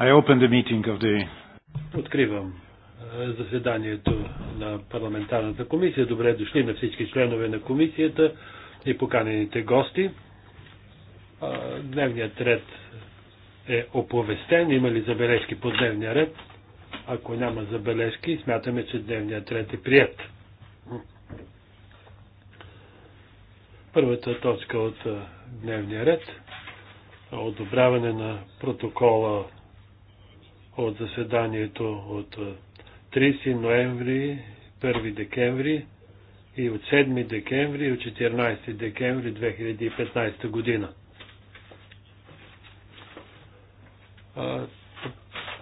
I open the meeting of the... Откривам заседанието на парламентарната комисия. Добре дошли на всички членове на комисията и поканените гости. Дневният ред е оповестен. Има ли забележки по дневния ред? Ако няма забележки, смятаме, че дневният ред е прият. Първата точка от дневния ред е – одобряване на протокола от заседанието от 30 ноември, 1 декември и от 7 декември и от 14 декември 2015 година.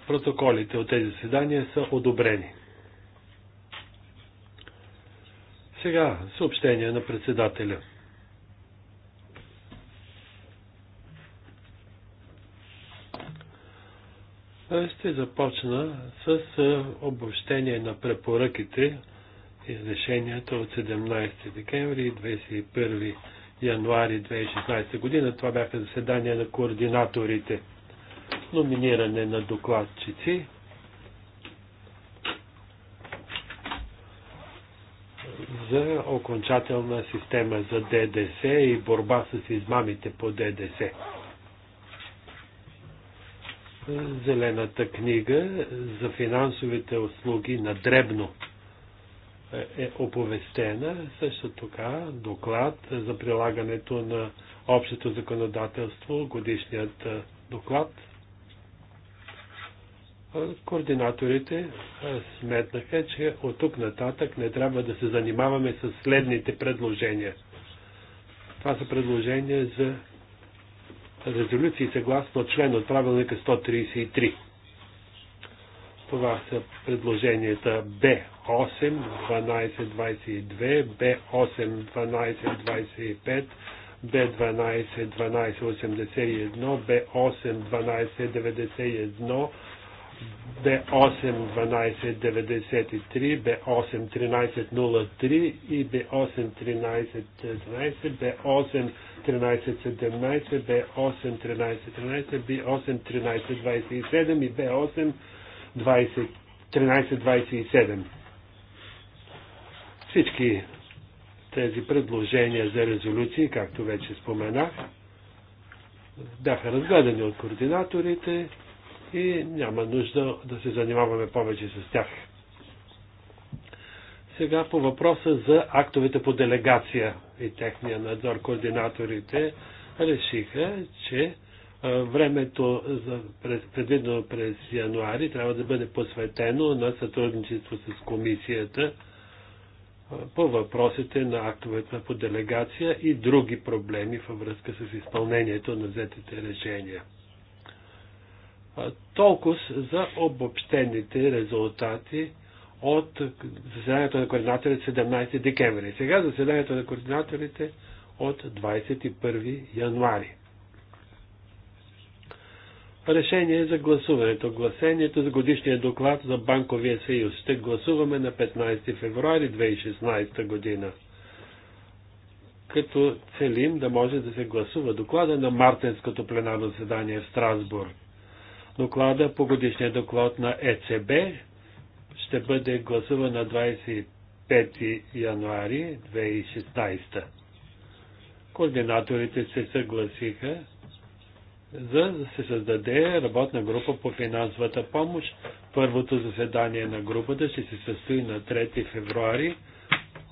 Протоколите от тези заседания са одобрени. Сега съобщение на председателя. Ще започна с обобщение на препоръките и решенията от 17 декември и 21 януари 2016 година. Това бяха заседания на координаторите. Номиниране на докладчици. за окончателна система за ДДС и борба с измамите по ДДС. Зелената книга за финансовите услуги на Дребно е, е оповестена. Също така доклад за прилагането на общото законодателство, годишният е, доклад. Координаторите е, сметнаха, че от тук нататък не трябва да се занимаваме с следните предложения. Това са предложения за резолюции съгласно член от правилника 133. Това са предложенията Б8 22 Б8 25 Б12 81 Б8 1291, б 8 93 Б8-1303 и Б8-1312, Б8-1317, Б8-1313, б 8 13 27 и б 8 27 Всички тези предложения за резолюции, както вече споменах, бяха разгледани от координаторите и няма нужда да се занимаваме повече с тях. Сега по въпроса за актовете по делегация и техния надзор, координаторите решиха, че времето за, предвидено през януари трябва да бъде посветено на сътрудничество с комисията по въпросите на актовете по делегация и други проблеми във връзка с изпълнението на взетите решения. Толкова за обобщените резултати от заседанието на координаторите 17 декември. Сега заседанието на координаторите от 21 януари. Решение за гласуването. Гласението за годишния доклад за Банковия съюз. Ще гласуваме на 15 февруари 2016 година. Като целим да може да се гласува доклада на мартенското пленарно заседание в Страсбург доклада по годишния доклад на ЕЦБ. Ще бъде гласуван на 25 януари 2016. Координаторите се съгласиха за да се създаде работна група по финансовата помощ. Първото заседание на групата ще се състои на 3 февруари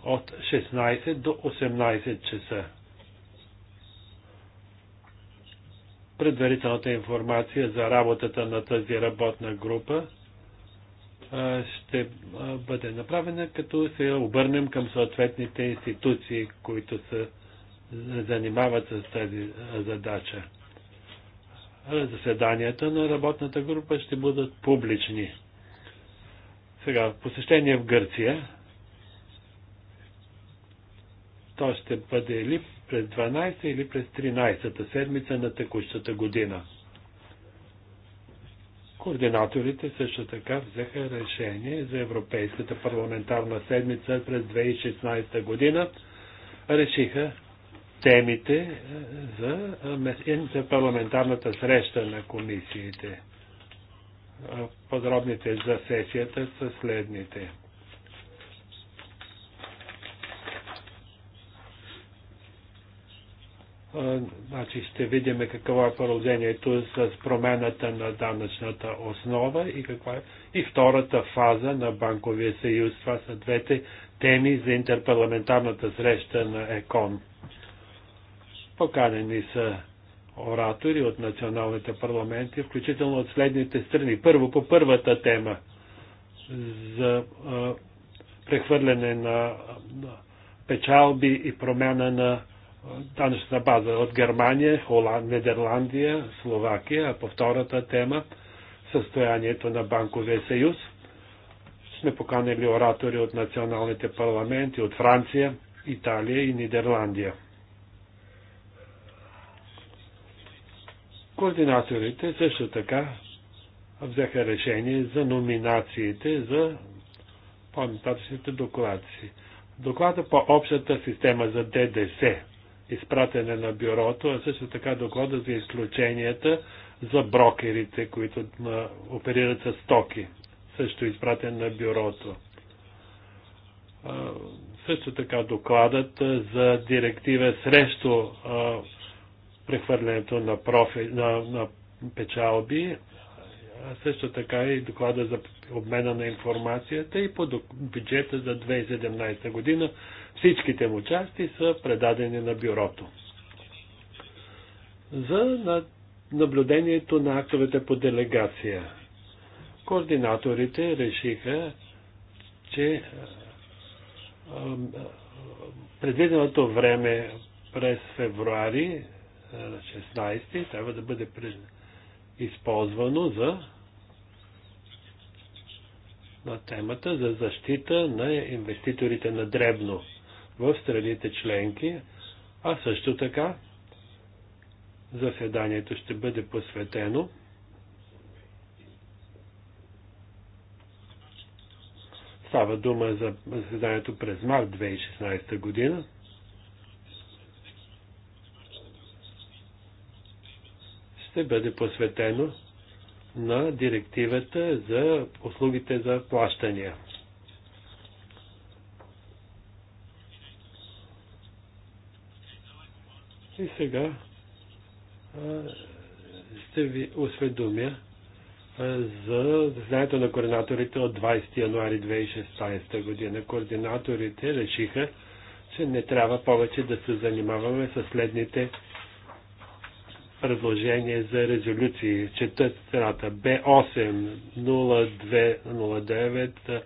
от 16 до 18 часа. предварителната информация за работата на тази работна група ще бъде направена, като се обърнем към съответните институции, които се занимават с тази задача. Заседанията на работната група ще бъдат публични. Сега, посещение в Гърция. То ще бъде ли през 12 или през 13-та седмица на текущата година. Координаторите също така взеха решение за Европейската парламентарна седмица през 2016 година. Решиха темите е, за, е, за парламентарната среща на комисиите. Е, подробните за сесията са следните. Значи ще видим какво е положението с промената на данъчната основа и каква е и втората фаза на Банковия съюз. Това са двете теми за интерпарламентарната среща на ЕКОН. Поканени са оратори от националните парламенти, включително от следните страни. Първо по първата тема за а, прехвърляне на, на печалби и промяна на данъчната база от Германия, Холан, Нидерландия, Словакия, а по втората тема състоянието на банковия съюз. Сме поканили оратори от националните парламенти от Франция, Италия и Нидерландия. Координаторите също така взеха решение за номинациите за по-нататъчните доклади. Доклада по общата система за ДДС Изпратене на бюрото, а също така доклада за изключенията за брокерите, които оперират с стоки, също изпратен на бюрото. Също така докладът за директива срещу прехвърлянето на, профи, на, на печалби, а също така и доклада за обмена на информацията и по бюджета за 2017 година, Всичките му части са предадени на бюрото. За наблюдението на актовете по делегация. Координаторите решиха, че предвиденото време през февруари 16 трябва да бъде използвано за на темата за защита на инвеститорите на дребно в страните членки, а също така заседанието ще бъде посветено Става дума за заседанието през март 2016 година. Ще бъде посветено на директивата за услугите за плащания. И сега а, ще ви осведомя за знанието на координаторите от 20 януари 2016 година. Координаторите решиха, че не трябва повече да се занимаваме с следните предложения за резолюции. Четът страната Б8 0209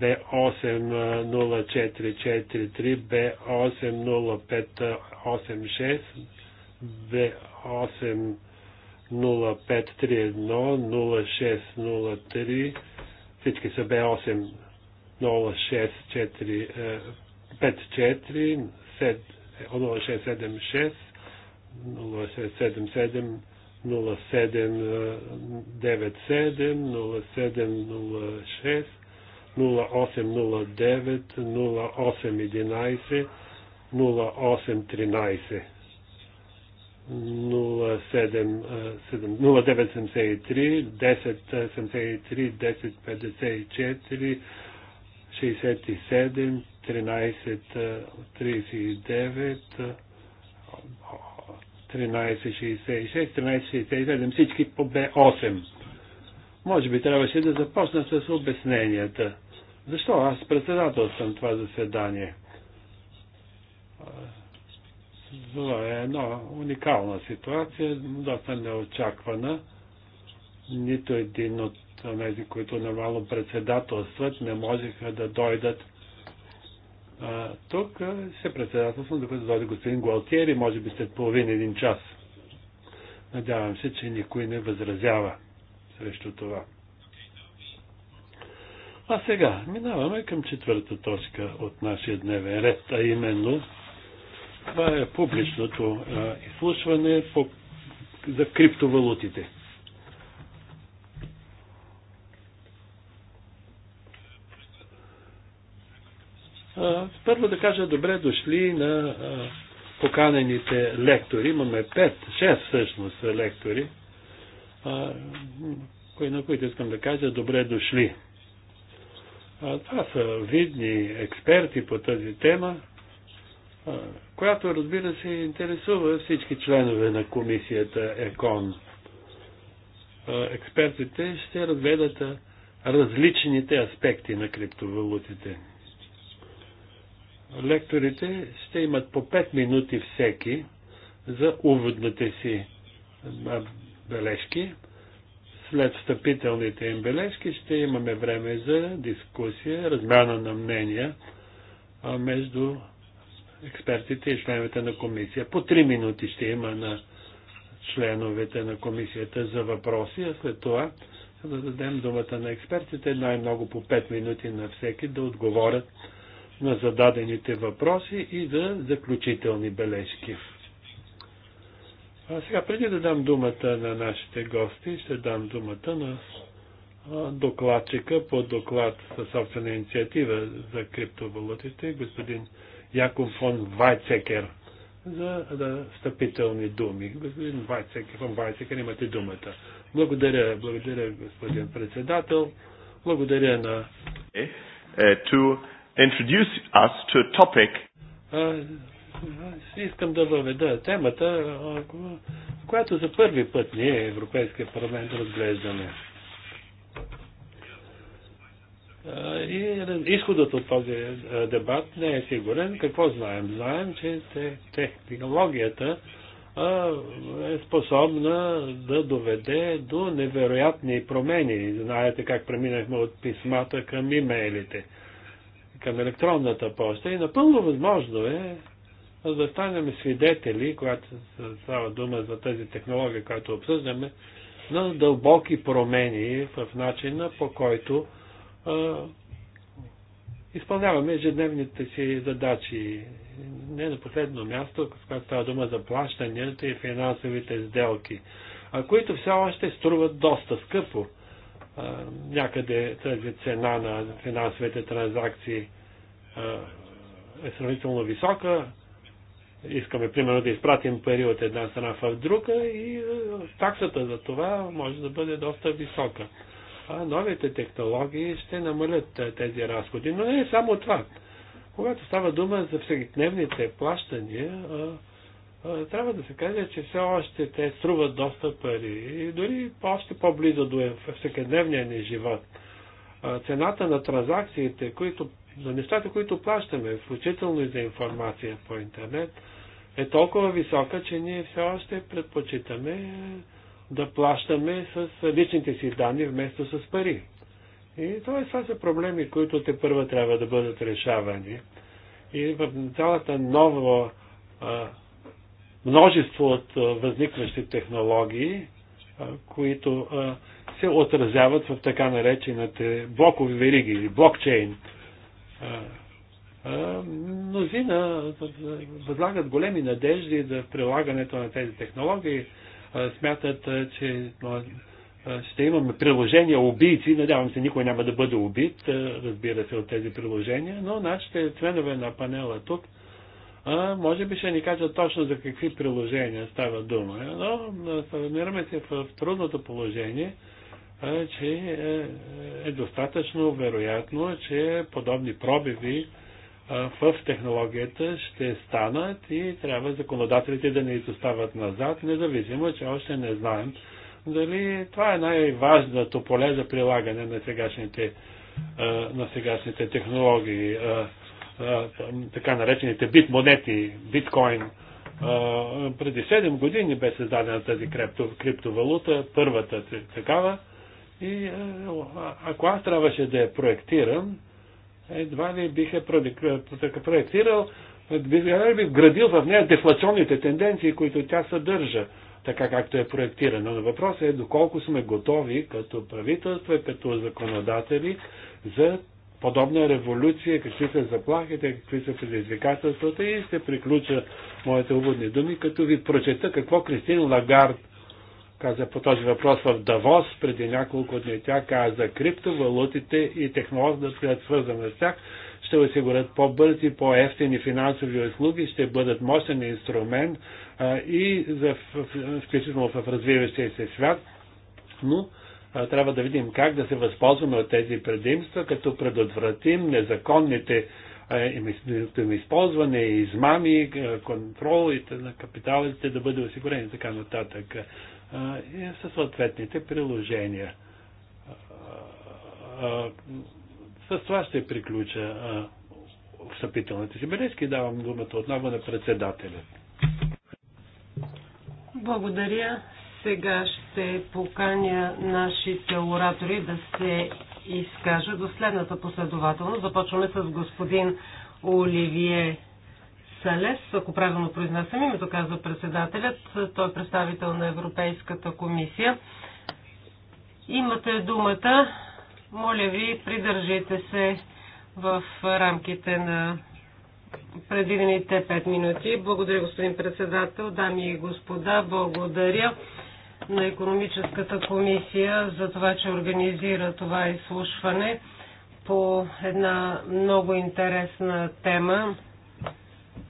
b 8044 B80586, B8 0531, 0603, всички са b 8 0654, 54, 0676, 0677, 0797, 0706, 0809, 0973, 1073, 67, 1367, всички по Б8. Може би трябваше да започна с обясненията. Защо? Аз председател съм това заседание. Това е една уникална ситуация, доста неочаквана. Нито един от тези, които нормално председателстват, не можеха да дойдат а, тук. Се председателствам, докато дойде господин Гуалтиери, може би след половин един час. Надявам се, че никой не възразява срещу това. А сега минаваме към четвърта точка от нашия дневен ред, а именно това е публичното а, изслушване по, за криптовалутите. А, първо да кажа добре дошли на а, поканените лектори. Имаме 5-6 всъщност лектори, а, на които искам да кажа добре дошли. Това са видни експерти по тази тема, която разбира се интересува всички членове на комисията ЕКОН. Експертите ще разгледат различните аспекти на криптовалутите. Лекторите ще имат по 5 минути всеки за уводните си бележки. След встъпителните им бележки ще имаме време за дискусия, размяна на мнения между експертите и членовете на комисия. По три минути ще има на членовете на комисията за въпроси, а след това да дадем думата на експертите, най-много по 5 минути на всеки, да отговорят на зададените въпроси и за заключителни бележки. А сега, преди да дам думата на нашите гости, ще дам думата на докладчика по доклад със собствена инициатива за криптовалутите, господин Яков фон Вайцекер, за да, встъпителни думи. Господин Вайцекер, фон Вайцекер, имате думата. Благодаря, благодаря, господин председател. Благодаря на... Okay. Е, uh, е, To introduce us to a topic искам да въведа темата, която за първи път ние, Европейския парламент, разглеждаме. И изходът от този дебат не е сигурен. Какво знаем? Знаем, че технологията е способна да доведе до невероятни промени. Знаете как преминахме от писмата към имейлите, към електронната почта и напълно възможно е да станем свидетели, когато става дума за тази технология, която обсъждаме, на дълбоки промени в начина по който а, изпълняваме ежедневните си задачи. Не на последно място, когато става дума за плащанията и финансовите сделки, а които все още струват доста скъпо. А, някъде тази цена на финансовите транзакции а, е сравнително висока, искаме, примерно, да изпратим пари от една страна в друга и е, таксата за това може да бъде доста висока. А новите технологии ще намалят е, тези разходи. Но не е само това. Когато става дума за всекидневните плащания, е, трябва да се каже, че все още те струват доста пари и дори още по-близо до всекидневния ни живот. Цената на транзакциите, които, за нещата, които плащаме, включително и за информация по интернет, е толкова висока, че ние все още предпочитаме е, да плащаме с личните си данни вместо с пари. И това, е, това са проблеми, които те първа трябва да бъдат решавани. И в цялата ново е, множество от възникващи технологии, които се отразяват в така наречените блокови вериги или блокчейн. Мнозина възлагат големи надежди за прилагането на тези технологии, смятат, че ще имаме приложения убийци. Надявам се, никой няма да бъде убит, разбира се, от тези приложения, но нашите членове на панела тук може би ще ни кажат точно за какви приложения става дума. Но намираме се в трудното положение, че е, е, е достатъчно вероятно, че подобни пробиви в технологията ще станат и трябва законодателите да не изостават назад, независимо, че още не знаем дали това е най-важното поле за прилагане на сегашните, на сегашните технологии, така наречените бит монети, биткоин. Преди 7 години бе създадена тази крипто, криптовалута, първата такава. И ако аз трябваше да я проектирам, едва ли бих е проектирал, едва ли бих градил в нея дефлационните тенденции, които тя съдържа, така както е проектирана. Но въпросът е доколко сме готови като правителство, и като законодатели за подобна революция, какви са заплахите, какви са предизвикателствата и ще приключа моите уводни думи, като ви прочета какво Кристин Лагард каза по този въпрос в Давос, преди няколко дни тя каза, криптовалутите и технологията, която свързана с тях, ще осигурят по-бързи, по-ефтини финансови услуги, ще бъдат мощен инструмент а, и за, включително в развиващия се свят, но а, трябва да видим как да се възползваме от тези предимства, като предотвратим незаконните им използване, измами, контрол на капиталите да бъде осигурени, и така нататък и със съответните приложения. С това ще приключа съпителните си бележки. Давам думата отново на председателя. Благодаря. Сега ще поканя нашите оратори да се изкажат до следната последователност. Започваме с господин Оливие Салес, ако правилно произнасям името, казва председателят. Той е представител на Европейската комисия. Имате думата. Моля ви, придържайте се в рамките на предвидените 5 минути. Благодаря, господин председател, дами и господа. Благодаря на економическата комисия за това, че организира това изслушване по една много интересна тема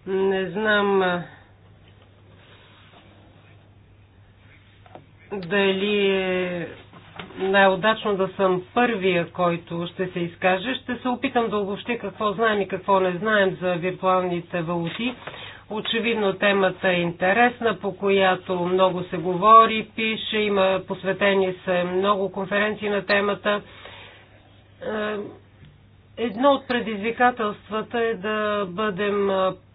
не знам дали е най-удачно да съм първия, който ще се изкаже. Ще се опитам да обобщя какво знаем и какво не знаем за виртуалните валути. Очевидно темата е интересна, по която много се говори, пише, има посветени се много конференции на темата. Е, Едно от предизвикателствата е да бъдем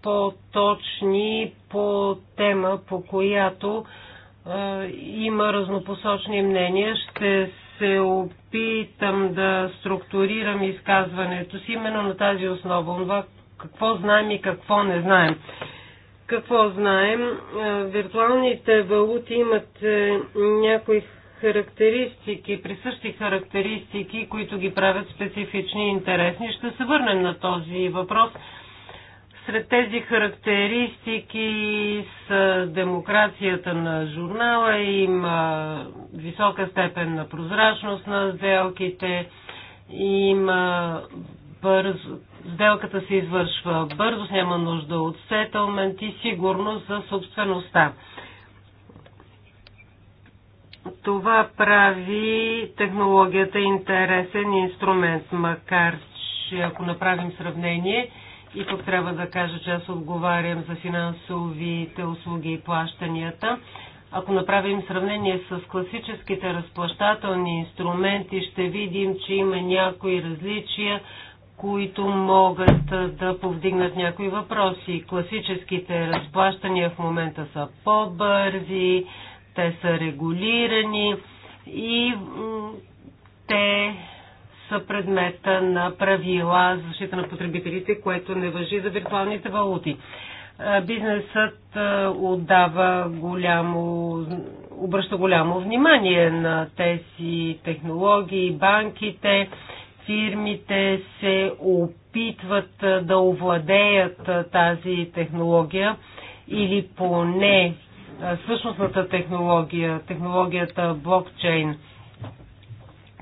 по-точни по тема, по която е, има разнопосочни мнения. Ще се опитам да структурирам изказването си именно на тази основа. Това какво знаем и какво не знаем. Какво знаем? Виртуалните валути имат е, някои характеристики, присъщи характеристики, които ги правят специфични и интересни. Ще се върнем на този въпрос. Сред тези характеристики с демокрацията на журнала има висока степен на прозрачност на сделките, има бързо, сделката се извършва бързо, няма нужда от сетълмент и сигурност за собствеността. Това прави технологията интересен инструмент, макар че ако направим сравнение, и тук трябва да кажа, че аз отговарям за финансовите услуги и плащанията. Ако направим сравнение с класическите разплащателни инструменти, ще видим, че има някои различия, които могат да повдигнат някои въпроси. Класическите разплащания в момента са по-бързи, те са регулирани и те са предмета на правила за защита на потребителите, което не въжи за виртуалните валути. Бизнесът отдава голямо, обръща голямо внимание на тези технологии, банките, фирмите се опитват да овладеят тази технология или поне е, същностната технология, технологията блокчейн.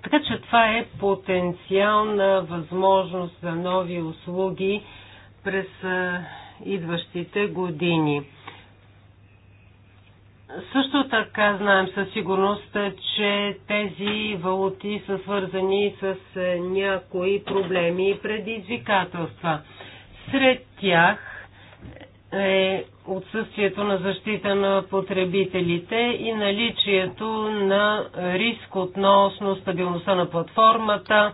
Така че това е потенциална възможност за нови услуги през е, идващите години. Също така знаем със сигурност, че тези валути са свързани с е, някои проблеми и предизвикателства. Сред тях е отсъствието на защита на потребителите и наличието на риск относно стабилността на платформата,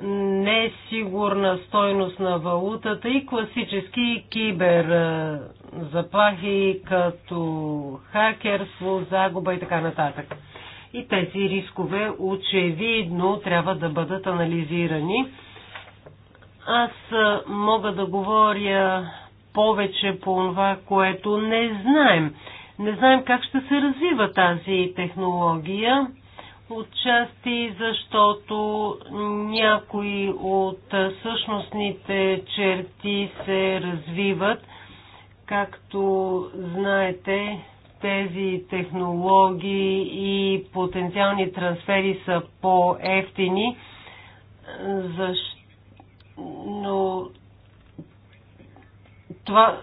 несигурна стойност на валутата и класически кибер е, заплахи като хакерство, загуба и така нататък. И тези рискове очевидно трябва да бъдат анализирани. Аз е, мога да говоря повече по това, което не знаем. Не знаем как ще се развива тази технология, отчасти защото някои от същностните черти се развиват. Както знаете, тези технологии и потенциални трансфери са по-ефтини, но това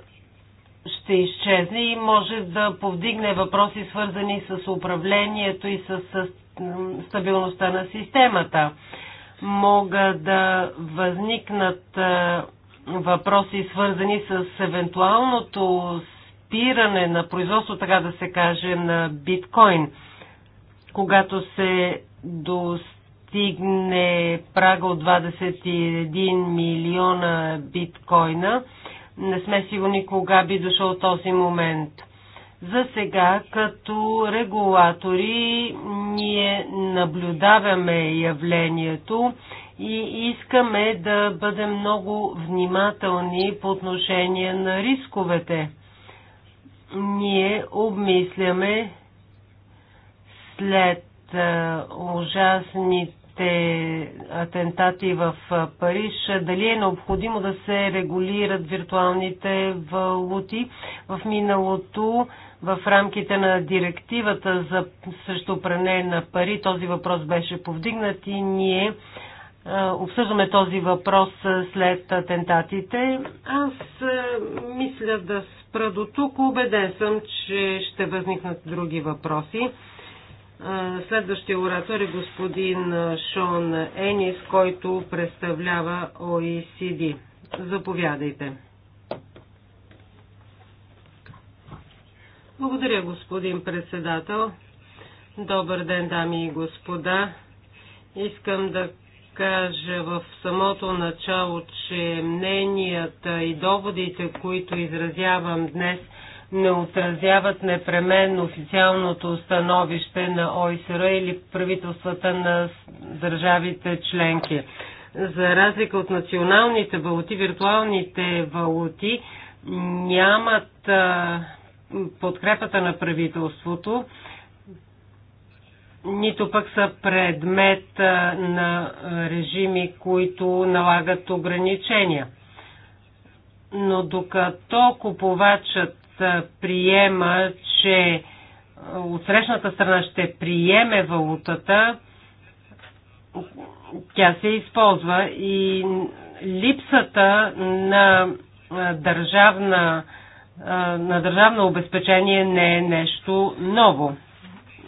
ще изчезне и може да повдигне въпроси свързани с управлението и с, стабилността на системата. Мога да възникнат е, въпроси свързани с евентуалното спиране на производство, така да се каже, на биткоин. Когато се достигне прага от 21 милиона биткоина, не сме сигурни кога би дошъл този момент. За сега, като регулатори, ние наблюдаваме явлението и искаме да бъдем много внимателни по отношение на рисковете. Ние обмисляме след ужасните последните атентати в Париж, дали е необходимо да се регулират виртуалните валути в миналото в рамките на директивата за срещу пране на пари. Този въпрос беше повдигнат и ние обсъждаме този въпрос след атентатите. Аз мисля да спра до тук. Убеден съм, че ще възникнат други въпроси. Следващия оратор е господин Шон Енис, който представлява OECD. Заповядайте. Благодаря, господин председател. Добър ден, дами и господа. Искам да кажа в самото начало, че мненията и доводите, които изразявам днес, не отразяват непременно официалното становище на ОИСР или правителствата на държавите членки. За разлика от националните валути, виртуалните валути нямат подкрепата на правителството, нито пък са предмет на режими, които налагат ограничения. Но докато купувачът приема, че отсрещната страна ще приеме валутата, тя се използва и липсата на държавна, на държавно обезпечение не е нещо ново.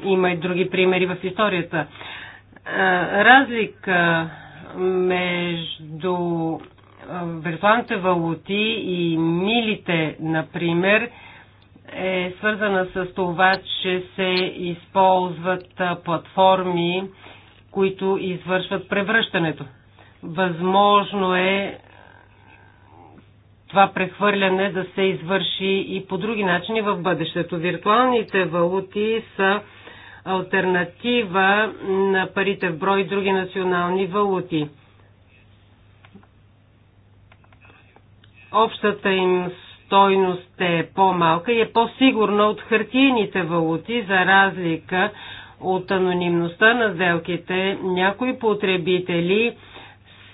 Има и други примери в историята. Разлика между виртуалните валути и милите, например, е свързана с това, че се използват платформи, които извършват превръщането. Възможно е това прехвърляне да се извърши и по други начини в бъдещето. Виртуалните валути са альтернатива на парите в брой и други национални валути. Общата им стойност е по-малка и е по-сигурна от хартиените валути, за разлика от анонимността на сделките. Някои потребители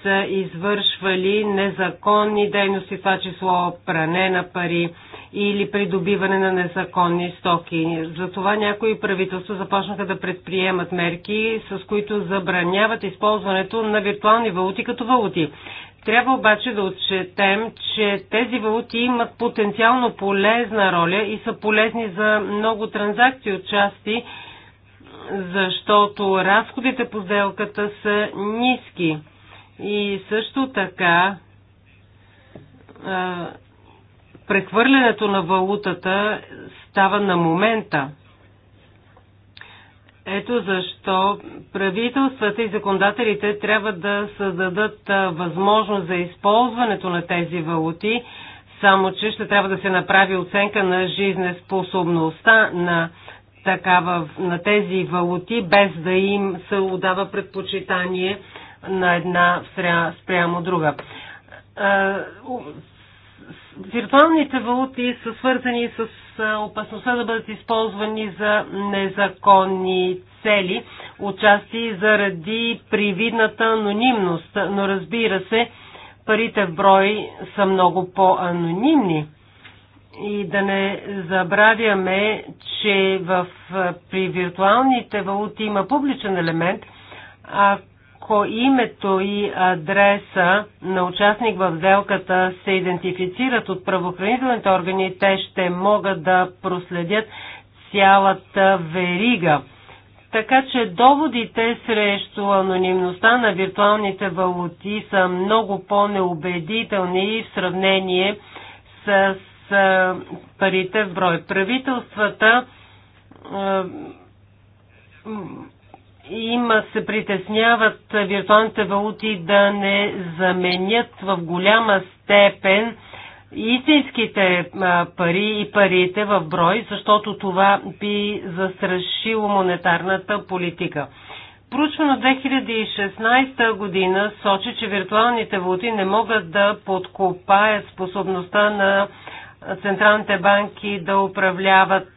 са извършвали незаконни дейности, това число пране на пари или придобиване на незаконни стоки. Затова някои правителства започнаха да предприемат мерки, с които забраняват използването на виртуални валути като валути. Трябва обаче да отчетем, че тези валути имат потенциално полезна роля и са полезни за много транзакции от части, защото разходите по сделката са ниски. И също така прехвърлянето на валутата става на момента. Ето защо правителствата и законодателите трябва да създадат възможност за използването на тези валути, само че ще трябва да се направи оценка на жизнеспособността на такава, на тези валути, без да им се отдава предпочитание на една спрямо друга виртуалните валути са свързани с опасността да бъдат използвани за незаконни цели, отчасти заради привидната анонимност. Но разбира се, парите в брой са много по-анонимни. И да не забравяме, че в, при виртуалните валути има публичен елемент – а ако името и адреса на участник в сделката се идентифицират от правоохранителните органи, те ще могат да проследят цялата верига. Така че доводите срещу анонимността на виртуалните валути са много по-неубедителни в сравнение с, с парите в брой. Правителствата има се притесняват виртуалните валути да не заменят в голяма степен истинските пари и парите в брой, защото това би застрашило монетарната политика. Проучване от 2016 година сочи, че виртуалните валути не могат да подкопаят способността на централните банки да управляват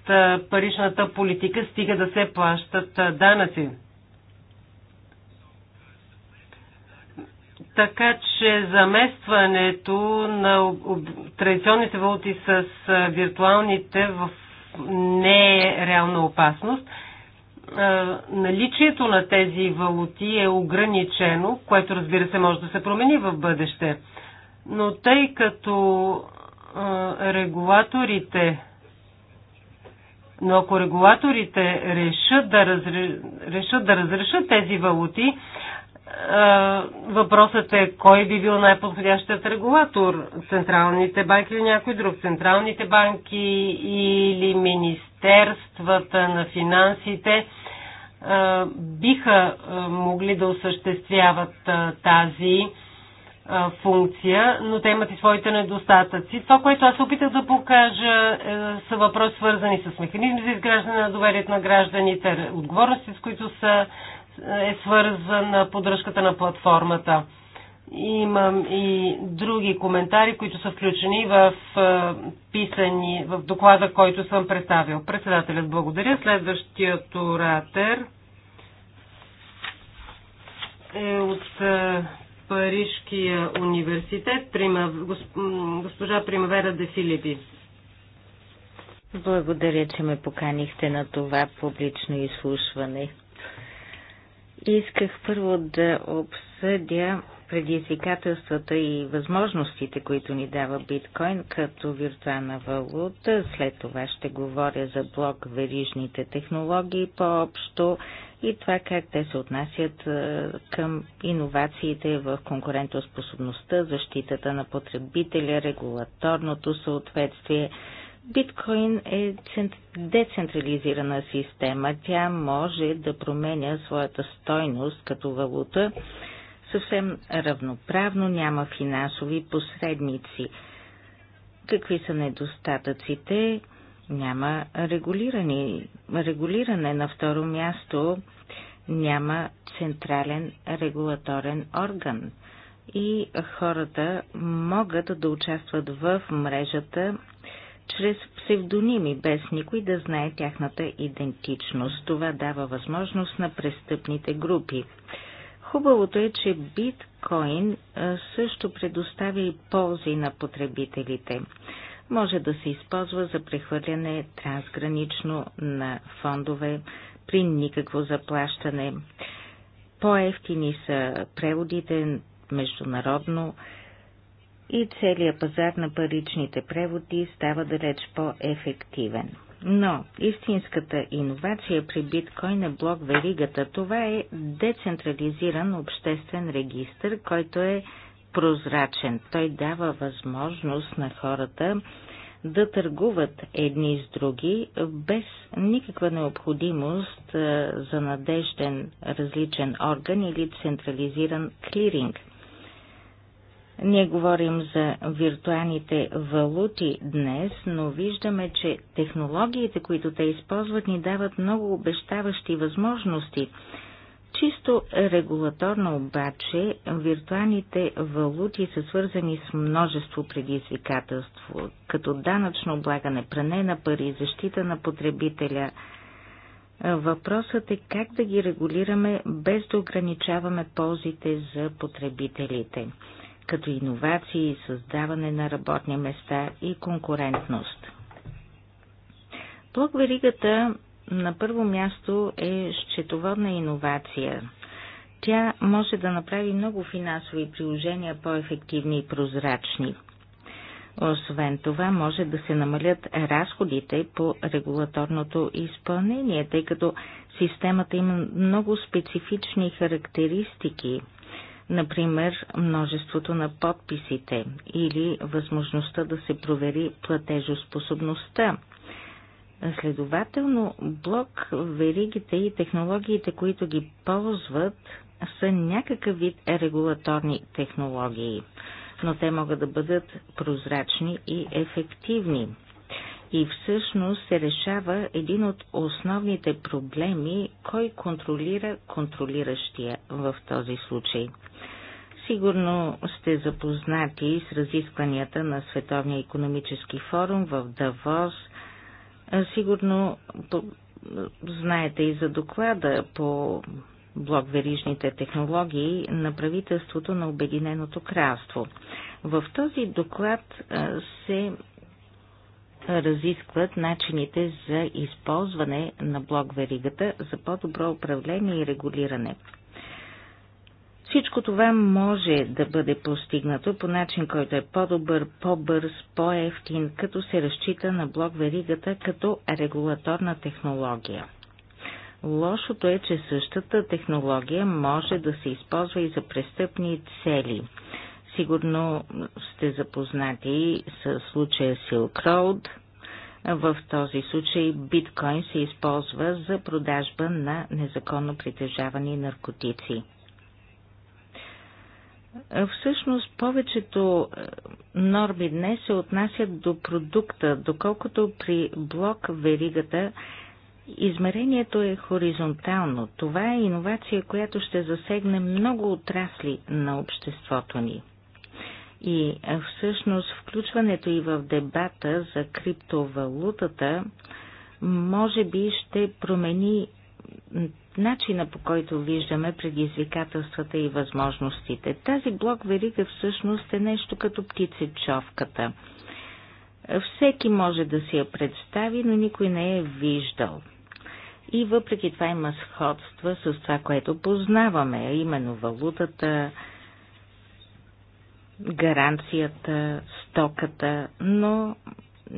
паричната политика, стига да се плащат данъци. Така че заместването на традиционните валути с виртуалните в не е реална опасност. Наличието на тези валути е ограничено, което разбира се може да се промени в бъдеще. Но тъй като регулаторите но ако регулаторите решат да, разре, решат да разрешат тези валути, въпросът е кой би бил най-подходящият регулатор? Централните банки или някой друг? Централните банки или Министерствата на финансите биха могли да осъществяват тази функция, но те имат и своите недостатъци. Това, което аз опитах да покажа, е, са въпроси свързани с механизми за изграждане на доверието на гражданите, отговорности, с които са е свързан поддръжката на платформата. Имам и други коментари, които са включени в е, писани в доклада, който съм представил. Председателят благодаря. Следващият оратер е от е, Парижкия университет, госпожа Примавера де Филипи. Благодаря, че ме поканихте на това публично изслушване. Исках първо да обсъдя предизвикателствата и възможностите, които ни дава биткоин като виртуална валута. След това ще говоря за блок верижните технологии по-общо и това как те се отнасят към иновациите в конкурентоспособността, защитата на потребителя, регулаторното съответствие – Биткоин е децентрализирана система. Тя може да променя своята стойност като валута съвсем равноправно, няма финансови посредници. Какви са недостатъците? Няма регулирани. регулиране на второ място, няма централен регулаторен орган и хората могат да участват в мрежата чрез псевдоними, без никой да знае тяхната идентичност. Това дава възможност на престъпните групи. Хубавото е, че биткоин също предоставя и ползи на потребителите. Може да се използва за прехвърляне трансгранично на фондове при никакво заплащане. По-ефтини са преводите международно, и целият пазар на паричните преводи става далеч по-ефективен. Но истинската иновация при биткоин е блок веригата. Това е децентрализиран обществен регистр, който е прозрачен. Той дава възможност на хората да търгуват едни с други без никаква необходимост за надежден различен орган или централизиран клиринг – ние говорим за виртуалните валути днес, но виждаме, че технологиите, които те използват, ни дават много обещаващи възможности. Чисто регулаторно обаче, виртуалните валути са свързани с множество предизвикателство, като данъчно облагане, пране на пари, защита на потребителя. Въпросът е как да ги регулираме без да ограничаваме ползите за потребителите като иновации, създаване на работни места и конкурентност. Блок веригата на първо място е счетоводна иновация. Тя може да направи много финансови приложения по-ефективни и прозрачни. Освен това, може да се намалят разходите по регулаторното изпълнение, тъй като системата има много специфични характеристики – например множеството на подписите или възможността да се провери платежоспособността. Следователно, блок, веригите и технологиите, които ги ползват, са някакъв вид регулаторни технологии, но те могат да бъдат прозрачни и ефективни. И всъщност се решава един от основните проблеми, кой контролира контролиращия в този случай – Сигурно сте запознати с разискванията на Световния економически форум в Давос. Сигурно знаете и за доклада по блок верижните технологии на правителството на Обединеното кралство. В този доклад се разискват начините за използване на блок веригата за по-добро управление и регулиране. Всичко това може да бъде постигнато по начин, който е по-добър, по-бърз, по-ефтин, като се разчита на блок веригата като регулаторна технология. Лошото е, че същата технология може да се използва и за престъпни цели. Сигурно сте запознати с случая Silk Road. В този случай биткоин се използва за продажба на незаконно притежавани наркотици. Е, всъщност повечето е, норми днес се отнасят до продукта, доколкото при блок веригата измерението е хоризонтално. Това е иновация, която ще засегне много отрасли на обществото ни. И е, всъщност включването и в дебата за криптовалутата може би ще промени начина по който виждаме предизвикателствата и възможностите. Тази блок верига всъщност е нещо като птицечовката. Всеки може да си я представи, но никой не е виждал. И въпреки това има сходства с това, което познаваме, а именно валутата, гаранцията, стоката, но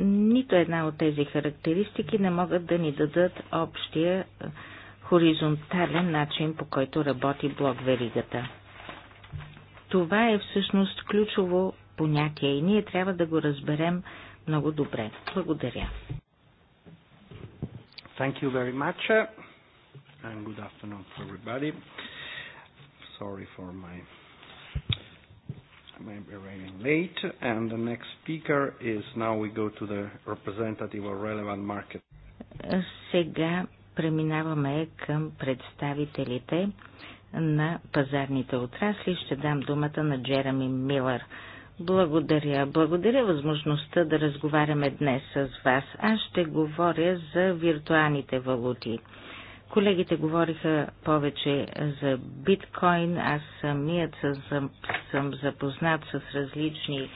нито една от тези характеристики не могат да ни дадат общия хоризонтален начин, по който работи блок веригата. Това е всъщност ключово понятие и ние трябва да го разберем много добре. Благодаря. Thank you very much and good afternoon for everybody. Sorry for my I may be running late and the next speaker is now we go to the representative or relevant market. Сега Преминаваме към представителите на пазарните отрасли. Ще дам думата на Джерами Милър. Благодаря. Благодаря възможността да разговаряме днес с вас. Аз ще говоря за виртуалните валути. Колегите говориха повече за биткоин. Аз самият съм, съм запознат с различни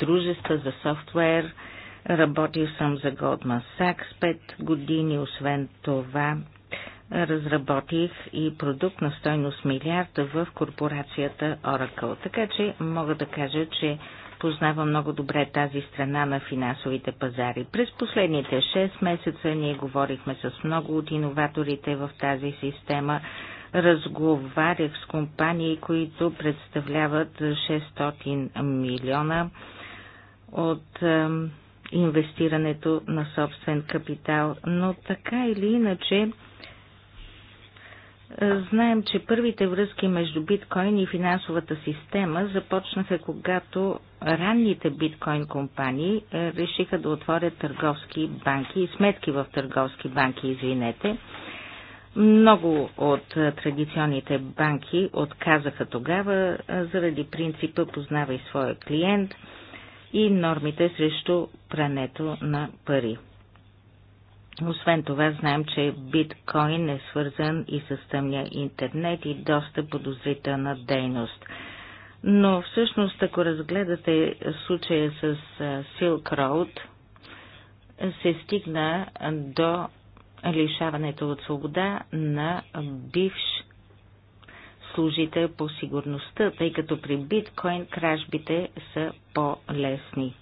дружества за софтуер – Работил съм за Goldman Sachs 5 години, освен това разработих и продукт на стойност милиарда в корпорацията Oracle. Така че мога да кажа, че познава много добре тази страна на финансовите пазари. През последните 6 месеца ние говорихме с много от иноваторите в тази система. Разговарях с компании, които представляват 600 милиона от инвестирането на собствен капитал. Но така или иначе, е, знаем, че първите връзки между биткоин и финансовата система започнаха, когато ранните биткоин компании е, решиха да отворят търговски банки сметки в търговски банки, извинете. Много от е, традиционните банки отказаха тогава заради принципа познавай своя клиент – и нормите срещу прането на пари. Освен това, знаем, че биткоин е свързан и с тъмния интернет и доста подозрителна дейност. Но всъщност, ако разгледате случая с Silk Road, се стигна до лишаването от свобода на бивш служите по сигурността, тъй като при биткоин кражбите са по-лесни.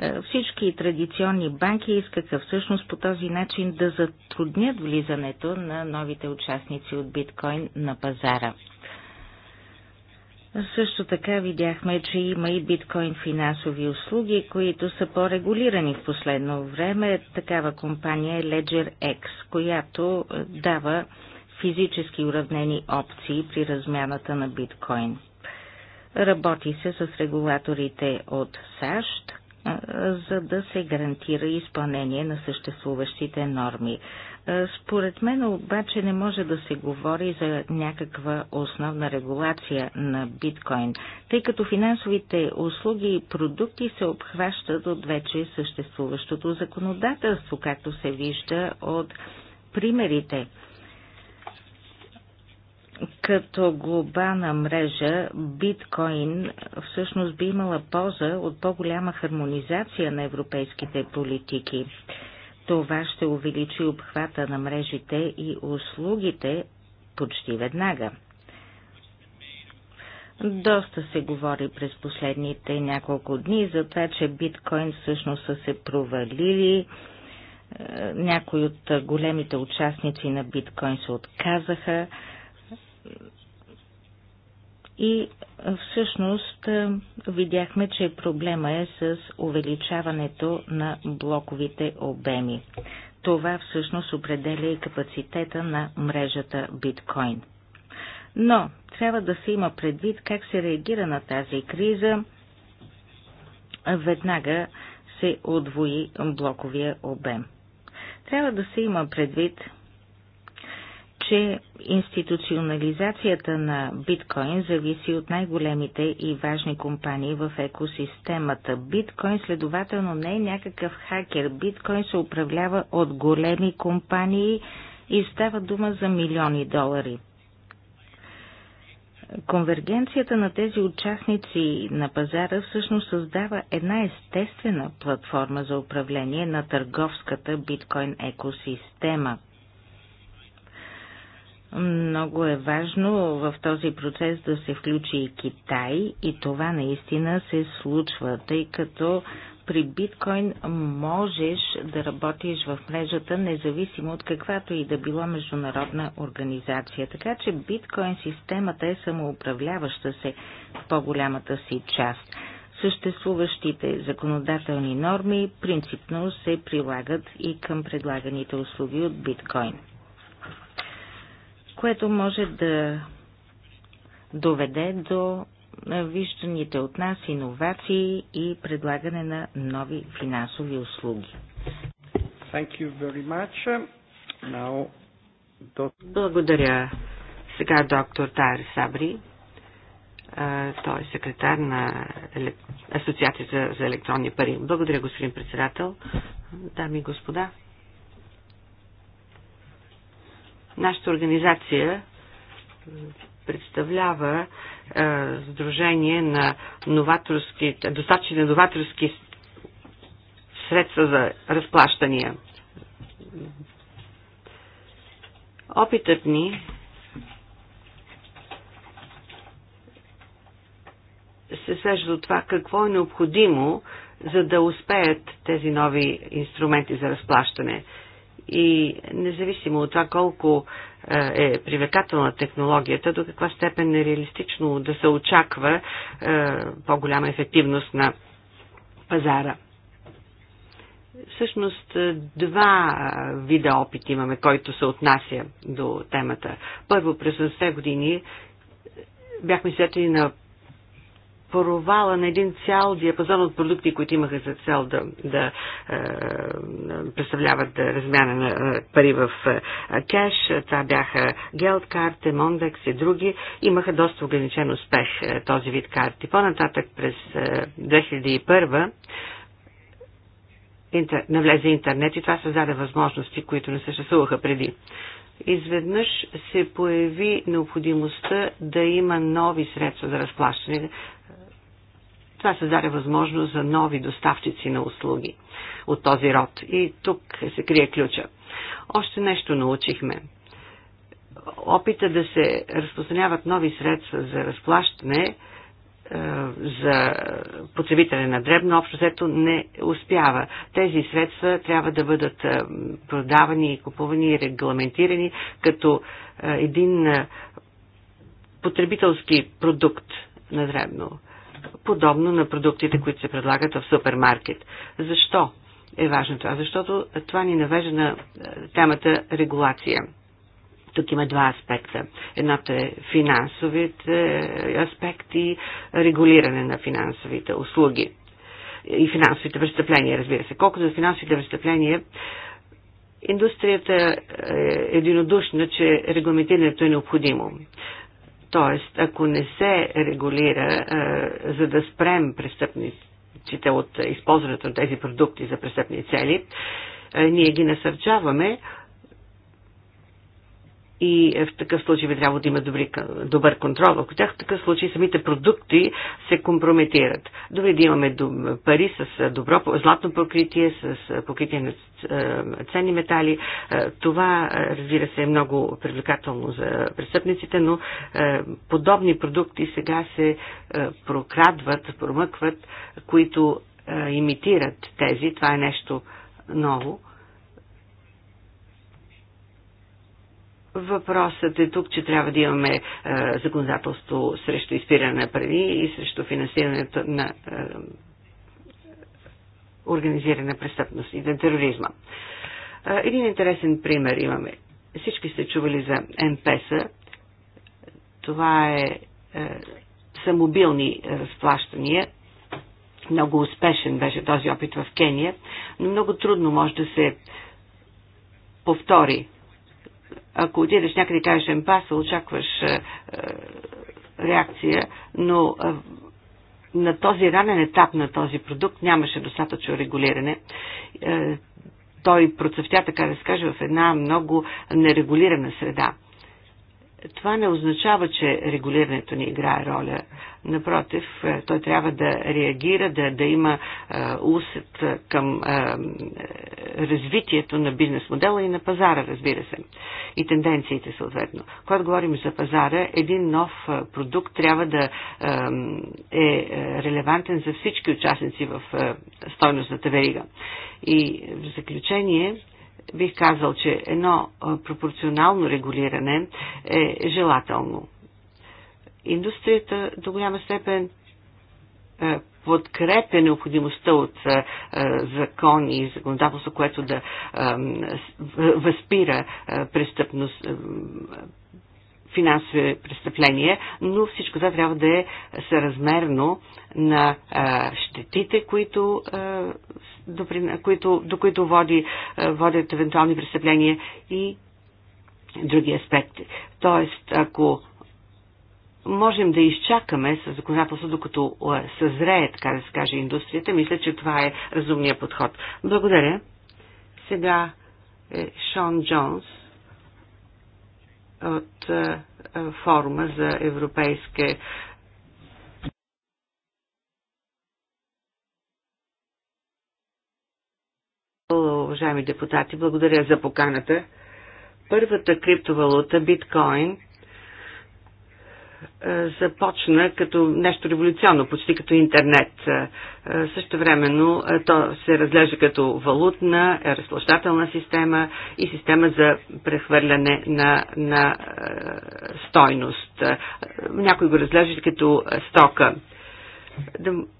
Е, всички традиционни банки искаха всъщност по този начин да затруднят влизането на новите участници от биткоин на пазара. Също така видяхме, че има и биткоин финансови услуги, които са по-регулирани в последно време. Такава компания е Ledger X, която дава физически уравнени опции при размяната на биткоин. Работи се с регулаторите от САЩ, за да се гарантира изпълнение на съществуващите норми. Според мен обаче не може да се говори за някаква основна регулация на биткоин, тъй като финансовите услуги и продукти се обхващат от вече съществуващото законодателство, както се вижда от примерите като глобална мрежа, биткоин всъщност би имала полза от по-голяма хармонизация на европейските политики. Това ще увеличи обхвата на мрежите и услугите почти веднага. Доста се говори през последните няколко дни за това, че биткоин всъщност са се провалили. Е, някои от големите участници на биткоин се отказаха и всъщност видяхме, че проблема е с увеличаването на блоковите обеми. Това всъщност определя и капацитета на мрежата биткоин. Но трябва да се има предвид как се реагира на тази криза. Веднага се отвои блоковия обем. Трябва да се има предвид, че институционализацията на биткоин зависи от най-големите и важни компании в екосистемата. Биткоин следователно не е някакъв хакер. Биткоин се управлява от големи компании и става дума за милиони долари. Конвергенцията на тези участници на пазара всъщност създава една естествена платформа за управление на търговската биткоин екосистема – много е важно в този процес да се включи и Китай и това наистина се случва, тъй като при биткоин можеш да работиш в мрежата, независимо от каквато и да била международна организация. Така че биткоин системата е самоуправляваща се в по-голямата си част. Съществуващите законодателни норми принципно се прилагат и към предлаганите услуги от биткоин което може да доведе до вижданите от нас иновации и предлагане на нови финансови услуги. Thank you very much. Now, Благодаря. Сега доктор Тайр Сабри, той е секретар на Асоциацията за електронни пари. Благодаря, господин председател. Дами и господа, Нашата организация представлява е, Сдружение на новаторски, достатъчно на новаторски средства за разплащания. Опитът ни се свежда до това какво е необходимо, за да успеят тези нови инструменти за разплащане. И независимо от това колко е, е привлекателна технологията, до каква степен е реалистично да се очаква е, по-голяма ефективност на пазара. Всъщност е, два вида опит имаме, който се отнася до темата. Първо, през 80 години бяхме свидетели на провала на един цял диапазон от продукти, които имаха за цел да, да е, представляват размяна на е, пари в е, кеш. Това бяха гелд Мондекс и други. Имаха доста ограничен успех е, този вид карти. По-нататък през 2001 интер... навлезе интернет и това създаде възможности, които не съществуваха преди. Изведнъж се появи необходимостта да има нови средства за разплащане, това създаде възможност за нови доставчици на услуги от този род. И тук се крие ключа. Още нещо научихме. Опита да се разпространяват нови средства за разплащане е, за потребителя на дребно, общо взето не успява. Тези средства трябва да бъдат е, продавани и купувани и регламентирани като е, един потребителски продукт на дребно подобно на продуктите, които се предлагат в супермаркет. Защо е важно това? Защото това ни навежда на е, темата регулация. Тук има два аспекта. Едното е финансовите е, аспекти, регулиране на финансовите услуги и финансовите престъпления, разбира се. Колкото за финансовите престъпления, индустрията е, е единодушна, че регламентирането е необходимо. Т.е. ако не се регулира, за да спрем престъпниците от използването на тези продукти за престъпни цели, ние ги насърчаваме, и е, в такъв случай би трябвало да има добри, добър контрол върху тях. В такъв случай самите продукти се компрометират. Добре да имаме пари с е, добро, златно покритие, с е, покритие на ценни метали. Това, разбира се, е много привлекателно за престъпниците, но подобни продукти сега се прокрадват, промъкват, които имитират тези. Това е нещо ново Въпросът е тук, че трябва да имаме е, законодателство срещу изпиране на пари и срещу финансирането на е, организирана престъпност и на тероризма. Е, един интересен пример имаме. Всички сте чували за МПСа. Това е, е са мобилни разплащания. Много успешен беше този опит в Кения, но много трудно може да се повтори ако отидеш някъде и кажеш емпаса, очакваш е, е, реакция, но е, на този ранен етап на този продукт нямаше достатъчно регулиране. Е, той процъфтя, така да се каже, в една много нерегулирана среда това не означава, че регулирането не играе роля. Напротив, е, той трябва да реагира, да, да има а, е, усет е, към развитието на бизнес модела и на пазара, разбира се, и тенденциите съответно. Когато говорим за пазара, един нов продукт трябва да е релевантен за всички участници в а, стойностната верига. И в заключение, бих казал, че едно пропорционално регулиране е желателно. Индустрията до голяма степен подкрепя необходимостта от закони и законодателство, което да възпира престъпност, финансови престъпления, но всичко това трябва да е съразмерно на а, щетите, които, а, до, които, до които води, а, водят евентуални престъпления и други аспекти. Тоест, ако можем да изчакаме с законодателство, докато съзрее, така да се каже, индустрията, мисля, че това е разумният подход. Благодаря. Сега е Шон Джонс от е, форума за европейски. Уважаеми депутати, благодаря за поканата. Първата криптовалута, биткоин, е, започна като нещо революционно, почти като интернет. Е, е, също времено то се разлежа като валутна, разплащателна система и система за прехвърляне на, на стойност. Някой го разглежда като стока.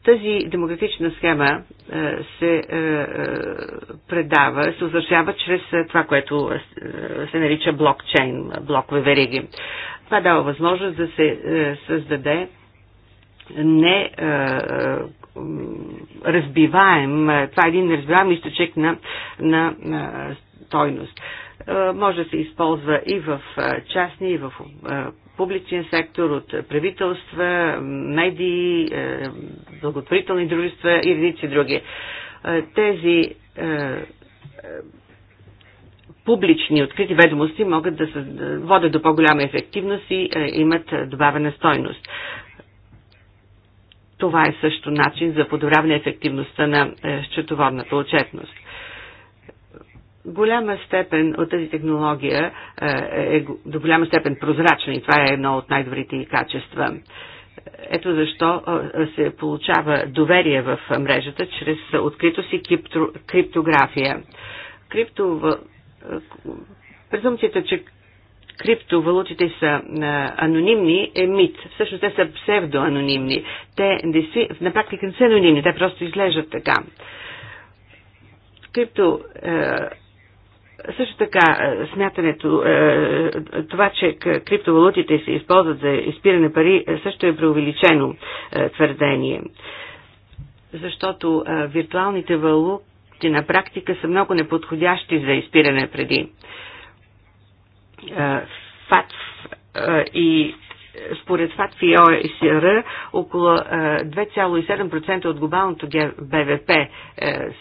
Тази демократична схема е, се е, е, предава, се озвършава чрез това, което се нарича блокчейн, блокове вериги. Това дава възможност да се създаде не разбиваем, това е един неразбиваем източник на, на стойност. Може да се използва и в частни, и в публичен сектор, от правителства, медии, е, благотворителни дружества и редици други. Е, тези е, публични открити ведомости могат да водят до по-голяма ефективност и имат добавена стойност. Това е също начин за подобряване ефективността на счетоводната отчетност голяма степен от тази технология е, е, е до голяма степен прозрачна и това е едно от най-добрите й качества. Ето защо е, се получава доверие в мрежата чрез открито си криптография. Презумцията, че криптовалутите са анонимни е мит. Всъщност те са псевдоанонимни. Те на практика не са анонимни, те просто изглеждат така. Крипто също така, е, смятането, е, това, че криптовалутите се използват за изпиране пари, е, също е преувеличено твърдение. Защото виртуалните валути на практика са много неподходящи за изпиране преди. ФАТФ и според ФАТФ и ОСР около 2,7% от глобалното БВП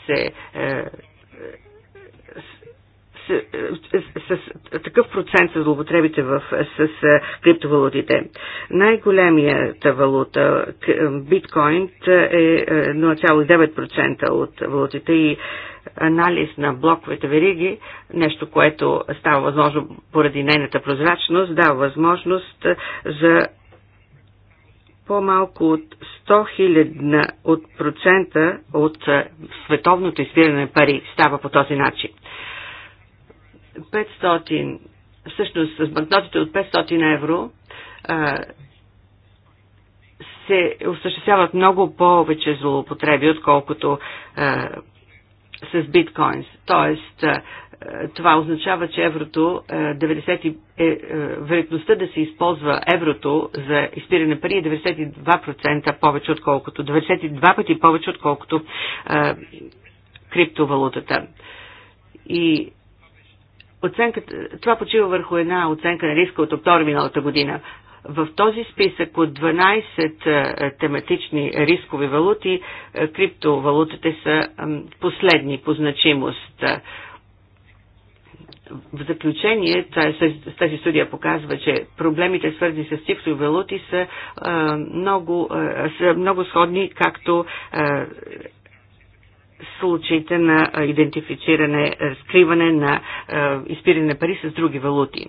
се с, с, с такъв процент за злоупотребите в, с, с криптовалутите. Най-големията валута, биткоин, е 0,9% е, от валутите и анализ на блоковете вериги, нещо, което става възможно поради нейната прозрачност, дава възможност за по-малко от 100 хилядна от процента от е, световното изпиране на пари става по този начин. 500, всъщност с банкнотите от 500 евро се осъществяват много повече злоупотреби, отколкото с биткоинс. Тоест, това означава, че еврото, 90, е, е, вероятността да се използва еврото за изпиране пари е 92% повече отколкото, 92 пъти повече отколкото е, криптовалутата. И Оценката, това почива върху една оценка на риска от октомври миналата година. В този списък от 12 е, тематични рискови валути, е, криптовалутите са последни по значимост. В заключение, тази студия показва, че проблемите свързани с цифрови валути са много, са много сходни, както случаите на идентифициране, разкриване на изпиране на пари с други валути.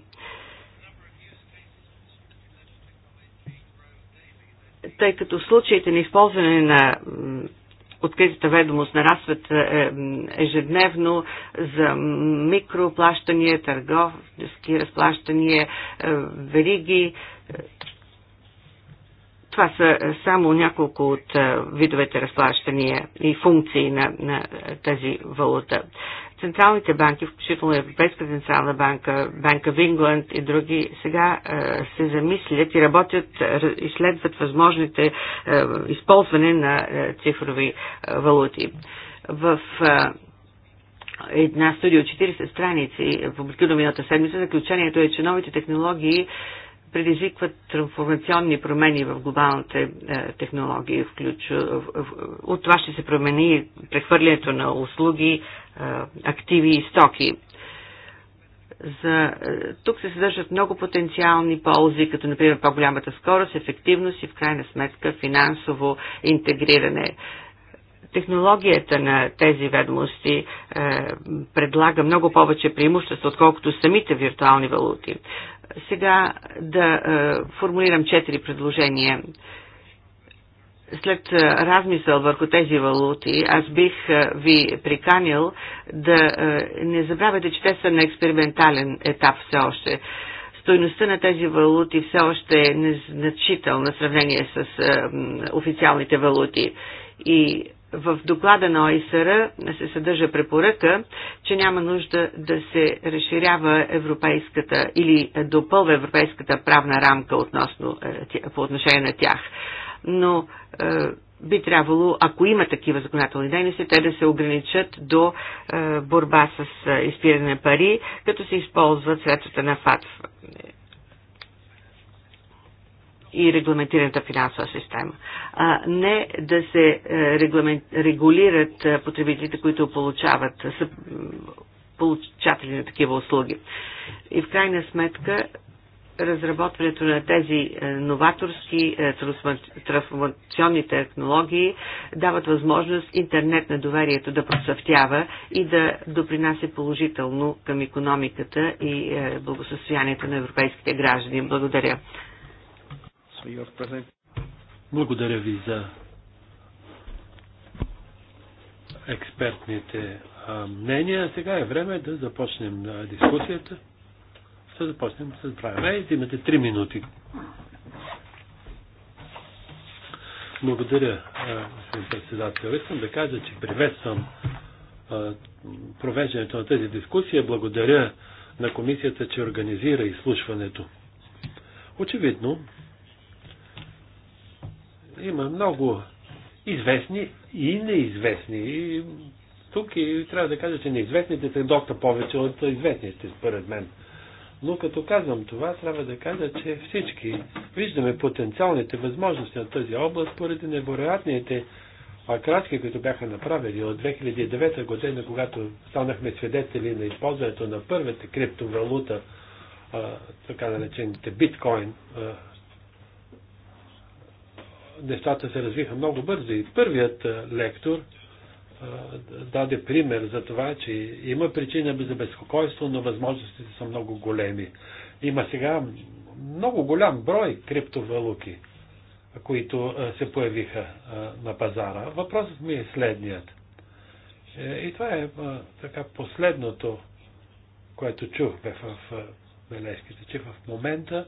Тъй като случаите на използване на откритата ведомост нарастват е, ежедневно за микроплащания, търговски разплащания, вериги, това са само няколко от е, видовете разплащания и функции на, на тази валута. Централните банки, включително Европейска централна банка, Банка в Ингланд и други, сега е, се замислят и работят, е, изследват възможните използване на цифрови валути. В една студия от 40 страници, публикувана миналата седмица, заключението е, че новите технологии предизвикват трансформационни промени в глобалните е, технологии. От това ще се промени прехвърлянето на услуги, е, активи и стоки. За... Е, тук се съдържат много потенциални ползи, като например по-голямата скорост, ефективност и в крайна сметка финансово интегриране. Технологията на тези ведомости е, предлага много повече преимущества, отколкото самите виртуални валути. Сега да е, формулирам четири предложения. След е, размисъл върху тези валути, аз бих е, ви приканил да не забравяйте, че те са на експериментален етап все още. Стойността на тези валути все още е незначителна в сравнение с официалните валути. И в доклада на ОИСР се съдържа препоръка, че няма нужда да се разширява европейската или допълва европейската правна рамка относно, е, по отношение на тях. Но е, би трябвало, ако има такива законодателни дейности, те да се ограничат до е, борба с изпиране на пари, като се използват средствата на ФАТФ и регламентираната финансова система. А не да се е, регулират е, потребителите, които получават, са получатели на такива услуги. И в крайна сметка разработването на тези е, новаторски трансформационни технологии дават възможност интернет на доверието да процъфтява и да допринася положително към економиката и благосостоянието на европейските граждани. Благодаря. Благодаря ви за експертните мнения. Сега е време да започнем дискусията. Ще започнем с правила. Ей, Имате три минути. Благодаря, господин председател. Искам да кажа, че приветствам провеждането на тази дискусия. Благодаря на комисията, че организира изслушването. Очевидно, има много известни и неизвестни. И тук и трябва да кажа, че неизвестните са доста повече от известните, според мен. Но като казвам това, трябва да кажа, че всички виждаме потенциалните възможности на тази област поради невероятните акратки, които бяха направени от 2009 година, когато станахме свидетели на използването на първата криптовалута, така наречените биткоин нещата се развиха много бързо и първият лектор даде пример за това, че има причина за безпокойство, но възможностите са много големи. Има сега много голям брой криптовалуки, които се появиха на пазара. Въпросът ми е следният. Е, и това е така последното, което чухме в бележките, че в момента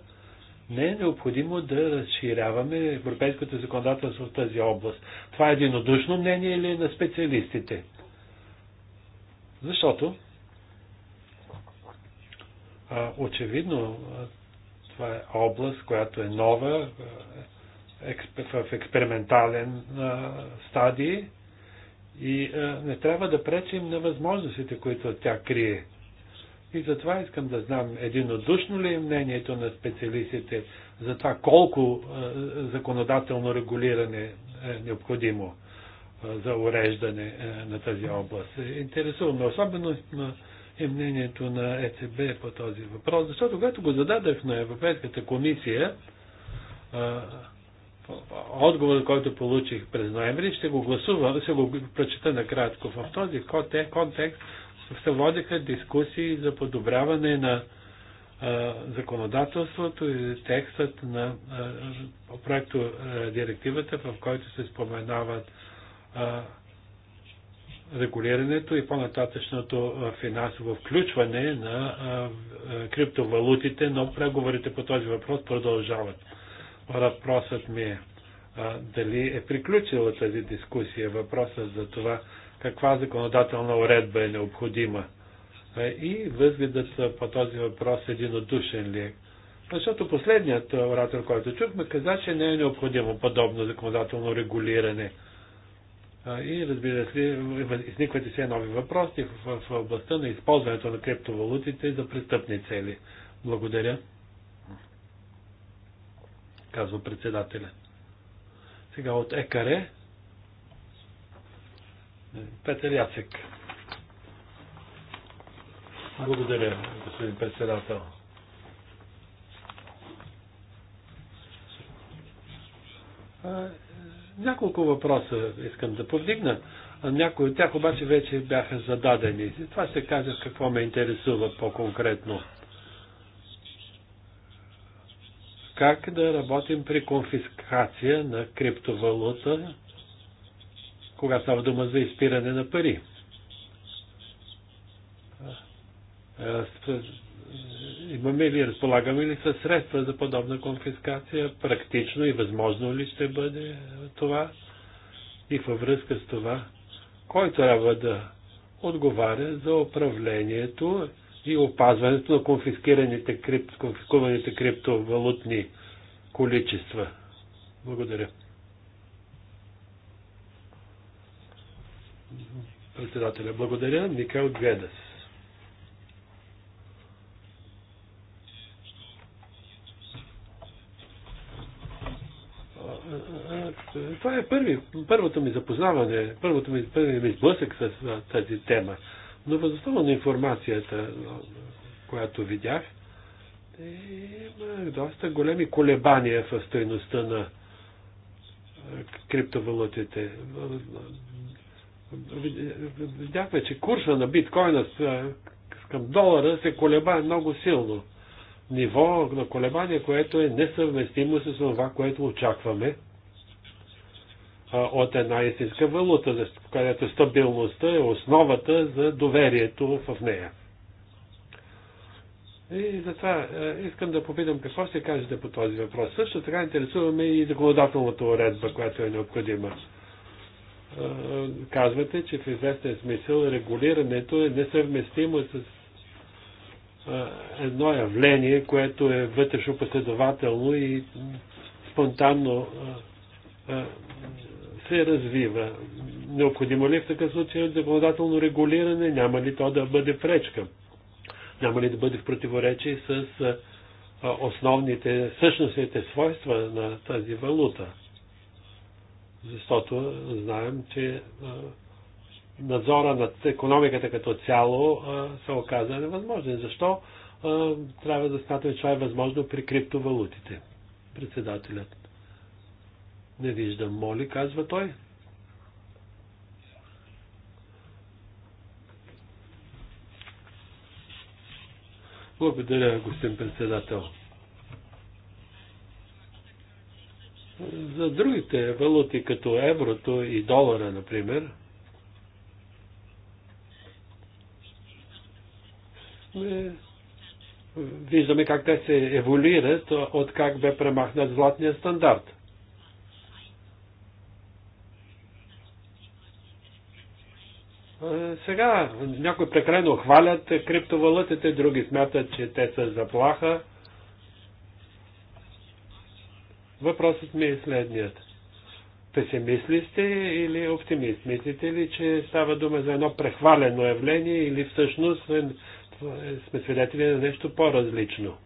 не е необходимо да разширяваме европейското законодателство в тази област. Това е единодушно мнение или на специалистите? Защото а, очевидно това е област, която е нова, в експериментален стадий и не трябва да пречим на възможностите, които тя крие. И затова искам да знам единодушно ли е мнението на специалистите за това колко е, законодателно регулиране е необходимо е, за уреждане е, на тази област. Интересуваме особено е мнението на ЕЦБ по този въпрос, защото когато го зададах на Европейската комисия, отговорът, който получих през ноември, ще го гласувам, ще го прочета накратко. В този контекст се водиха дискусии за подобряване на а, законодателството и текстът на а, проекто а, директивата, в който се споменават а, регулирането и по-нататъчното финансово включване на а, а, криптовалутите, но преговорите по този въпрос продължават. Въпросът ми е а, дали е приключила тази дискусия, въпросът за това каква законодателна уредба е необходима. Е, и възгледът е, по този въпрос единодушен ли е? Защото последният е, оратор, който чухме, каза, че не е необходимо подобно законодателно регулиране. И разбира се, изникват и все нови въпроси в областта на използването на криптовалутите за престъпни цели. Благодаря, казва председателя. Сега от ЕКАРЕ Петър Яцек. Благодаря, господин председател. Няколко въпроса искам да повдигна. Някои от тях обаче вече бяха зададени. Това ще кажа какво ме интересува по-конкретно. Как да работим при конфискация на криптовалута кога става дума за изпиране на пари. Имаме ли, разполагаме ли със средства за подобна конфискация? Практично и възможно ли ще бъде това? И във връзка с това, кой трябва да отговаря за управлението и опазването на конфискираните, крип, конфискуваните криптовалутни количества? Благодаря. председателя. Благодаря, Микел Гведес. Това е първи, първото ми запознаване, първото ми, първи ми сблъсък с тази тема. Но възоснова на информацията, която видях, е, има доста големи колебания в стоеността на криптовалутите видяхме, че курса на биткоина с, към долара се колебае много силно. Ниво на колебание, което е несъвместимо с това, което очакваме от една истинска валута, където стабилността е основата за доверието в нея. И затова искам да попитам какво ще кажете по този въпрос. Също така интересуваме и законодателната уредба, която е необходима казвате, че в известен смисъл регулирането е несъвместимо с едно явление, което е вътрешно последователно и спонтанно се развива. Необходимо ли е в такъв случай законодателно регулиране? Няма ли то да бъде пречка? Няма ли да бъде в противоречие с основните, същностните свойства на тази валута? защото знаем, че надзора над економиката като цяло се оказа невъзможен. Защо трябва да смятаме, че това е възможно при криптовалутите? Председателят. Не виждам. Моли, казва той. Благодаря, господин председател. За другите валути, като еврото и долара, например, виждаме как те се еволюират от как бе премахнат златния стандарт. Сега някои прекрайно хвалят криптовалутите, други смятат, че те са заплаха. Въпросът ми е следният. Песимисли сте или оптимист? Мислите ли, че става дума за едно прехвалено явление или всъщност е- сме свидетели на нещо по-различно?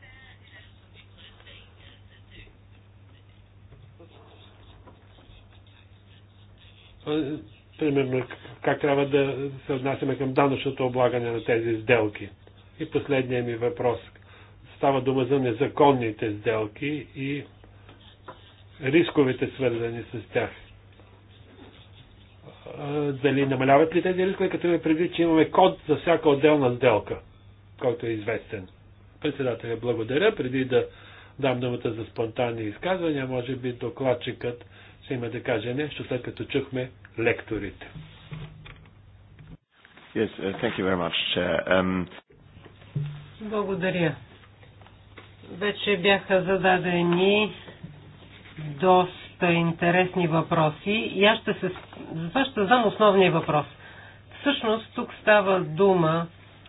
примерно как трябва да се отнасяме към данъчното облагане на тези сделки. И последният ми въпрос. Става дума за незаконните сделки и рисковете свързани с тях. Дали намаляват ли тези рискове, като имаме предвид, че имаме код за всяка отделна сделка, който е известен. Председателя, благодаря. Преди да дам думата за спонтанни изказвания, може би докладчикът ще има да каже нещо, след като чухме лекторите. Yes, uh, thank you very much, Chair. Um... Благодаря. Вече бяха зададени доста интересни въпроси и аз ще се... Затова ще задам основния въпрос. Всъщност тук става дума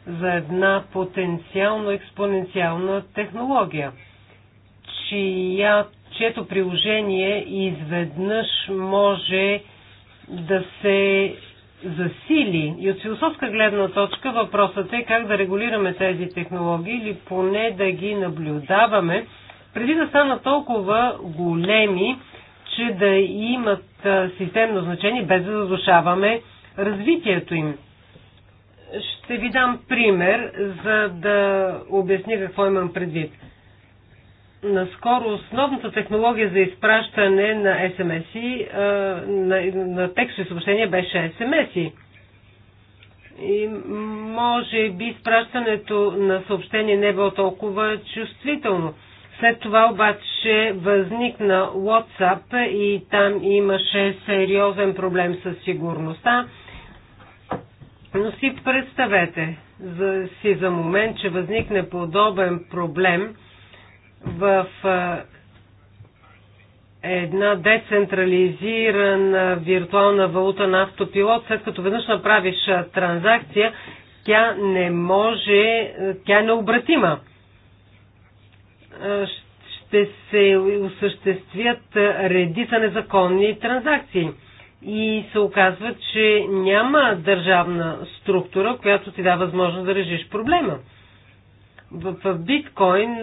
за една потенциално експоненциална технология, чия, чието приложение изведнъж може да се засили. И от философска гледна точка въпросът е как да регулираме тези технологии или поне да ги наблюдаваме, преди да станат толкова големи, че да имат системно значение, без да задушаваме развитието им. Ще ви дам пример, за да обясня какво имам предвид. Наскоро основната технология за изпращане на СМС-и, на, на текстови съобщения беше СМС-и. И може би изпращането на съобщение не е било толкова чувствително. След това обаче възникна WhatsApp и там имаше сериозен проблем с сигурността. Но си представете за, си за момент, че възникне подобен проблем в една децентрализирана виртуална валута на автопилот, след като веднъж направиш транзакция, тя не може, тя е необратима ще се осъществят редица незаконни транзакции. И се оказва, че няма държавна структура, която ти дава възможност да решиш проблема. В, в биткоин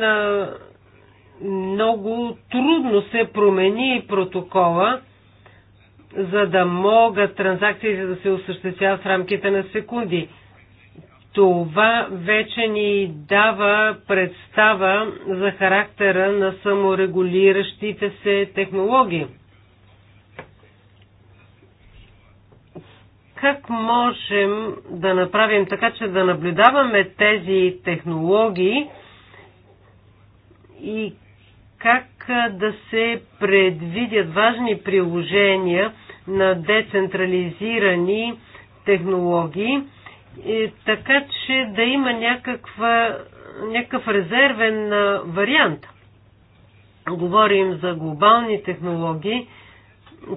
много трудно се промени протокола, за да могат транзакциите да се осъществяват в рамките на секунди. Това вече ни дава представа за характера на саморегулиращите се технологии. Как можем да направим така, че да наблюдаваме тези технологии и как да се предвидят важни приложения на децентрализирани технологии? И така че да има някаква, някакъв резервен вариант. Говорим за глобални технологии,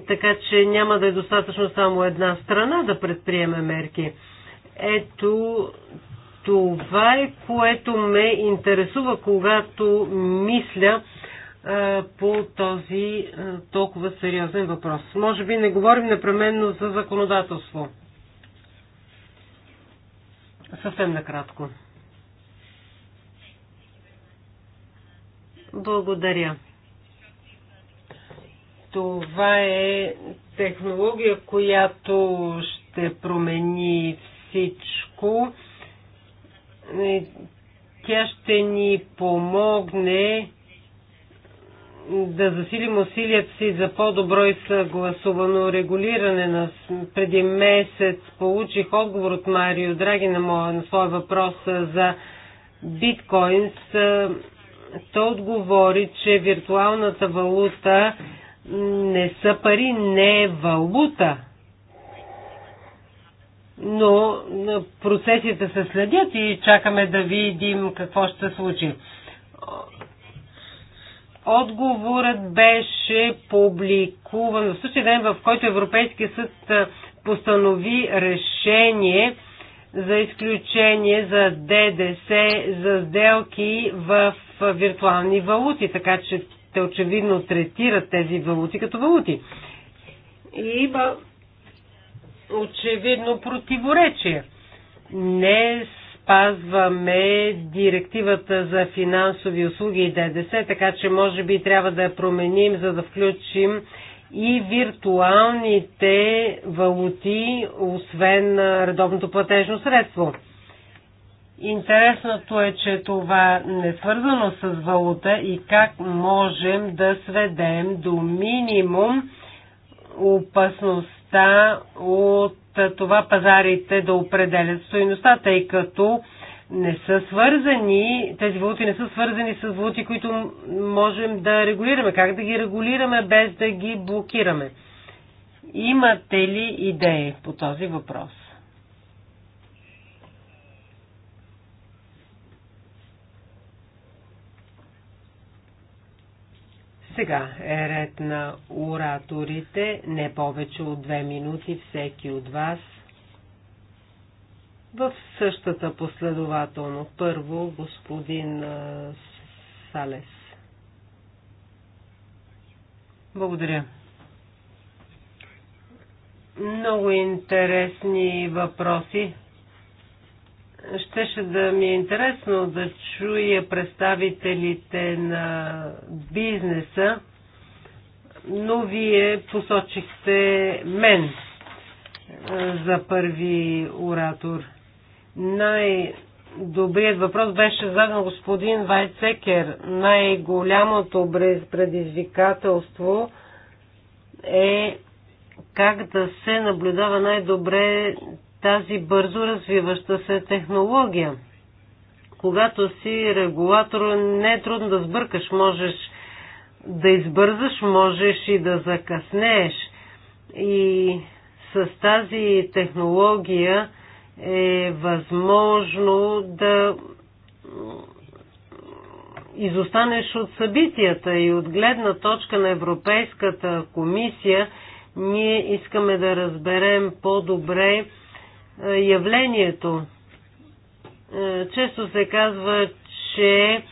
така че няма да е достатъчно само една страна да предприеме мерки. Ето това е, което ме интересува, когато мисля а, по този а, толкова сериозен въпрос. Може би не говорим непременно за законодателство. Съвсем накратко. Благодаря. Това е технология, която ще промени всичко. Тя ще ни помогне да засилим усилията си за по-добро и съгласувано регулиране. На... Преди месец получих отговор от Марио Драги на, моя, на своя въпрос за биткоинс. Той отговори, че виртуалната валута не са пари, не е валута. Но процесите се следят и чакаме да видим какво ще случи Отговорът беше публикуван в същия ден, в който Европейския съд постанови решение за изключение за ДДС за сделки в виртуални валути, така че те очевидно третират тези валути като валути. И има очевидно противоречие. Не спазваме директивата за финансови услуги и ДДС, така че може би трябва да я променим, за да включим и виртуалните валути, освен редовното платежно средство. Интересното е, че това не е свързано с валута и как можем да сведем до минимум опасността от е, това пазарите да определят стоеността, тъй като не са свързани, тези валути не са свързани с валути, които можем да регулираме. Как да ги регулираме без да ги блокираме? Имате ли идеи по този въпрос? Сега е ред на ораторите, не повече от две минути всеки от вас. В същата последователно. Първо господин Салес. Благодаря. Много интересни въпроси. Щеше да ми е интересно да чуя представителите на бизнеса, но вие посочихте мен за първи оратор. Най-добрият въпрос беше задан господин Вайцекер. Най-голямото предизвикателство е как да се наблюдава най-добре тази бързо развиваща се технология. Когато си регулатор, не е трудно да сбъркаш. Можеш да избързаш, можеш и да закъснееш. И с тази технология е възможно да изостанеш от събитията и от гледна точка на Европейската комисия, ние искаме да разберем по-добре е, явлението. Е, често се казва, че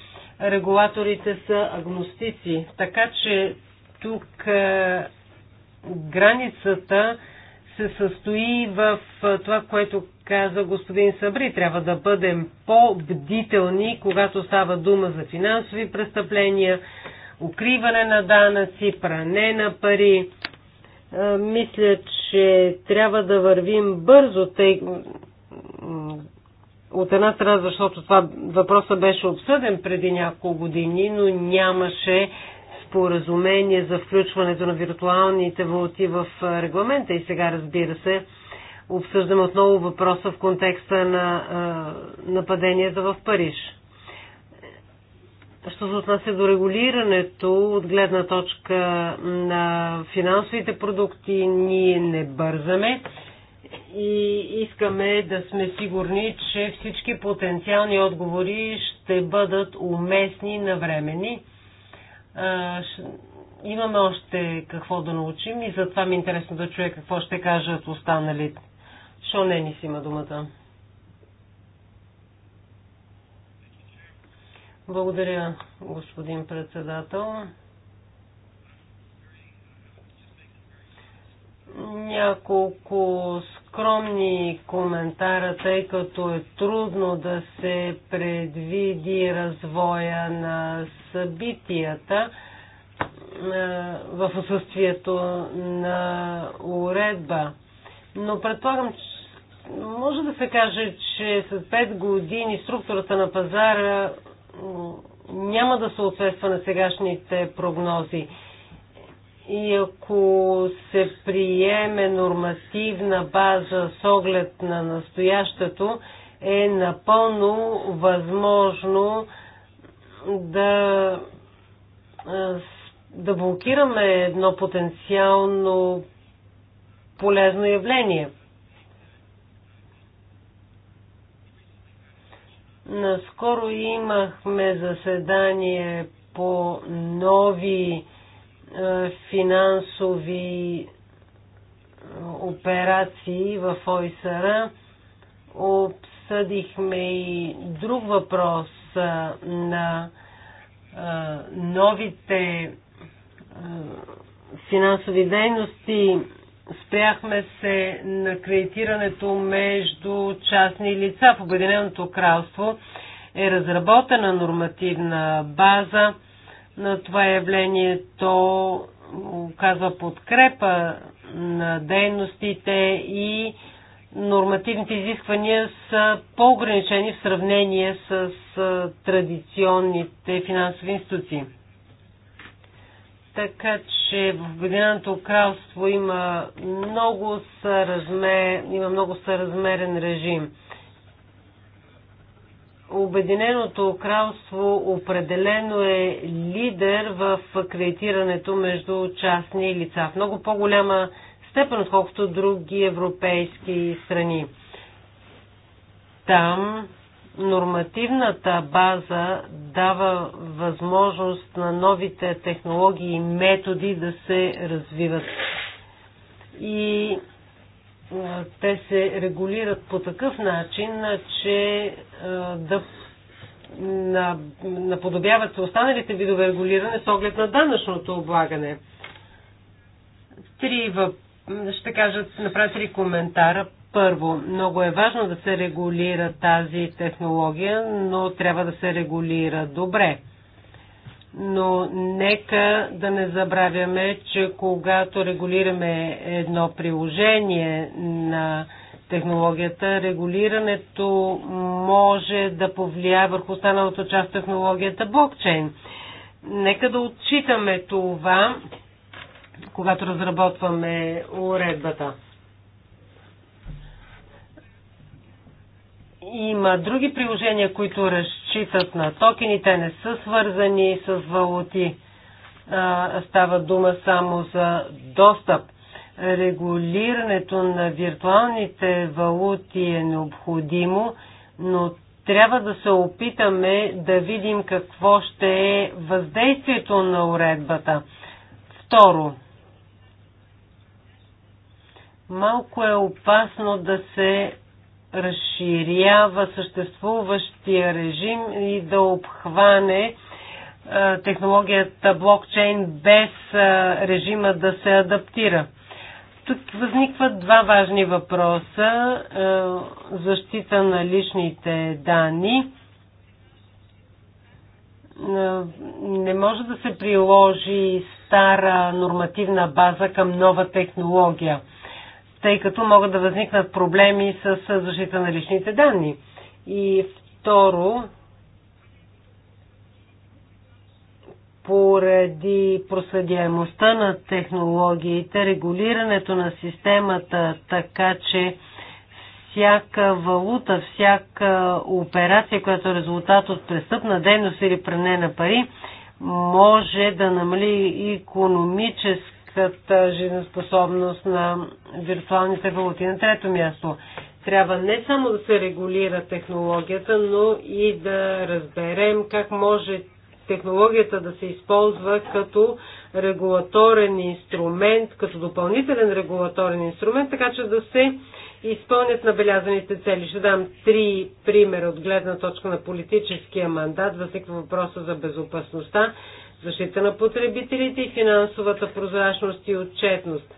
регулаторите са агностици, така че тук е, границата се състои в това, което каза господин Сабри. Трябва да бъдем по-бдителни, когато става дума за финансови престъпления, укриване на данъци, пране на пари. Е, мисля, че трябва да вървим бързо, тъй от една страна, защото това въпроса беше обсъден преди няколко години, но нямаше споразумение за включването на виртуалните валути в е, регламента и сега, разбира се, обсъждаме отново въпроса в контекста на е, нападенията в Париж. Що се отнася до регулирането от гледна точка на финансовите продукти, ние не бързаме и искаме да сме сигурни, че всички потенциални отговори ще бъдат уместни и навремени. Имаме още какво да научим и затова ми е интересно да чуя какво ще кажат останалите. не ни си има думата. Благодаря, господин председател. Няколко скромни коментара, тъй като е трудно да се предвиди развоя на събитията е, в отсъствието на уредба. Но предполагам, може да се каже, че след 5 години структурата на пазара няма да съответства на сегашните прогнози. И ако се приеме нормативна база с оглед на настоящето, е напълно възможно да, да блокираме едно потенциално полезно явление – Наскоро имахме заседание по нови е, финансови е, операции в ОИСР. Обсъдихме и друг въпрос е, на новите финансови дейности Спряхме се на кредитирането между частни лица в Обединеното кралство. Е разработена нормативна база на това явление. То оказва подкрепа на дейностите и нормативните изисквания са по-ограничени в сравнение с традиционните финансови институции. Така че в Обединеното кралство има много, съразмер, има много съразмерен режим. Обединеното кралство определено е лидер в кредитирането между частни лица в много по-голяма степен, отколкото други европейски страни. Там нормативната база дава възможност на новите технологии и методи да се развиват. И те се регулират по такъв начин, че да наподобяват се останалите видове регулиране с оглед на данъчното облагане. Три въп... Ще кажа, направя три коментара. Първо, много е важно да се регулира тази технология, но трябва да се регулира добре. Но нека да не забравяме, че когато регулираме едно приложение на технологията, регулирането може да повлияе върху останалата част технологията блокчейн. Нека да отчитаме това, когато разработваме уредбата. Има други приложения, които разчитат на токени. Те не са свързани с валути. Става дума само за достъп. Регулирането на виртуалните валути е необходимо, но трябва да се опитаме да видим какво ще е въздействието на уредбата. Второ, малко е опасно да се разширява съществуващия режим и да обхване е, технологията блокчейн без е, режима да се адаптира. Тук възникват два важни въпроса. Е, защита на личните данни. Не може да се приложи стара нормативна база към нова технология – тъй като могат да възникнат проблеми с защита на личните данни. И второ, поради проследяемостта на технологиите, регулирането на системата така, че всяка валута, всяка операция, която е резултат от престъпна дейност или пране на пари, може да намали економически индексът жизнеспособност на виртуалните валути. На трето място, трябва не само да се регулира технологията, но и да разберем как може технологията да се използва като регулаторен инструмент, като допълнителен регулаторен инструмент, така че да се изпълнят набелязаните цели. Ще дам три примера от гледна точка на политическия мандат. Възниква въпроса за безопасността защита на потребителите и финансовата прозрачност и отчетност.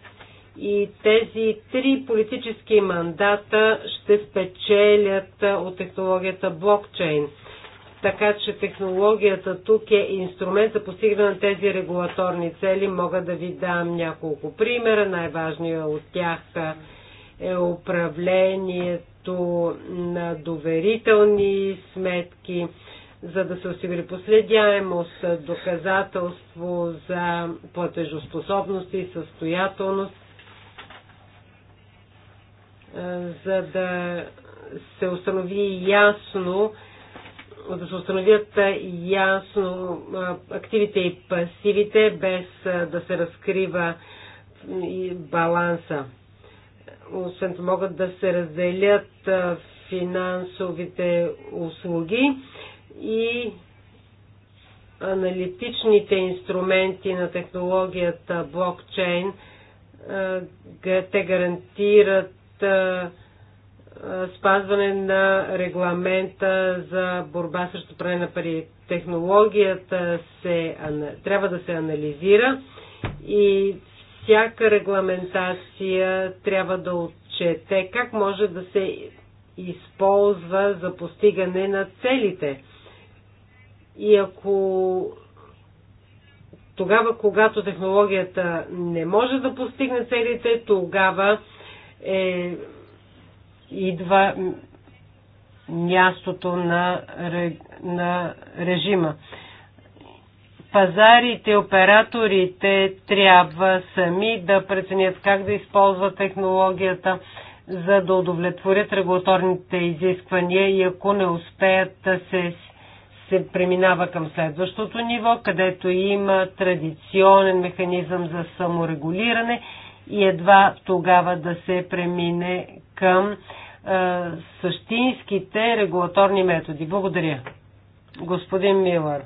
И тези три политически мандата ще спечелят от технологията блокчейн. Така че технологията тук е инструмент за постигане на тези регулаторни цели. Мога да ви дам няколко примера. Най-важният от тях е управлението на доверителни сметки за да се осигури последяемост, доказателство за платежоспособност и състоятелност, за да се установи ясно да се установят ясно активите и пасивите, без да се разкрива баланса. Освен могат да се разделят финансовите услуги и аналитичните инструменти на технологията блокчейн, е, те гарантират е, е, спазване на регламента за борба срещу пране на пари. Технологията се, трябва да се анализира и всяка регламентация трябва да отчете как може да се използва за постигане на целите – и ако тогава, когато технологията не може да постигне целите, тогава е, идва мястото на, на режима. Пазарите, операторите трябва сами да преценят как да използват технологията, за да удовлетворят регулаторните изисквания и ако не успеят да се се преминава към следващото ниво, където има традиционен механизъм за саморегулиране и едва тогава да се премине към е, същинските регулаторни методи. Благодаря. Господин Милър.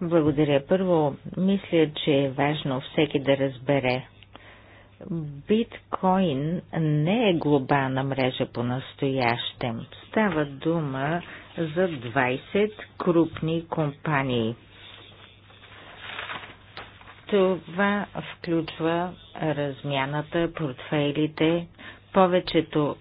Благодаря. Първо, мисля, че е важно всеки да разбере. Биткоин не е глобална мрежа по настоящем. Става дума за 20 крупни компании. Това включва размяната, портфейлите, повечето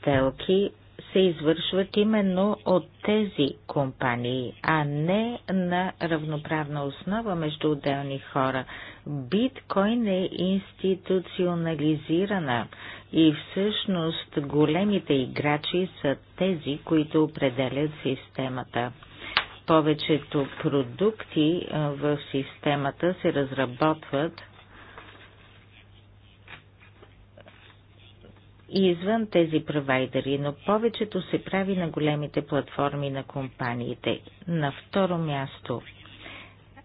сделки се извършват именно от тези компании, а не на равноправна основа между отделни хора. Биткоин е институционализирана и всъщност големите играчи са тези, които определят системата. Повечето продукти в системата се разработват и извън тези провайдери, но повечето се прави на големите платформи на компаниите. На второ място,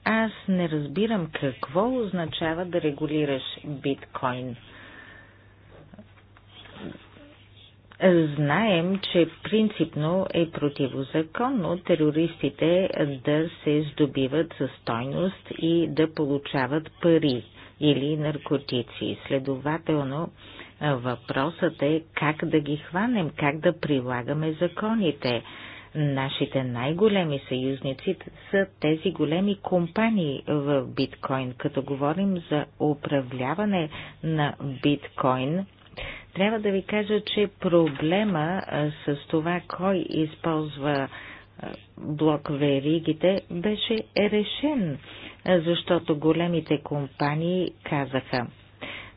аз не разбирам какво означава да регулираш биткоин. Знаем, че принципно е противозаконно терористите да се здобиват със стойност и да получават пари или наркотици. Следователно, Въпросът е как да ги хванем, как да прилагаме законите. Нашите най-големи съюзници са тези големи компании в биткоин. Като говорим за управляване на биткоин, трябва да ви кажа, че проблема с това кой използва блок веригите беше решен, защото големите компании казаха –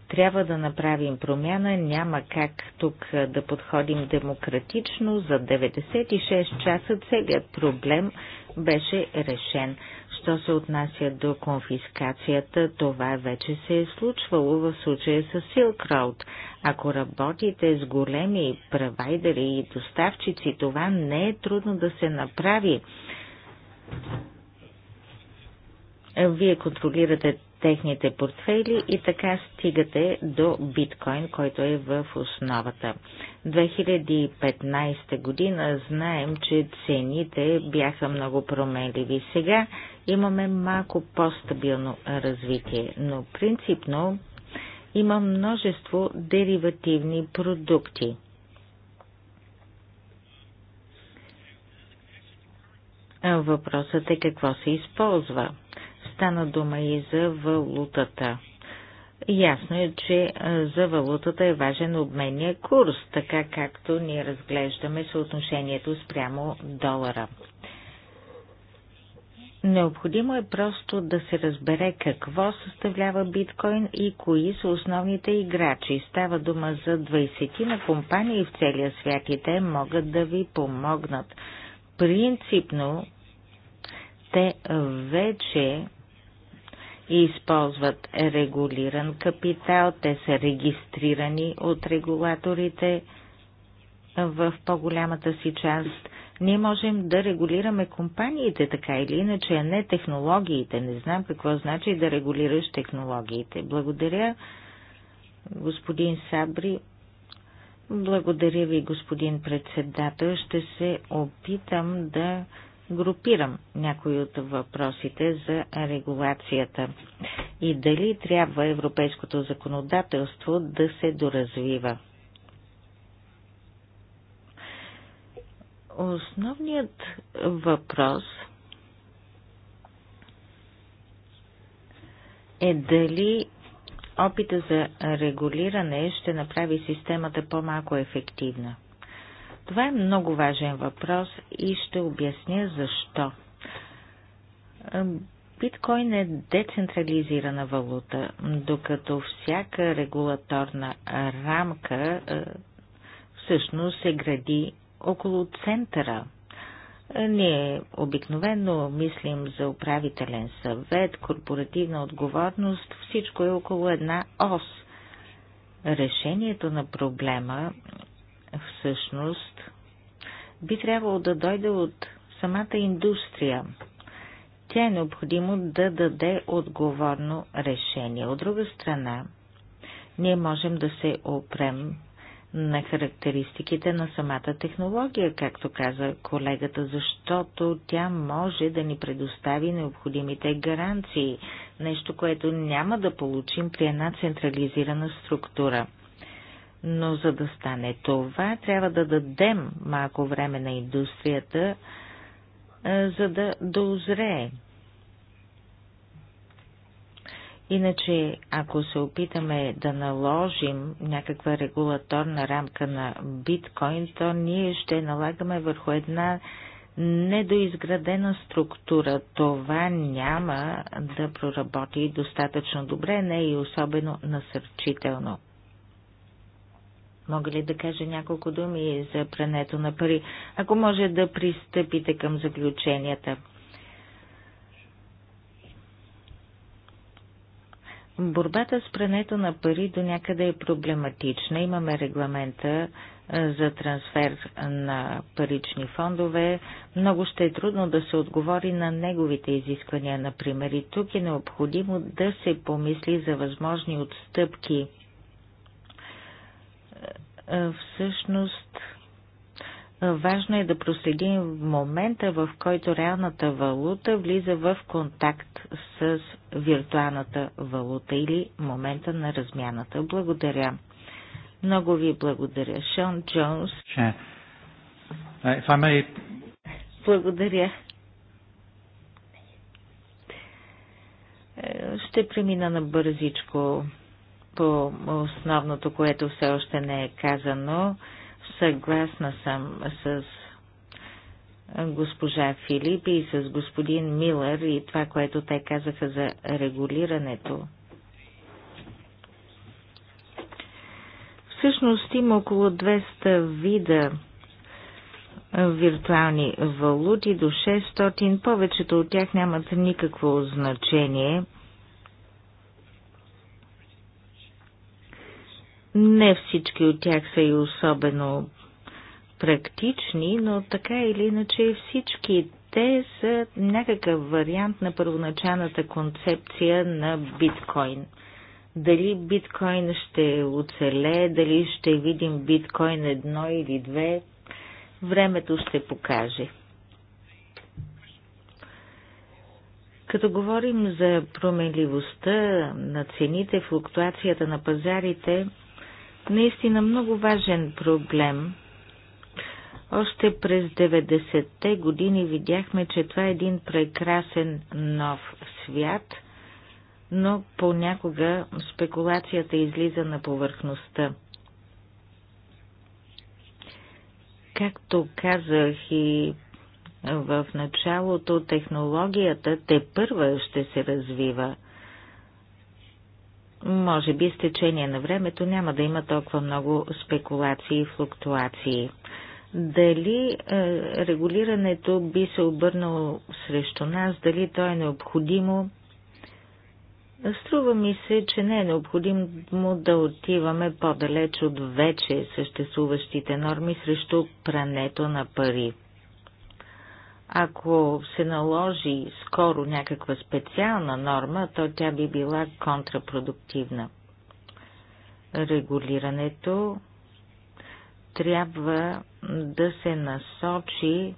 трябва да направим промяна, няма как тук да подходим демократично. За 96 часа целият проблем беше решен. Що се отнася до конфискацията, това вече се е случвало в случая с Silk Road. Ако работите с големи провайдери и доставчици, това не е трудно да се направи. Вие контролирате техните портфели и така стигате до биткоин, който е в основата. 2015 година знаем, че цените бяха много променливи. Сега имаме малко по-стабилно развитие, но принципно има множество деривативни продукти. Въпросът е какво се използва. Стана дума и за валутата. Ясно е, че за валутата е важен обменния курс, така както ние разглеждаме съотношението спрямо долара. Необходимо е просто да се разбере какво съставлява биткоин и кои са основните играчи. Става дума за 20 на компании в целия свят и те могат да ви помогнат. Принципно те вече използват регулиран капитал, те са регистрирани от регулаторите в по-голямата си част. Ние можем да регулираме компаниите така или иначе, а не технологиите. Не знам какво значи да регулираш технологиите. Благодаря, господин Сабри. Благодаря ви, господин председател. Ще се опитам да групирам някои от въпросите за регулацията и дали трябва европейското законодателство да се доразвива. Основният въпрос е дали опита за регулиране ще направи системата по-малко ефективна. Това е много важен въпрос и ще обясня защо. Биткоин е децентрализирана валута, докато всяка регулаторна рамка всъщност се гради около центъра. Ние обикновено мислим за управителен съвет, корпоративна отговорност, всичко е около една ос. Решението на проблема всъщност би трябвало да дойде от самата индустрия. Тя е необходимо да даде отговорно решение. От друга страна, ние можем да се опрем на характеристиките на самата технология, както каза колегата, защото тя може да ни предостави необходимите гаранции, нещо, което няма да получим при една централизирана структура. Но за да стане това, трябва да дадем малко време на индустрията, е, за да дозрее. Иначе, ако се опитаме да наложим някаква регулаторна рамка на биткоин, то ние ще налагаме върху една недоизградена структура. Това няма да проработи достатъчно добре, не и особено насърчително мога ли да кажа няколко думи за прането на пари? Ако може да пристъпите към заключенията. Борбата с прането на пари до някъде е проблематична. Имаме регламента за трансфер на парични фондове. Много ще е трудно да се отговори на неговите изисквания, например. И тук е необходимо да се помисли за възможни отстъпки – е, всъщност е, важно е да проследим момента, в който реалната валута влиза в контакт с виртуалната валута или момента на размяната. Благодаря. Много ви благодаря. Шон Джонс. Uh, may... Благодаря. Е, ще премина на бързичко по основното, което все още не е казано. Съгласна съм с госпожа Филип и с господин Милър и това, което те казаха за регулирането. Всъщност има около 200 вида виртуални валути до 600. Повечето от тях нямат никакво значение – Не всички от тях са и особено практични, но така или иначе всички те са някакъв вариант на първоначалната концепция на биткоин. Дали биткоин ще оцеле, дали ще видим биткоин едно или две, времето ще покаже. Като говорим за променливостта на цените, флуктуацията на пазарите – наистина много важен проблем. Още през 90-те години видяхме, че това е един прекрасен нов свят, но понякога спекулацията излиза на повърхността. Както казах и в началото, технологията те първа ще се развива. Може би с течение на времето няма да има толкова много спекулации и флуктуации. Дали е, регулирането би се обърнало срещу нас, дали то е необходимо, Струва ми се, че не е необходимо да отиваме по-далеч от вече съществуващите норми срещу прането на пари. Ако се наложи скоро някаква специална норма, то тя би била контрапродуктивна. Регулирането трябва да се насочи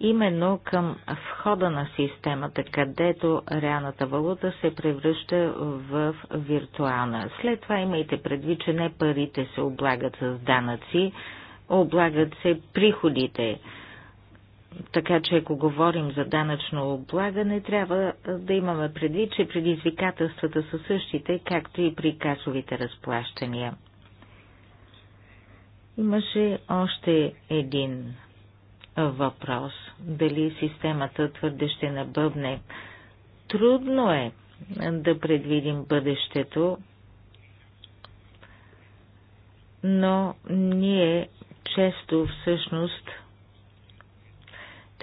именно към входа на системата, където реалната валута се превръща в виртуална. След това имайте предвид, че не парите се облагат с данъци, облагат се приходите така че ако говорим за данъчно облагане, трябва да имаме преди, че предизвикателствата са същите, както и при касовите разплащания. Имаше още един въпрос. Дали системата твърде ще набъбне? Трудно е да предвидим бъдещето, но ние често всъщност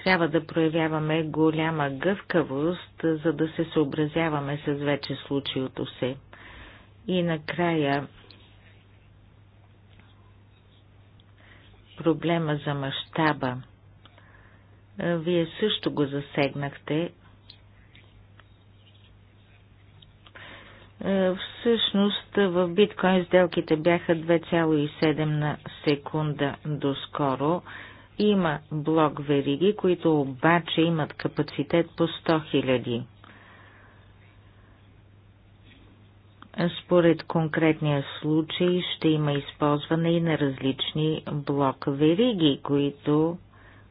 трябва да проявяваме голяма гъвкавост, за да се съобразяваме с вече случилото се. И накрая проблема за мащаба. Вие също го засегнахте. Е, всъщност в биткоин сделките бяха 2,7 на секунда доскоро. скоро има блок вериги, които обаче имат капацитет по 100 000. Според конкретния случай ще има използване и на различни блок вериги, които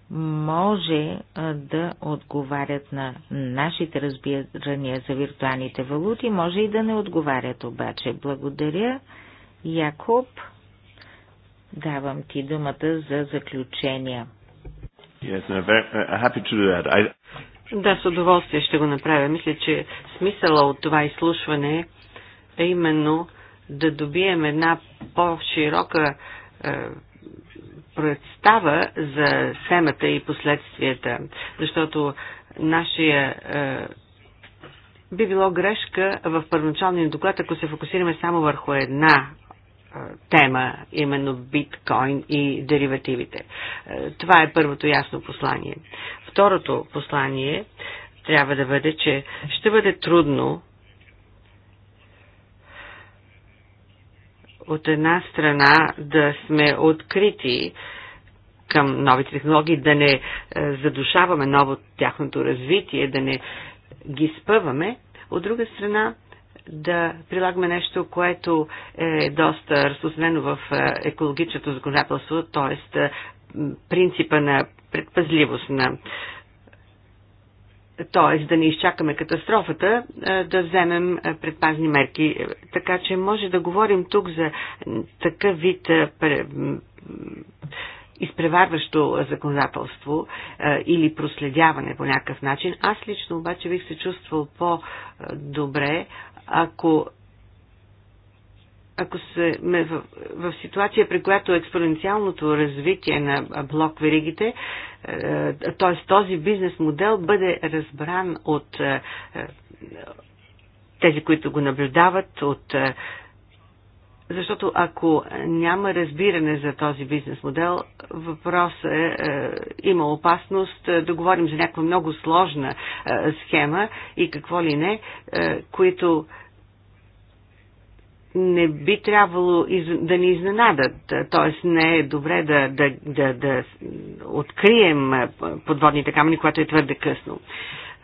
може да отговарят на нашите разбирания за виртуалните валути, може и да не отговарят обаче. Благодаря, Якоб. Давам ти думата за заключения. Yes, no, very, uh, happy to do that. I... Да, с удоволствие ще го направя. Мисля, че смисъла от това изслушване е именно да добием една по-широка е, представа за темата и последствията, защото нашия е, би било грешка в първоначалния доклад, ако се фокусираме само върху една тема, именно биткоин и деривативите. Това е първото ясно послание. Второто послание трябва да бъде, че ще бъде трудно от една страна да сме открити към новите технологии, да не е, задушаваме ново тяхното развитие, да не ги спъваме, от друга страна да прилагаме нещо, което е доста разпространено в е, екологичното законодателство, т.е. Е, принципа на предпазливост на т.е. да не изчакаме катастрофата, е, да вземем предпазни мерки. Така че може да говорим тук за такъв вид изпреварващо законодателство или проследяване по някакъв начин. Аз лично обаче бих се чувствал по-добре, ако ако сме в, в ситуация, при която експоненциалното развитие на блок веригите, е, т.е. този бизнес модел бъде разбран от е, е, тези, които го наблюдават, от защото ако няма разбиране за този бизнес модел, въпрос е, е, има опасност е, да говорим за някаква много сложна е, схема и какво ли не, е, които не би трябвало из, да ни изненадат. Тоест не е добре да, да, да, да открием подводните камъни, което е твърде късно.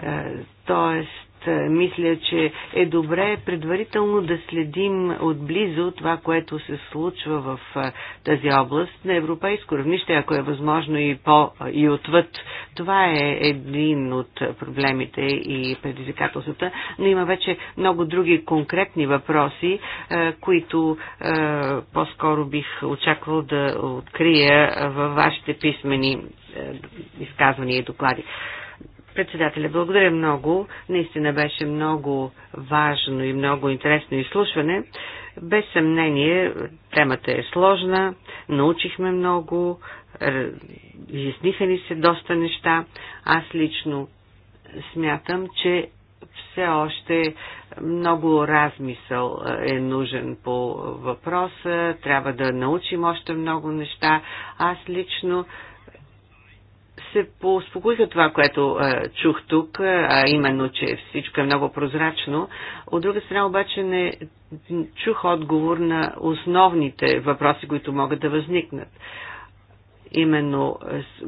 Е, тоест е, мисля, че е добре предварително да следим отблизо това, което се случва в е, тази област на европейско равнище, ако е възможно и, по, и отвъд. Това е един от проблемите и предизвикателствата, но има вече много други конкретни въпроси, е, които по-скоро бих очаквал да открия във вашите писмени изказвания и доклади. Председателя, благодаря много. Наистина беше много важно и много интересно изслушване. Без съмнение, темата е сложна, научихме много, изясниха ни се доста неща. Аз лично смятам, че все още много размисъл е нужен по въпроса, трябва да научим още много неща. Аз лично се поуспокоиха това, което а, чух тук, а именно, че всичко е много прозрачно. От друга страна обаче не чух отговор на основните въпроси, които могат да възникнат. Именно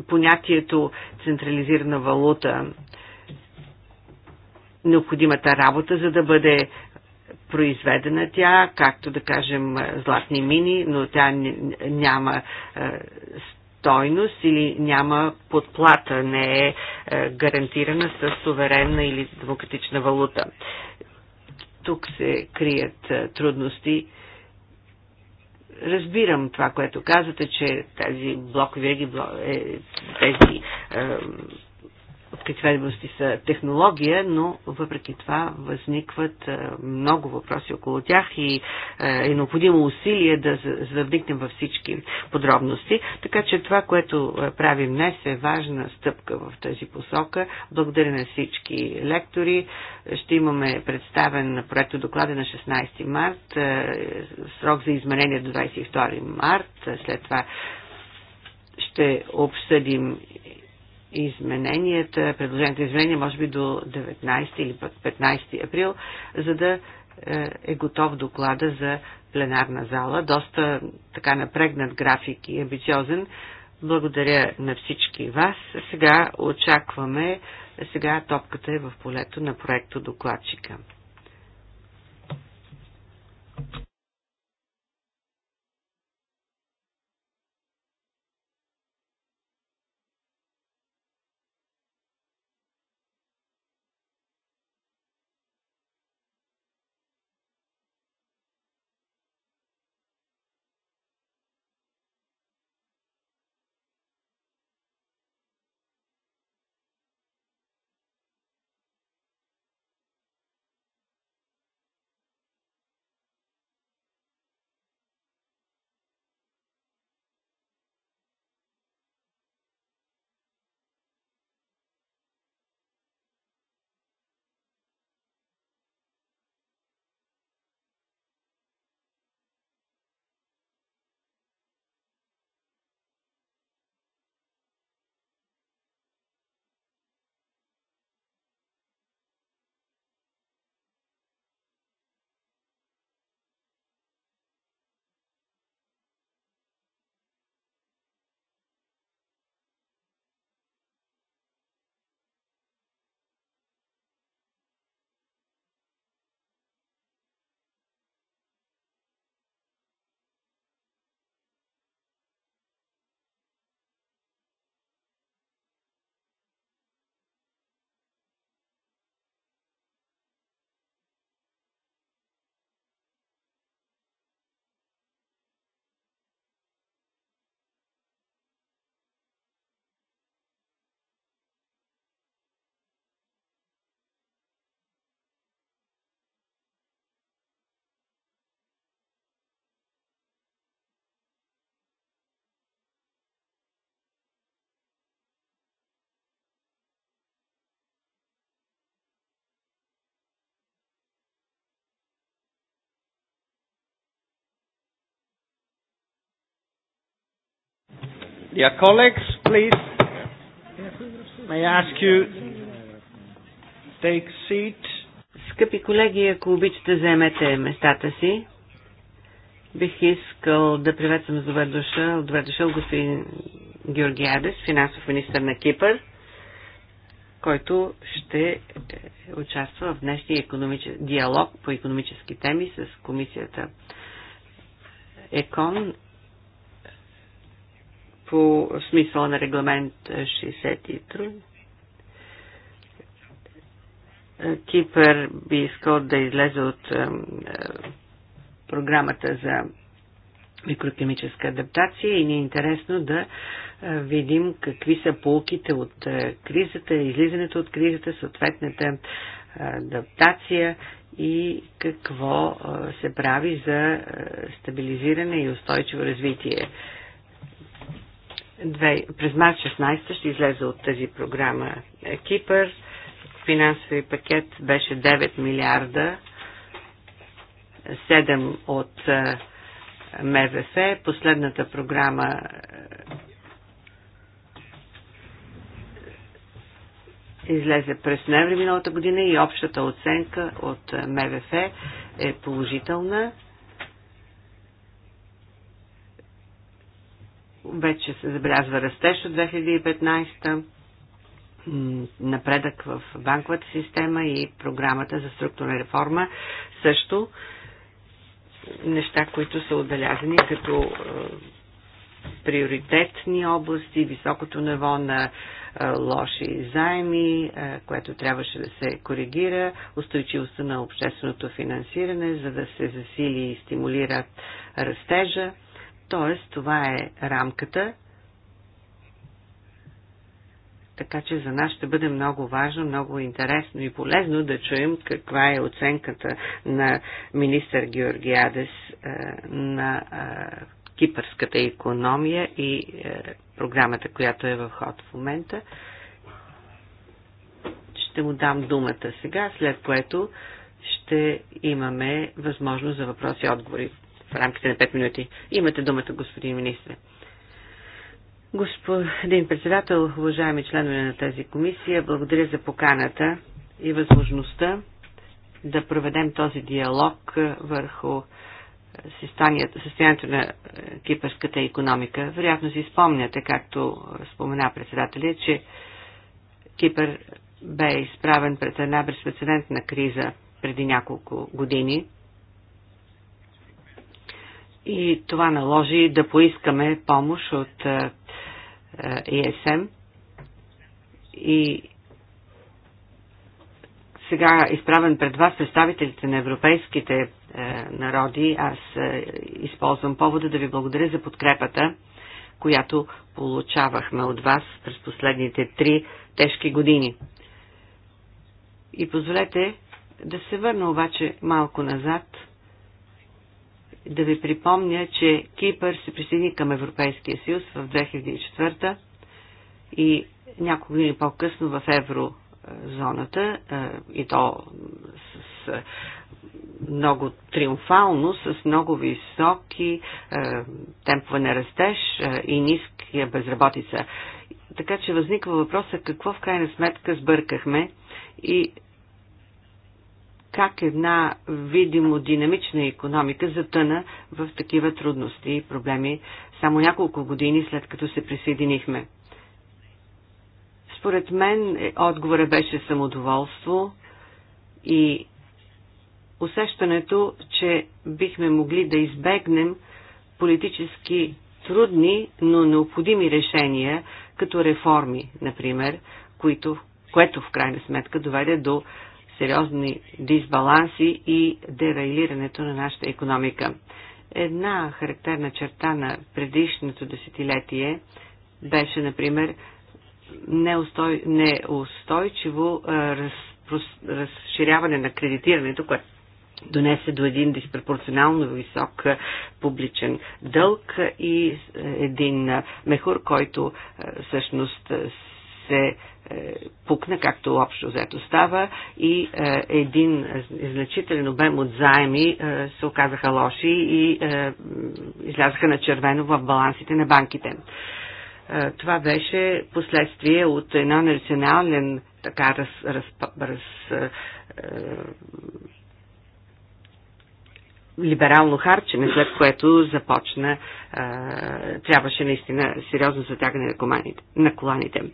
понятието централизирана валута, необходимата работа, за да бъде произведена тя, както да кажем златни мини, но тя няма стойност или няма подплата, не е, е гарантирана с суверенна или демократична валута. Тук се крият е, трудности. Разбирам това, което казвате, че тези блокови, е, тези прикрадващи са технология, но въпреки това възникват е, много въпроси около тях и е, е необходимо усилие да, завникнем във всички подробности. Така че това, което е, правим днес е важна стъпка в тази посока. Благодаря на всички лектори. Ще имаме представен на проекто доклада на 16 март, срок за изменение до 22 март, след това ще обсъдим измененията, предложените изменения, може би до 19 или пък 15 април, за да е, е готов доклада за пленарна зала. Доста така напрегнат график и амбициозен. Благодаря на всички вас. Сега очакваме, сега топката е в полето на проекто докладчика. Dear colleagues, please, may I ask you take seat? Скъпи колеги, ако обичате, заемете местата си. Бих искал да приветствам с добър дошъл, добър дошъл господин Георгиадес, финансов министр на Кипър, който ще е, участва в днешния диалог по економически теми с комисията ЕКОН по смисъла на регламент 63. Кипър би искал да излезе от е, е, програмата за микрохимическа адаптация и ни е интересно да е, видим какви са полките от кризата, излизането от кризата, съответната адаптация и какво се прави за стабилизиране и устойчиво развитие през март 16 ще излезе от тази програма Кипър. Финансови пакет беше 9 милиарда, 7 от МВФ. Последната програма излезе през ноември миналата година и общата оценка от МВФ е положителна. Вече се забелязва растеж от 2015 напредък в банковата система и програмата за структурна реформа също неща, които са отбелязани като е, приоритетни области, високото ниво на е, лоши заеми, е, което трябваше да се коригира, устойчивостта на общественото финансиране, за да се засили и стимулира растежа т.е. това е рамката, така че за нас ще бъде много важно, много интересно и полезно да чуем каква е оценката на министър Георгиадес е, на е, кипърската економия и е, програмата, която е в ход в момента. Ще му дам думата сега, след което ще имаме възможност за въпроси и отговори в рамките на 5 минути. Имате думата, господин министр. Господин председател, уважаеми членове на тази комисия, благодаря за поканата и възможността да проведем този диалог върху състоянието на кипърската економика. Вероятно си спомняте, както спомена председателя, че Кипър бе изправен пред една безпредседентна криза преди няколко години и това наложи да поискаме помощ от е, е, ЕСМ, и сега изправен пред вас представителите на европейските е, народи, аз е, използвам повода да ви благодаря за подкрепата, която получавахме от вас през последните три тежки години. И позволете да се върна обаче малко назад да ви припомня, че Кипър се присъедини към Европейския съюз в 2004 и няколко години по-късно в еврозоната и то с много триумфално, с много високи темпове на растеж и ниска безработица. Така че възниква въпроса какво в крайна сметка сбъркахме и как една видимо динамична економика затъна в такива трудности и проблеми само няколко години след като се присъединихме. Според мен е, отговора беше самодоволство и усещането, че бихме могли да избегнем политически трудни, но необходими решения, като реформи, например, които, което в крайна сметка доведе до сериозни дисбаланси и дерайлирането на нашата економика. Една характерна черта на предишното десетилетие беше, например, неустой, неустойчиво разпрос, разширяване на кредитирането, което донесе до един диспропорционално висок публичен дълг и един мехур, който всъщност се е, пукна, както общо взето става, и е, един значителен обем от заеми е, се оказаха лоши и е, излязаха на червено в балансите на банките. Е, това беше последствие от една национален така раз, раз, раз, е, е, либерално харчене, след което започна, е, трябваше наистина сериозно затягане на, коланите. на коланите. Е,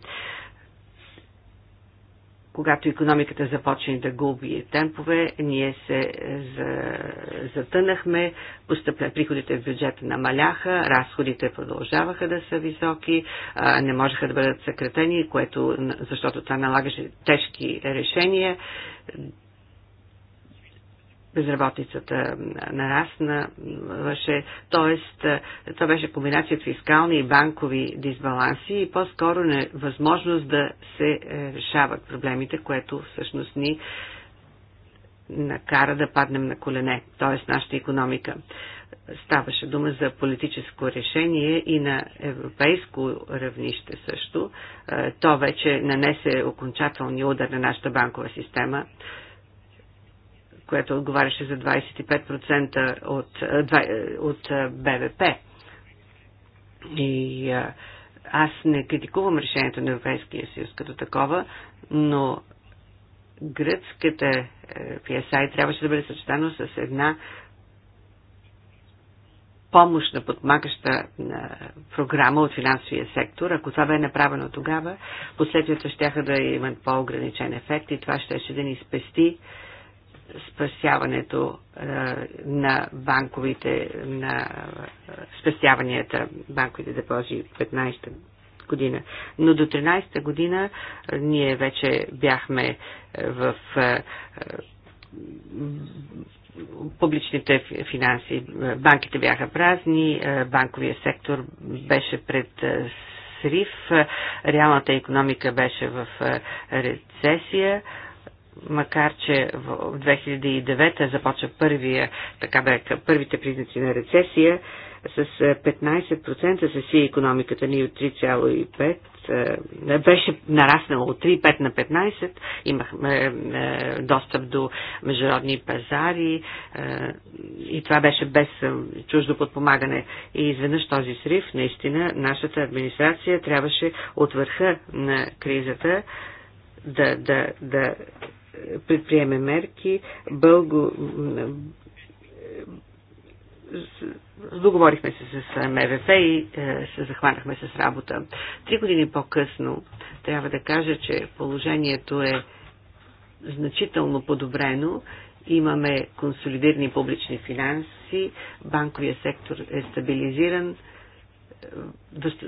когато економиката започне да губи темпове, ние се е, затънахме, постъпля, приходите в бюджета намаляха, разходите продължаваха да са високи, не можеха да бъдат съкретени, което, защото това налагаше тежки решения безработицата нарасна, т.е. това беше комбинация от фискални и банкови дисбаланси и по-скоро невъзможност да се е, решават проблемите, което всъщност ни накара да паднем на колене, т.е. нашата економика. Ставаше дума за политическо решение и на европейско равнище също. Е, то вече нанесе окончателния удар на нашата банкова система което отговаряше за 25% от, от БВП. И аз не критикувам решението на Европейския съюз като такова, но гръцката е, PSI трябваше да бъде съчетано с една помощна подмагаща програма от финансовия сектор. Ако това бе направено тогава, последствията ще да имат по-ограничен ефект и това ще, ще да ни спести спасяването а, е, на банковите, на е, спасяванията, банковите депози 15-та година. Но до 13-та година а, е, ние вече бяхме в а, публичните финанси, банките бяха празни, банковия сектор беше пред срив, реалната економика беше в рецесия макар че в 2009 започва първия, така бе, първите признаци на рецесия, с 15% е, се си економиката ни от 3,5 е, беше нараснало от 3,5 на 15, имахме е, достъп до международни пазари и това беше без чуждо подпомагане. И изведнъж този срив, наистина, нашата администрация трябваше от върха на кризата да, да, да предприеме мерки. Бълго... Договорихме се с МВФ и е, се захванахме с работа. Три години по-късно трябва да кажа, че положението е значително подобрено. Имаме консолидирани публични финанси, банковия сектор е стабилизиран,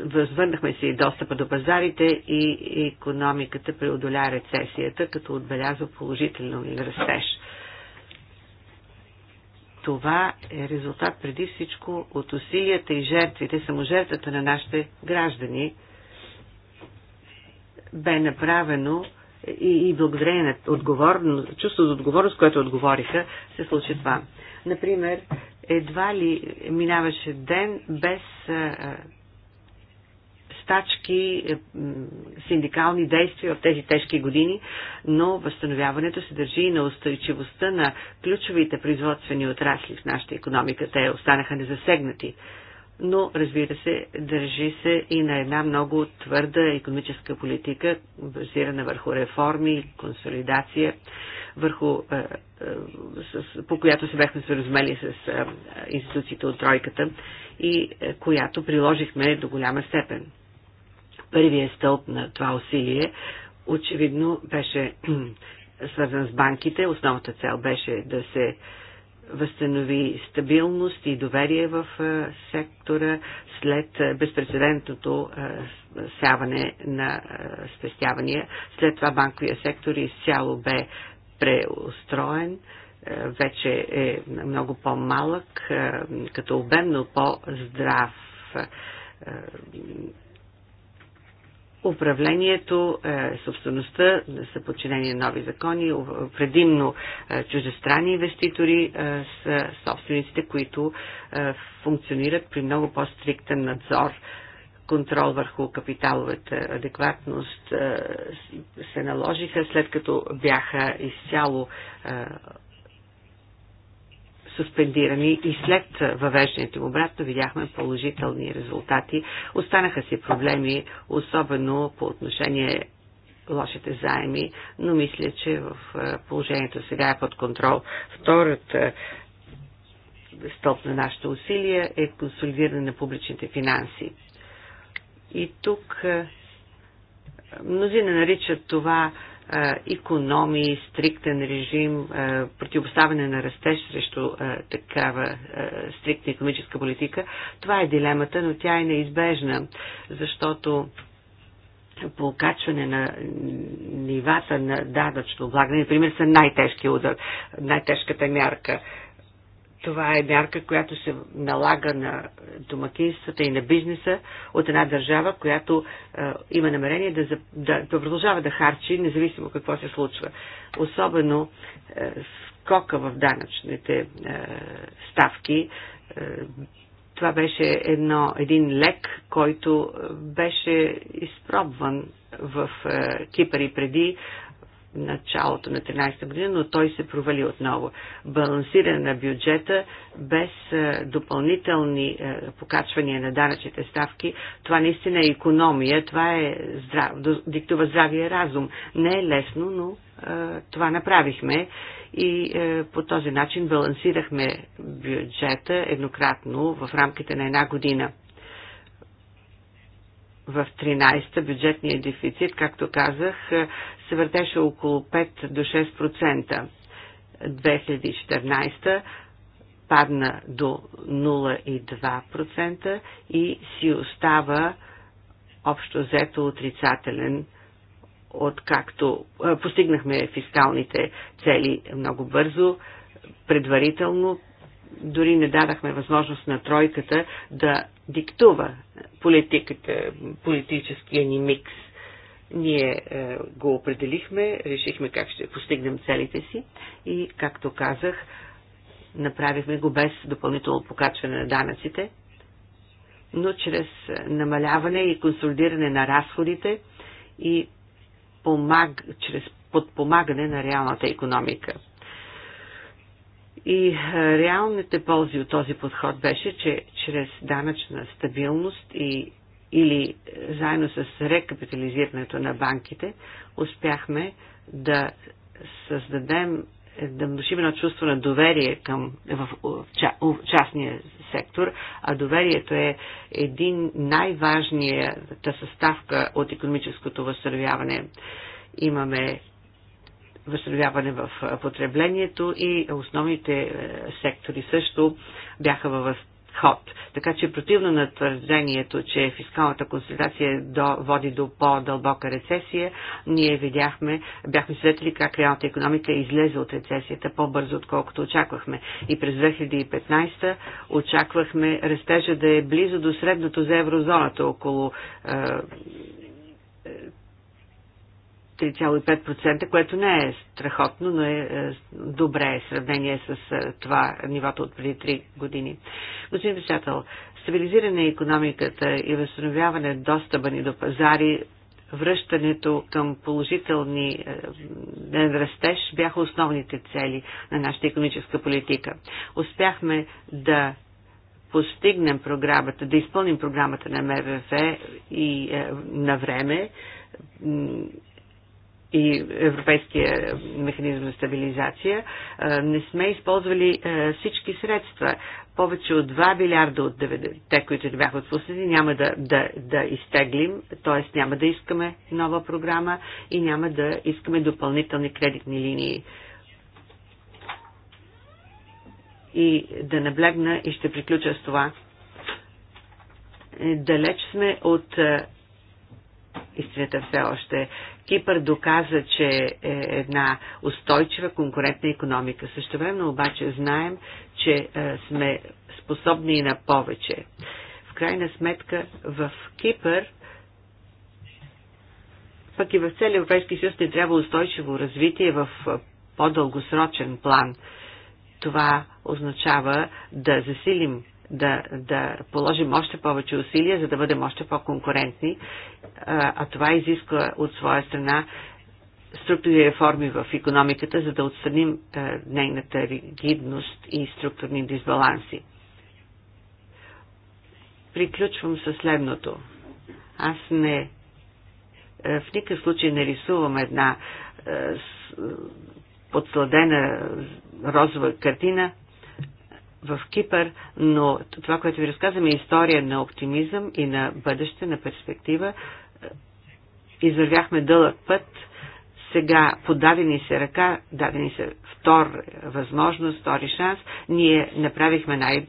възвърнахме си достъпа до пазарите и економиката преодоля рецесията, като отбелязва положително растеж. Това е резултат преди всичко от усилията и жертвите, саможертвата на нашите граждани. Бе направено и, и благодарение на отговорно, чувството за отговорност, което отговориха, се случи това. Например, едва ли минаваше ден без стачки, синдикални действия в тези тежки години, но възстановяването се държи и на устойчивостта на ключовите производствени отрасли в нашата економика. Те останаха незасегнати но разбира се, държи се и на една много твърда економическа политика, базирана върху реформи, консолидация, върху, е, е, с, по която се бяхме съразумели с е, институциите от тройката и е, която приложихме до голяма степен. Първият стълб на това усилие очевидно беше свързан с банките. Основната цел беше да се възстанови стабилност и доверие в сектора след безпредседентното сяване на спестявания. След това банковия сектор изцяло бе преустроен вече е много по-малък, като обем, но по-здрав управлението, е, собствеността са подчинени нови закони, предимно е, чуждестранни инвеститори е, са собствениците, които функционират при много по-стриктен надзор контрол върху капиталовата адекватност се наложиха, след като бяха изцяло суспендирани и след въвеждането им обратно видяхме положителни резултати. Останаха си проблеми, особено по отношение лошите заеми, но мисля, че в е, положението сега е под контрол. Втората е, стълб на нашите усилия е консолидиране на публичните финанси. И тук е, Мнозина наричат това економии, стриктен режим, противопоставяне на растеж срещу такава стриктна економическа политика. Това е дилемата, но тя е неизбежна, защото по окачване на нивата на дадъчно облагане, например, са най тежки удар, най-тежката мярка това е мярка, която се налага на домакинствата и на бизнеса от една държава, която е, има намерение да, да, да продължава да харчи, независимо какво се случва. Особено е, скока в данъчните е, ставки. Е, това беше едно, един лек, който е, беше изпробван в е, Кипър и преди началото на 13-та година, но той се провали отново. Балансиране на бюджета без е, допълнителни е, покачвания на данъчните ставки, това наистина е економия, това е здрав, диктува здравия разум. Не е лесно, но е, това направихме и е, по този начин балансирахме бюджета еднократно в рамките на една година в 13-та бюджетния дефицит, както казах, е, се въртеше около 5 до 6%. 2014 падна до 0,2% и си остава общо взето отрицателен откакто е, постигнахме фискалните цели много бързо, предварително дори не дадахме възможност на тройката да диктува политиката, политическия ни микс. Ние е, го определихме, решихме как ще постигнем целите си и, както казах, направихме го без допълнително покачване на данъците, но чрез намаляване и консолидиране на разходите и помаг, чрез подпомагане на реалната економика. И е, реалните ползи от този подход беше, че чрез данъчна стабилност и, или е, заедно с рекапитализирането на банките успяхме да създадем е, да внушим едно чувство на доверие към, в, в, в частния сектор, а доверието е един най важният съставка от економическото възстановяване. Имаме възстановяване в потреблението и основните е, сектори също бяха във ход. Така че противно на твърдението, че фискалната консолидация води до по-дълбока рецесия, ние видяхме, бяхме свидетели как реалната економика е излезе от рецесията по-бързо, отколкото очаквахме. И през 2015 очаквахме растежа да е близо до средното за еврозоната, около е, 3,5%, което не е страхотно, но е, е добре в е сравнение с е, това нивото от преди 3 години. Господин председател, стабилизиране на економиката и възстановяване достъпа ни до пазари връщането към положителни растеж бяха основните цели на нашата економическа политика. Успяхме да постигнем програмата, да изпълним програмата на МВФ и на време и Европейския механизъм за стабилизация, не сме използвали всички средства. Повече от 2 билиарда от те, които ни бяха отпуснати, няма да, да, да изтеглим, т.е. няма да искаме нова програма и няма да искаме допълнителни кредитни линии. И да наблегна и ще приключа с това. Далеч сме от истината все още. Кипър доказа, че е една устойчива конкурентна економика. Също време обаче знаем, че е, сме способни и на повече. В крайна сметка в Кипър пък и в целия Европейски съюз не трябва устойчиво развитие в е, по-дългосрочен план. Това означава да засилим да, да положим още повече усилия, за да бъдем още по-конкурентни, а това изисква от своя страна структурни реформи в економиката, за да отстраним нейната ригидност и структурни дисбаланси. Приключвам със следното. Аз не е, в никакъв случай не рисувам една е, подсладена розова картина, в Кипър, но това, което ви разказваме е история на оптимизъм и на бъдеще, на перспектива. Извървяхме дълъг път, сега подадени се ръка, дадени се втор възможност, втори шанс, ние направихме най-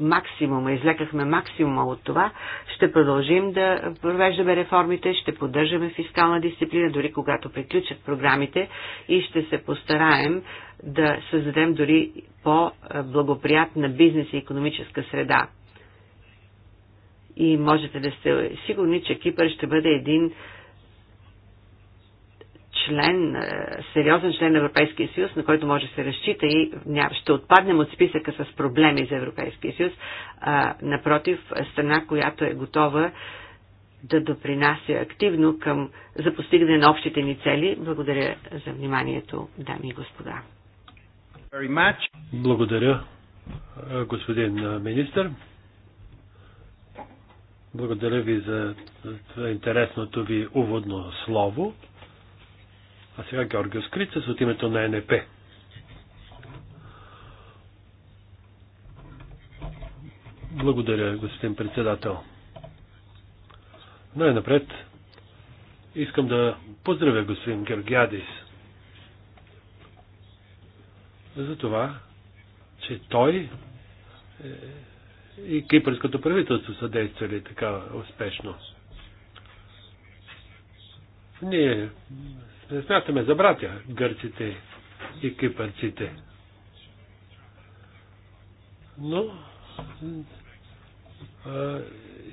максимума, излекахме максимума от това, ще продължим да провеждаме реформите, ще поддържаме фискална дисциплина, дори когато приключат програмите и ще се постараем да създадем дори по-благоприятна бизнес и економическа среда. И можете да сте сигурни, че Кипър ще бъде един член, е, сериозен член на Европейския съюз, на който може да се разчита и ще отпаднем от списъка с проблеми за Европейския съюз, а напротив, страна, която е готова да допринася активно към, за постигане на общите ни цели. Благодаря за вниманието, дами и господа. Благодаря, господин министр. Благодаря ви за интересното ви уводно слово. А сега Георгиос Крицес от името на НП. Благодаря, господин председател. Най-напред искам да поздравя господин Гергиадис за това, че той е, и кипърското правителство са действали така успешно. Ние не смятаме за братя, гърците и кипърците. Но а,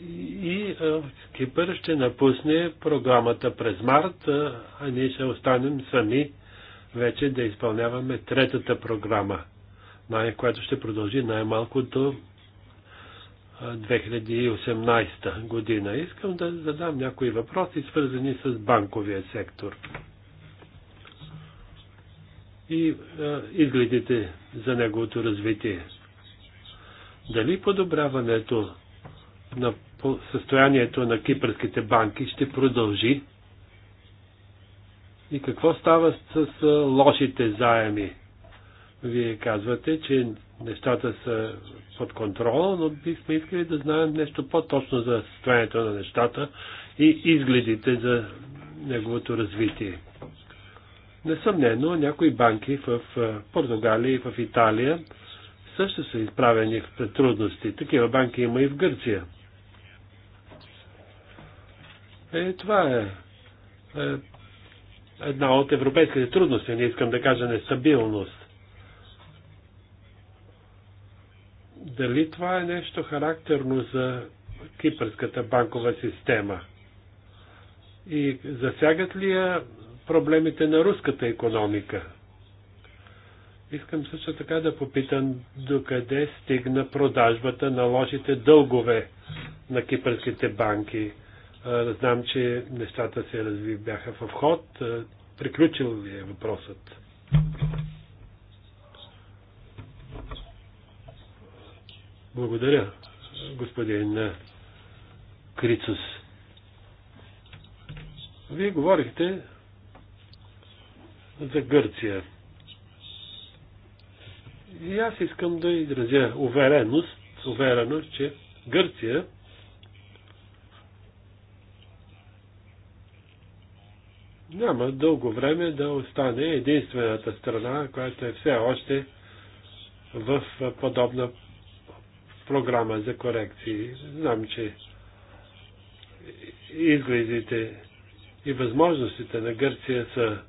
и а, Кипър ще напусне програмата през март, а, а ние ще останем сами вече да изпълняваме третата програма, която ще продължи най-малко до 2018 година. Искам да задам някои въпроси, свързани с банковия сектор и е, изгледите за неговото развитие. Дали подобряването на състоянието на кипърските банки ще продължи? И какво става с лошите заеми? Вие казвате, че нещата са под контрол, но бихме искали да знаем нещо по-точно за състоянието на нещата и изгледите за неговото развитие. Несъмнено, някои банки в Португалия и в Италия също са изправени в трудности. Такива банки има и в Гърция. Е, това е, е една от европейските трудности, не искам да кажа нестабилност. Дали това е нещо характерно за кипърската банкова система? И засягат ли я проблемите на руската економика. Искам също така да попитам докъде стигна продажбата на лошите дългове на кипърските банки. Знам, че нещата се разви бяха в ход. Приключил ли е въпросът? Благодаря, господин Крицус. Вие говорихте за Гърция. И аз искам да изразя увереност, увереност, че Гърция няма дълго време да остане единствената страна, която е все още в подобна програма за корекции. Знам, че изглезите и възможностите на Гърция са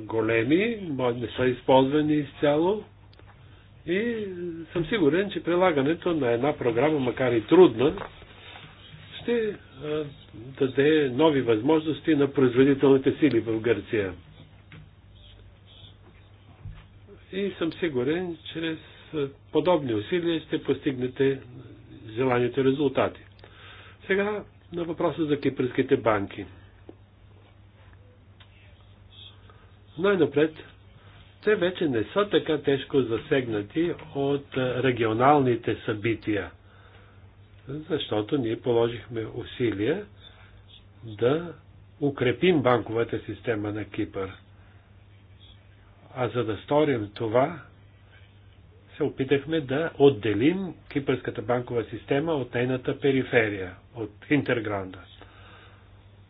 големи, не са използвани изцяло и съм сигурен, че прилагането на една програма, макар и трудна, ще даде нови възможности на производителните сили в Гърция. И съм сигурен, чрез подобни усилия ще постигнете желаните резултати. Сега на въпроса за кипърските банки. Най-напред, те вече не са така тежко засегнати от регионалните събития, защото ние положихме усилия да укрепим банковата система на Кипър. А за да сторим това, се опитахме да отделим кипърската банкова система от нейната периферия, от Интергранда.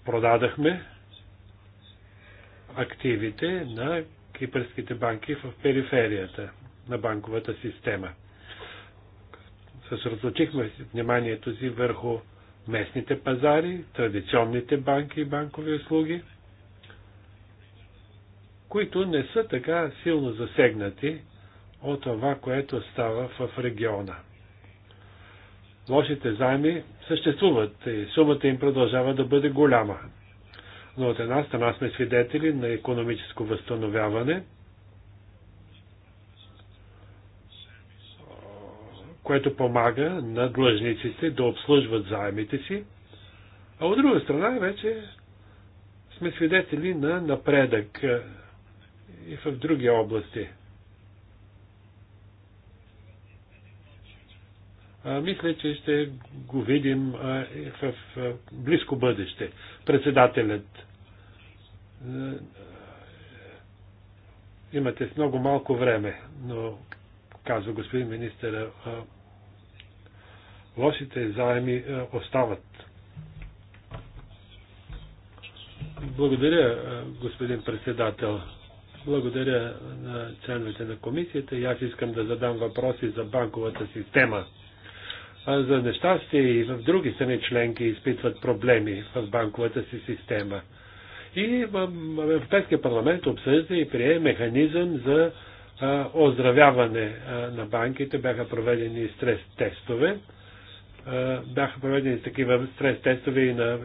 Продадахме активите на кипърските банки в периферията на банковата система. Съсредоточихме вниманието си върху местните пазари, традиционните банки и банкови услуги, които не са така силно засегнати от това, което става в региона. Лошите заеми съществуват и сумата им продължава да бъде голяма но от една страна сме свидетели на економическо възстановяване, което помага на длъжниците да обслужват заемите си, а от друга страна вече сме свидетели на напредък и в други области – мисля, че ще го видим в близко бъдеще. Председателят имате с много малко време, но казва господин министър, лошите заеми остават. Благодаря, господин председател. Благодаря на членовете на комисията и аз искам да задам въпроси за банковата система за нещастие и в други страни членки изпитват проблеми в банковата си система. И Европейския парламент обсъжда и прие механизъм за оздравяване на банките. Бяха проведени стрес тестове. Бяха проведени такива стрес тестове и на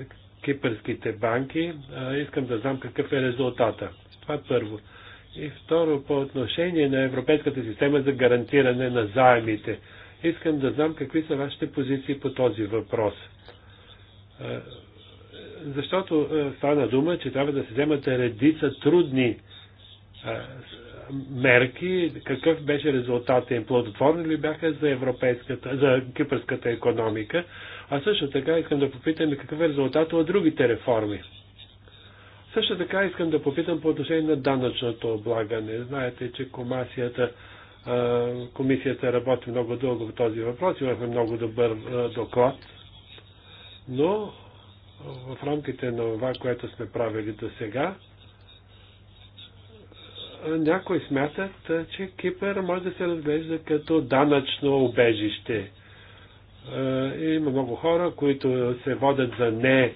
кипърските банки. Искам да знам какъв е резултата. Това е първо. И второ, по отношение на Европейската система за гарантиране на заемите Искам да знам какви са вашите позиции по този въпрос. Е, защото е, стана дума, че трябва да се вземат редица трудни е, мерки, какъв беше резултатът им, плодотворни ли бяха за, европейската, за кипърската економика, а също така искам да попитам какъв е резултатът от другите реформи. Също така искам да попитам по отношение на данъчното облагане. Знаете, че комасията Комисията работи много дълго в този въпрос, имахме много добър доклад, но в рамките на това, което сме правили до сега, някои смятат, че Кипър може да се разглежда като данъчно убежище. Има много хора, които се водят за не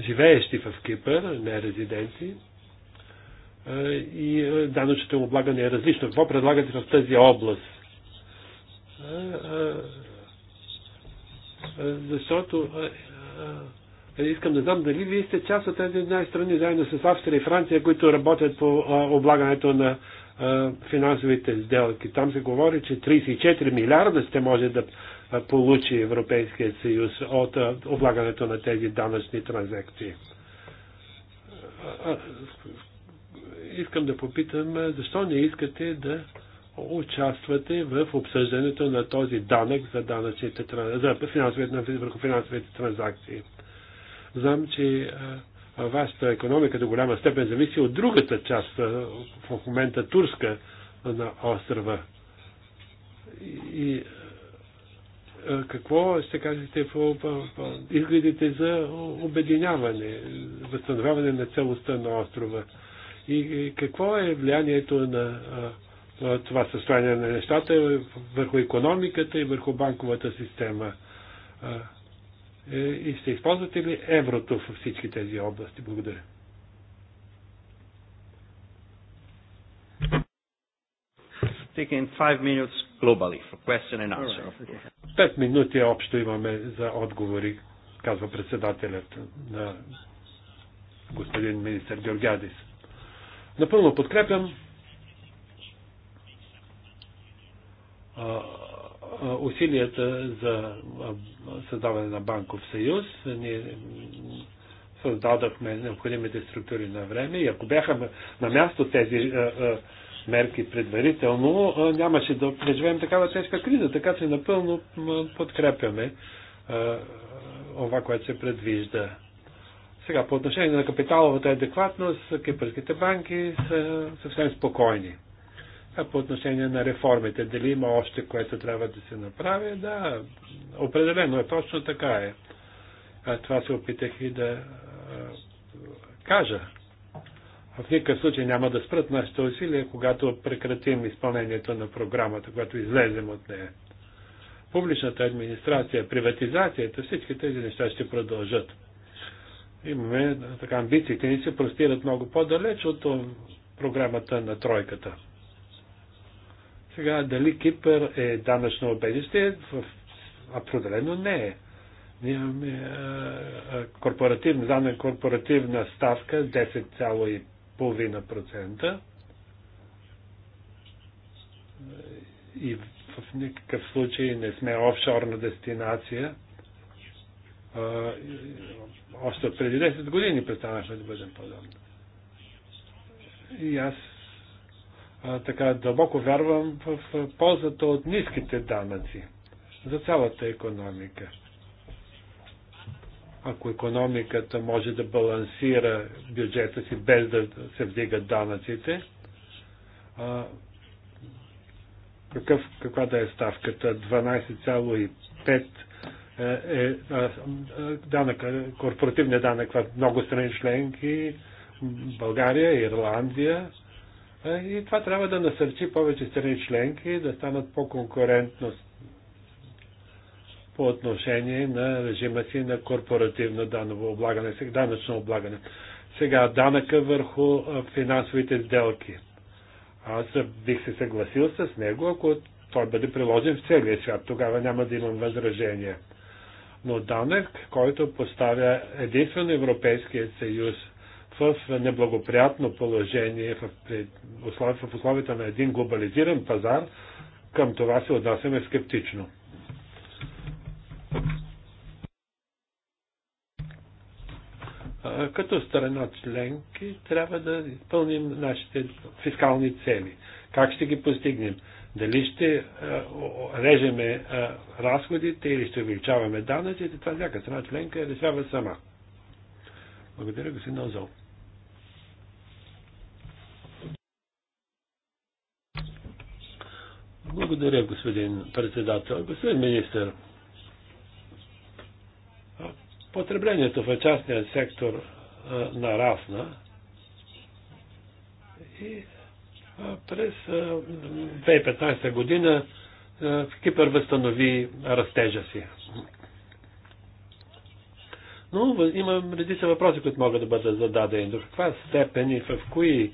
живеещи в Кипър, не резиденти и данъчното облагане е различно. Какво предлагате в тази област? Защото искам да знам дали вие сте част от тези една страни, заедно с Австрия и Франция, които работят по облагането на финансовите сделки. Там се говори, че 34 милиарда ще може да получи Европейския съюз от облагането на тези данъчни транзакции искам да попитам е, защо не искате да участвате в обсъждането на този данък за, данъчните, за финансовите, върху финансовите транзакции. Знам, че е, вашата економика до голяма степен зависи от другата част, е, в момента турска, на острова. И какво ще кажете в изгледите за обединяване, възстановяване на целостта на острова? И какво е влиянието на това състояние на нещата върху економиката и върху банковата система? Е, и ще използвате ли еврото във всички тези области? Благодаря. taking five minutes globally for question and answer. Пет минути общо имаме за отговори, казва председателят на господин министър Георгиадис. Напълно подкрепям усилията за създаване на банков съюз. Ние създадахме необходимите структури на време и ако бяха на място тези мерки предварително, нямаше да преживеем такава тежка криза. Така че напълно подкрепяме това, което се предвижда. Сега, по отношение на капиталовата адекватност, кипърските банки са съвсем спокойни. А по отношение на реформите, дали има още което трябва да се направи, да, определено е, точно така е. А това се опитах и да а, кажа. В никакъв случай няма да спрат нашите усилия, когато прекратим изпълнението на програмата, когато излезем от нея. Публичната администрация, приватизацията, всички тези неща ще продължат имаме така амбициите ни се простират много по-далеч от програмата на тройката. Сега, дали Кипър е данъчно обедище? Определено не е. Ние имаме корпоративна, данък корпоративна ставка 10,5% и в никакъв случай не сме офшорна дестинация още преди 10 години престанахме да бъдем подобни. И аз а, така дълбоко вярвам в, в ползата от ниските данъци за цялата економика. Ако економиката може да балансира бюджета си без да се вдигат данъците, а, какъв, каква да е ставката? 12,5 е, е, данък, е, корпоративния данък в много страни членки, България, Ирландия. И това трябва да насърчи повече страни членки да станат по-конкурентно по отношение на режима си на корпоративно данъчно облагане. Данъчно облагане. Сега данъка върху финансовите сделки. Аз бих се съгласил с него, ако той бъде приложен в целия свят. Тогава няма да имам възражения но данък, който поставя единствено Европейския съюз в неблагоприятно положение в, в условията на един глобализиран пазар, към това се отнасяме скептично. Като страна членки трябва да изпълним нашите фискални цели. Как ще ги постигнем? Дали ще е, режеме е, разходите или ще увеличаваме данъците, това всяка страна членка решава сама. Благодаря, господин Озол. Благодаря, господин председател. Господин министр, потреблението в частния сектор нарасна и през 2015 година Кипър възстанови растежа си. Но има редица въпроси, които могат да бъдат зададени. До каква степен и в кои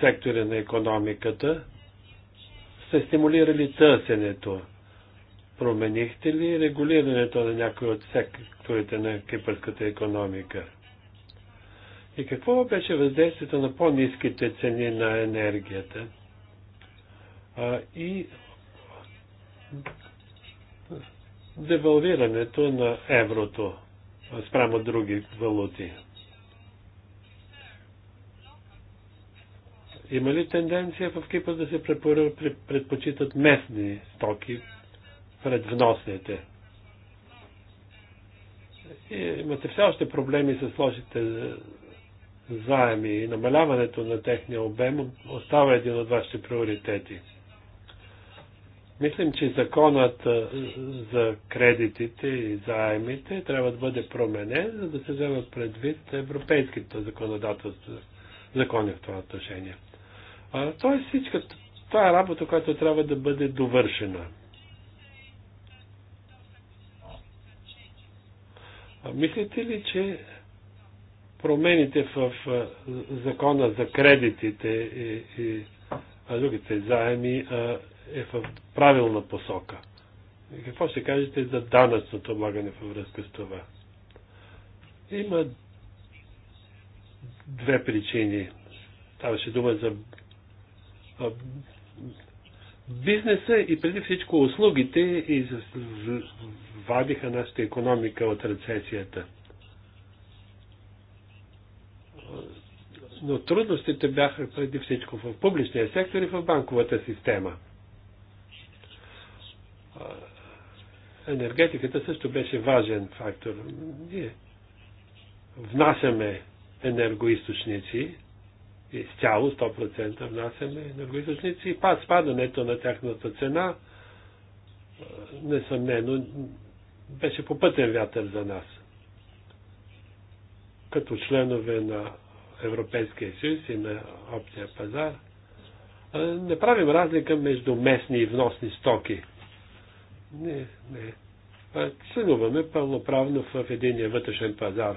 сектори на економиката сте стимулирали търсенето? Променихте ли регулирането на някои от секторите на кипърската економика? И какво беше въздействието на по-низките цени на енергията? А, и девалвирането на еврото спрямо други валути. Има ли тенденция в Кипър да се предпочитат местни стоки пред вносните? И имате все още проблеми с лошите заеми и намаляването на техния обем остава един от вашите приоритети. Мислим, че законът за кредитите и заемите трябва да бъде променен, за да се вземат предвид европейските законодателства, закони в това отношение. А, тоест всичко, това е работа, която трябва да бъде довършена. А, мислите ли, че промените в закона за кредитите и, и а другите заеми а, е в правилна посока. И какво ще кажете за данъчното облагане във връзка с това? Има две причини. Ставаше дума за а, бизнеса и преди всичко услугите и вадиха нашата економика от рецесията – но трудностите бяха преди всичко в публичния сектор и в банковата система. Енергетиката също беше важен фактор. Ние внасяме енергоисточници, изцяло 100% внасяме енергоисточници и пад спадането на тяхната цена несъмнено беше попътен вятър за нас. Като членове на Европейския съюз и на общия пазар, не правим разлика между местни и вносни стоки. Не, не. Членуваме пълноправно в единия вътрешен пазар.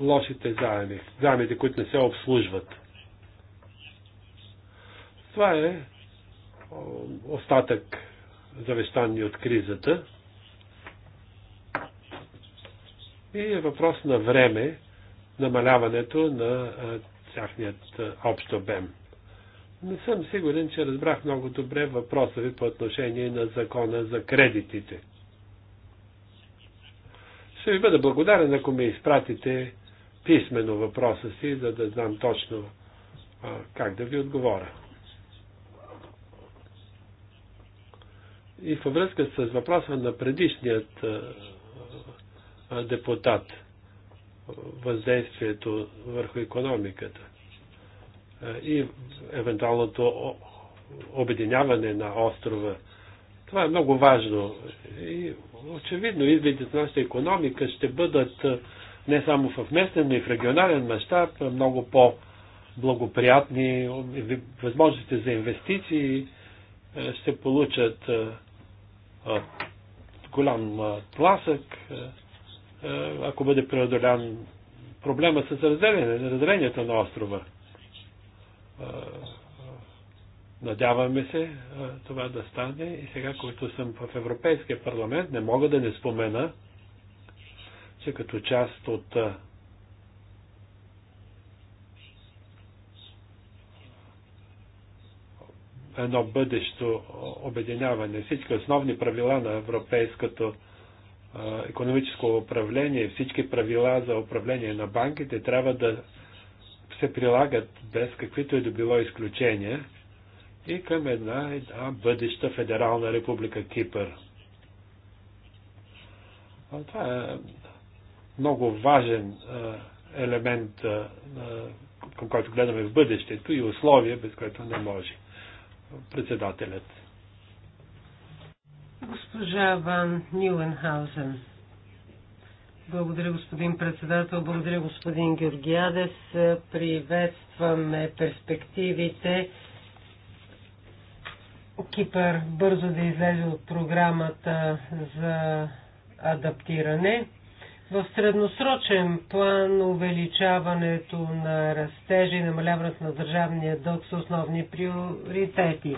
Лошите заеми, заемите, които не се обслужват. Това е остатък завещани от кризата. и е въпрос на време намаляването на тяхният общ обем. Не съм сигурен, че разбрах много добре въпроса ви по отношение на закона за кредитите. Ще ви бъда благодарен, ако ми изпратите писменно въпроса си, за да знам точно а, как да ви отговоря. И във връзка с въпроса на предишният а, депутат. Въздействието върху економиката и евентуалното обединяване на острова. Това е много важно. И очевидно изгледите на нашата економика ще бъдат не само в местен, но и в регионален мащаб много по-благоприятни. възможности за инвестиции ще получат голям тласък. Е, ако бъде преодолян проблема с разделение, разделението на острова. Е, надяваме се е, това да стане и сега, когато съм в Европейския парламент, не мога да не спомена, че като част от едно бъдещо обединяване, всички основни правила на европейското економическо управление, всички правила за управление на банките трябва да се прилагат без каквито и е да било изключения и към една, една бъдеща Федерална република Кипър. Това е много важен елемент, към който гледаме в бъдещето и условие, без което не може председателят. Госпожа Ван Нюенхаузен. Благодаря, господин председател. Благодаря, господин Георгиадес. Приветстваме перспективите Кипър бързо да излезе от програмата за адаптиране. В средносрочен план увеличаването на растежа и намаляването на държавния дълг са основни приоритети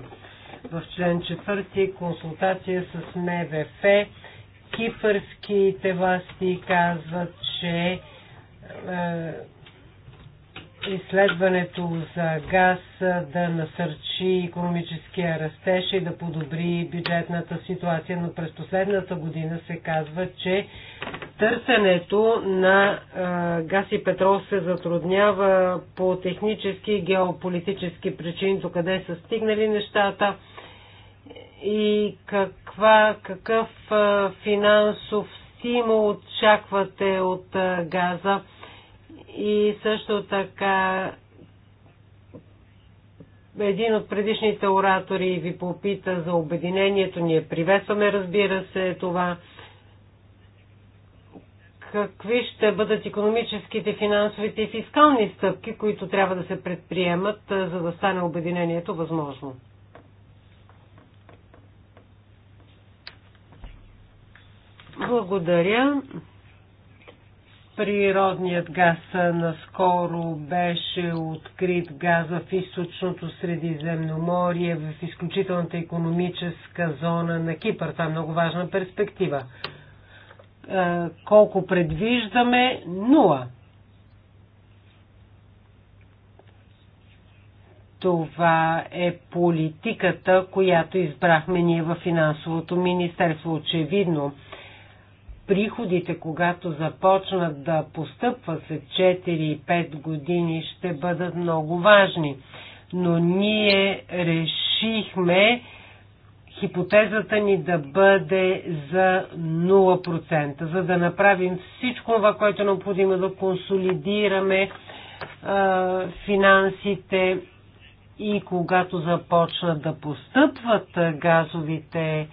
в член 4 консултация с МВФ. Кипърските власти казват, че е, изследването за газ да насърчи економическия растеж и да подобри бюджетната ситуация, но през последната година се казва, че търсенето на е, газ и петрол се затруднява по технически и геополитически причини, докъде са стигнали нещата и каква, какъв финансов стимул очаквате от газа и също така един от предишните оратори ви попита за обединението. Ние приветстваме, разбира се, това. Какви ще бъдат економическите, финансовите и фискални стъпки, които трябва да се предприемат, за да стане обединението възможно? Благодаря. Природният газ наскоро беше открит газ в източното Средиземноморие, в изключителната економическа зона на Кипър. Това е много важна перспектива. Колко предвиждаме? Нула. Това е политиката, която избрахме ние в финансовото министерство. Очевидно, приходите, когато започнат да постъпват след 4-5 години, ще бъдат много важни. Но ние решихме хипотезата ни да бъде за 0%, за да направим всичко това, което е необходимо да консолидираме а, финансите и когато започнат да постъпват газовите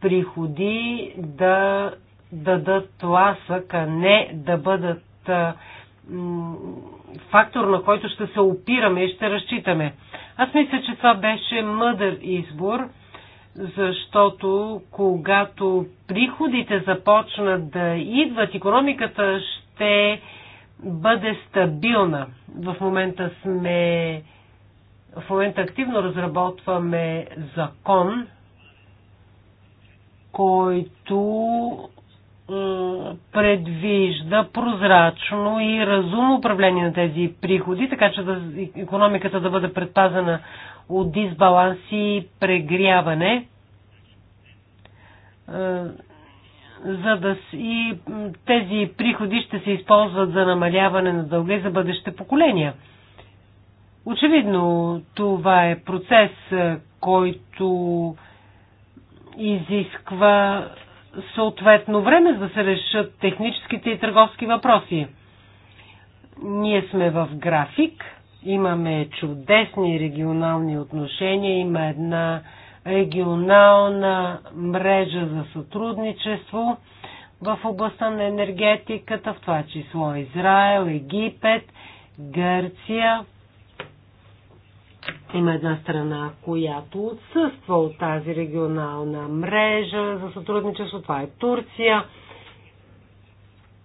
приходи, да дадат тласък, а не да бъдат фактор, на който ще се опираме и ще разчитаме. Аз мисля, че това беше мъдър избор, защото когато приходите започнат да идват, економиката ще бъде стабилна. В момента сме в момента активно разработваме закон, който предвижда прозрачно и разумно управление на тези приходи, така че да, економиката да бъде предпазена от дисбаланс и прегряване, за да и тези приходи ще се използват за намаляване на дълга и за бъдеще поколения. Очевидно, това е процес, който изисква съответно време, за да се решат техническите и търговски въпроси. Ние сме в график, имаме чудесни регионални отношения, има една регионална мрежа за сътрудничество в областта на енергетиката, в това число Израел, Египет, Гърция, има една страна, която отсъства от тази регионална мрежа за сътрудничество. Това е Турция.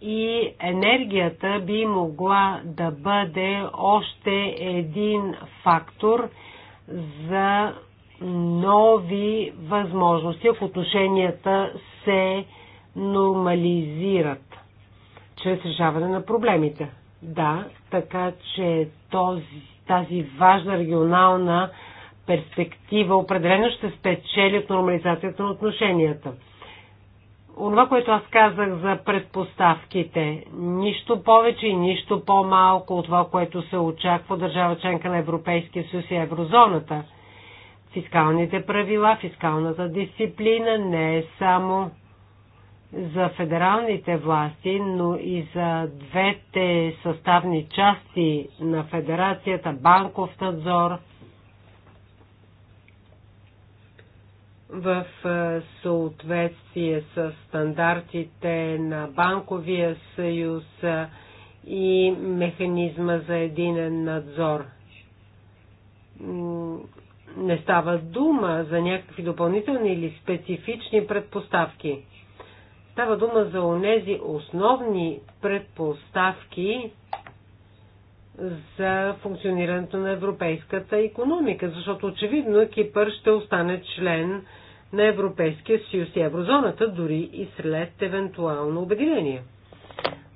И енергията би могла да бъде още един фактор за нови възможности, ако отношенията се нормализират чрез решаване на проблемите. Да, така че този тази важна регионална перспектива определено ще спечели от нормализацията на отношенията. Онова, което аз казах за предпоставките, нищо повече и нищо по-малко от това, което се очаква държава членка на Европейския съюз и еврозоната. Фискалните правила, фискалната дисциплина не е само за федералните власти, но и за двете съставни части на федерацията, банков надзор. В е, съответствие с стандартите на Банковия съюз е, и механизма за единен надзор не става дума за някакви допълнителни или специфични предпоставки. Става дума за онези основни предпоставки за функционирането на европейската економика, защото очевидно Кипър ще остане член на Европейския съюз и еврозоната, дори и след евентуално обединение.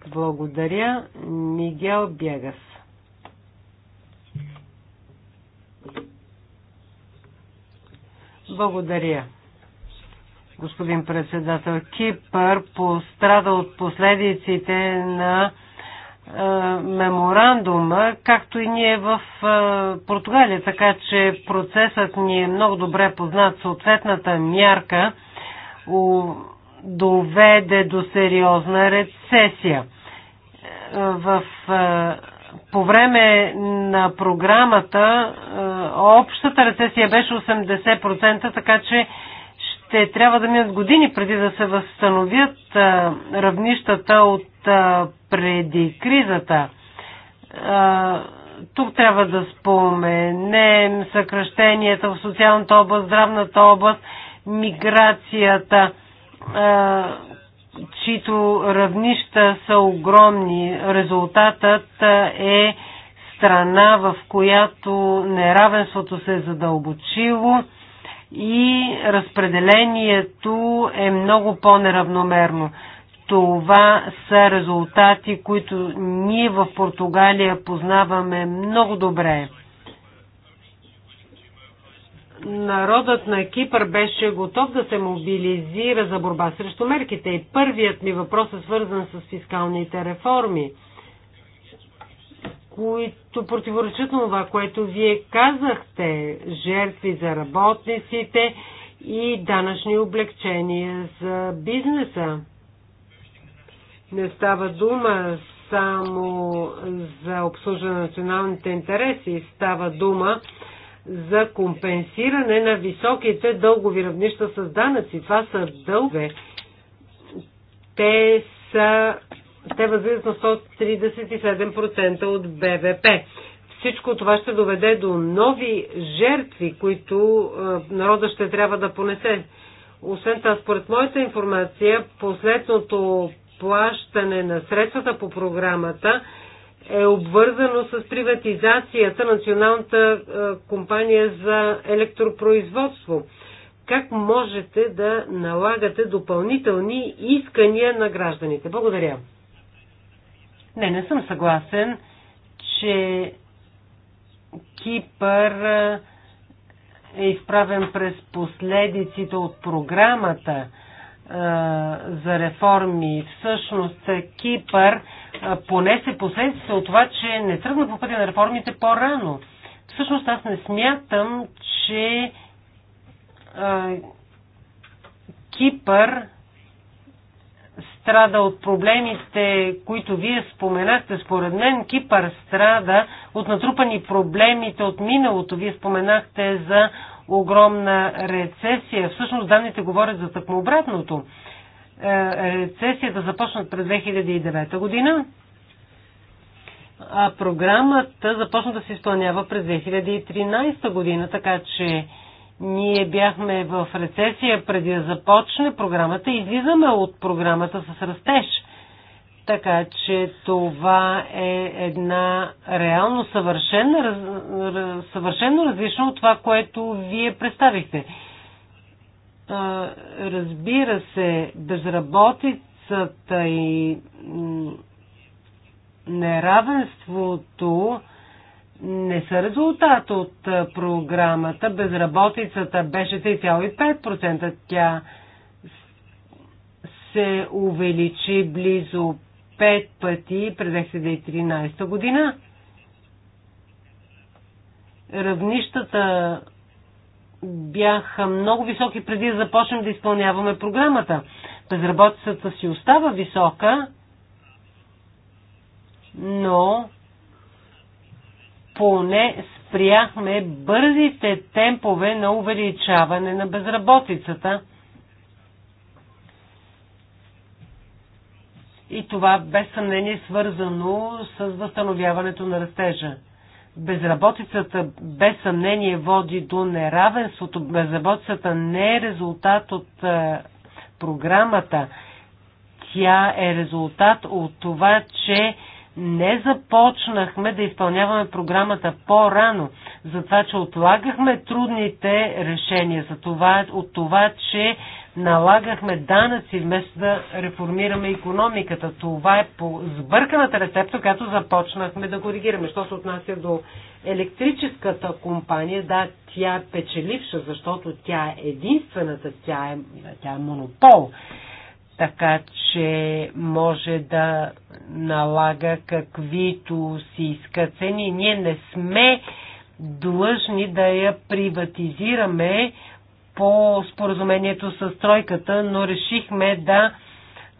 Благодаря, Мигел Бягас. Благодаря господин председател. Кипър пострада от последиците на е, меморандума, както и ние в е, Португалия, така че процесът ни е много добре познат. Съответната мярка доведе до сериозна рецесия. Е, в, по време на програмата общата рецесия беше 80%, така че ще трябва да минат години преди да се възстановят равнищата от преди кризата. Тук трябва да споменем съкръщенията в социалната област, здравната област, миграцията, чието равнища са огромни. Резултатът е страна, в която неравенството се е задълбочило и разпределението е много по-неравномерно. Това са резултати, които ние в Португалия познаваме много добре. Народът на Кипър беше готов да се мобилизира за борба срещу мерките. И първият ми въпрос е свързан с фискалните реформи които противоречат на това, което вие казахте, жертви за работниците и данъчни облегчения за бизнеса. Не става дума само за обслужване на националните интереси, става дума за компенсиране на високите дългови равнища с данъци. Това са дълги, Те са те възлизат на 137% от БВП. Всичко това ще доведе до нови жертви, които е, народа ще трябва да понесе. Освен това, според моята информация, последното плащане на средствата по програмата е обвързано с приватизацията на Националната е, компания за електропроизводство. Как можете да налагате допълнителни искания на гражданите? Благодаря. Не, не съм съгласен, че Кипър е изправен през последиците от програмата за реформи. Всъщност Кипър понесе последиците от това, че не тръгна по пътя на реформите по-рано. Всъщност аз не смятам, че Кипър страда от проблемите, които вие споменахте. Според мен Кипър страда от натрупани проблемите от миналото. Вие споменахте за огромна рецесия. Всъщност данните говорят за такмо обратното. Е, рецесията започна през 2009 година, а програмата започна да се изпълнява през 2013 година, така че ние бяхме в рецесия преди да започне програмата. и Излизаме от програмата с растеж. Така че това е една реално съвършено, съвършено различно от това, което вие представихте. разбира се, безработицата и неравенството не са резултат от програмата. Безработицата беше 3,5%. Тя се увеличи близо 5 пъти през 2013 година. Равнищата бяха много високи преди да започнем да изпълняваме програмата. Безработицата си остава висока, но поне спряхме бързите темпове на увеличаване на безработицата. И това без съмнение свързано с възстановяването на растежа. Безработицата без съмнение води до неравенството. Безработицата не е резултат от а, е, програмата. Тя е резултат от това, че не започнахме да изпълняваме програмата по-рано, за това, че отлагахме трудните решения, за това, от това, че налагахме данъци вместо да реформираме економиката. Това е по сбърканата рецепта, която започнахме да коригираме. Що се отнася до електрическата компания, да, тя е печеливша, защото тя е единствената, тя е, тя е монопол така че може да налага каквито си иска цени. Ние не сме длъжни да я приватизираме по споразумението с тройката, но решихме да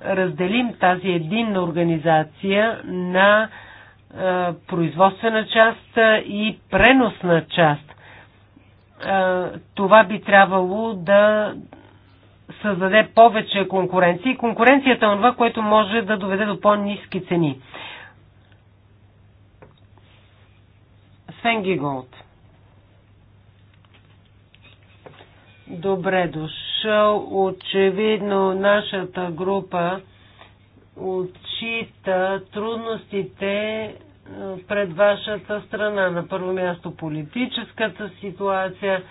разделим тази единна организация на е, производствена част и преносна част. Е, това би трябвало да създаде повече конкуренция и конкуренцията е това, което може да доведе до по-низки цени. Свен Гиголд. Добре дошъл. Очевидно нашата група отчита трудностите пред вашата страна. На първо място политическата ситуация.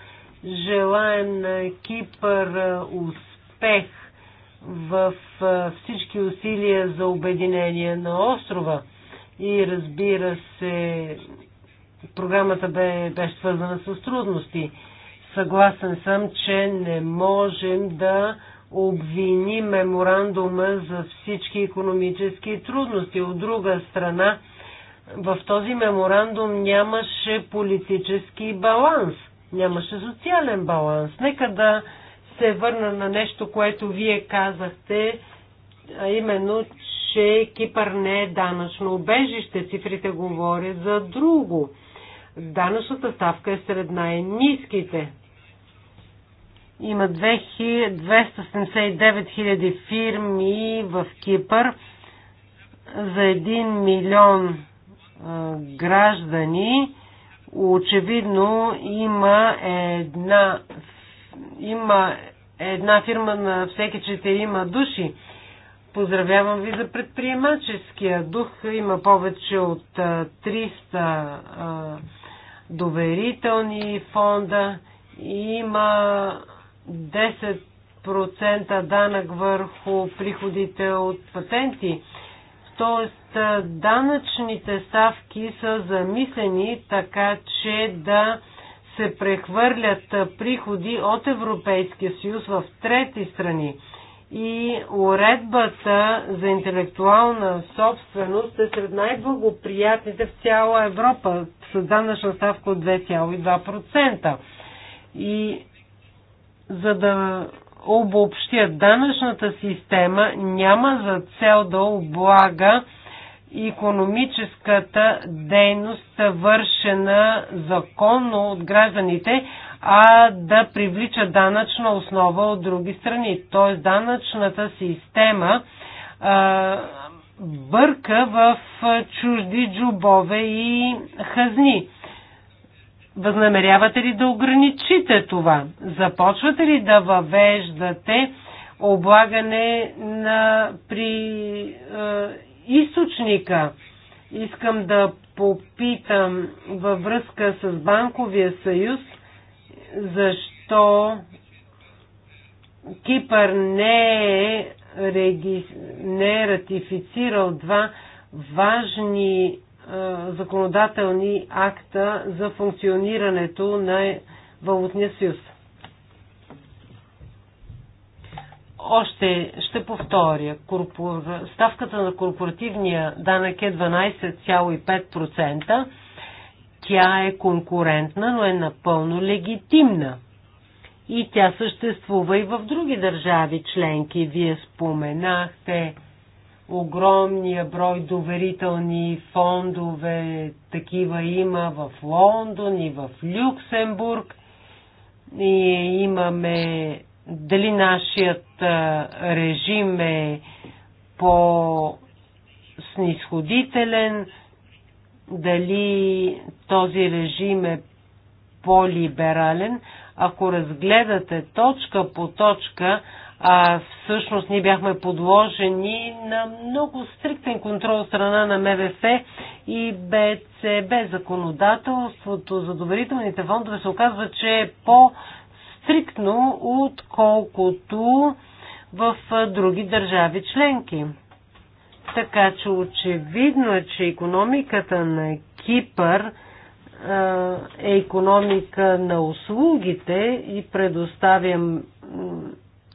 Желаем на Кипър успех успех в всички усилия за обединение на острова. И разбира се, програмата бе, беше свързана с трудности. Съгласен съм, че не можем да обвини меморандума за всички економически трудности. От друга страна, в този меморандум нямаше политически баланс, нямаше социален баланс. Нека да се върна на нещо, което вие казахте, а именно, че Кипър не е данъчно убежище. Цифрите говорят за друго. Данъчната ставка е сред най-низките. Има 279 000 фирми в Кипър за 1 милион граждани очевидно има една има една фирма на всеки четирима души. Поздравявам ви за предприемаческия дух. Има повече от 300 доверителни фонда. Има 10% данък върху приходите от патенти. Тоест данъчните ставки са замислени така, че да се прехвърлят приходи от Европейския съюз в трети страни и уредбата за интелектуална собственост е сред най-благоприятните в цяла Европа с данъчна ставка от 2,2%. И за да обобщят данъчната система няма за цел да облага економическата дейност, вършена законно от гражданите, а да привлича данъчна основа от други страни. Т.е. данъчната система а, бърка в чужди джубове и хазни. Възнамерявате ли да ограничите това? Започвате ли да въвеждате облагане на, при източника. Искам да попитам във връзка с Банковия съюз, защо Кипър не е, реги... не е ратифицирал два важни е, законодателни акта за функционирането на Валутния съюз. Още ще повторя, корпор... ставката на корпоративния данък е 12,5%. Тя е конкурентна, но е напълно легитимна. И тя съществува и в други държави членки. Вие споменахте огромния брой доверителни фондове, такива има в Лондон и в Люксембург. Ние имаме дали нашият режим е по-снисходителен, дали този режим е по-либерален. Ако разгледате точка по точка, а всъщност ние бяхме подложени на много стриктен контрол страна на МВФ и БЦБ. Законодателството за доверителните фондове се оказва, че е по- по-стриктно, отколкото в други държави членки. Така че очевидно е, че економиката на Кипър е економика на услугите и предоставя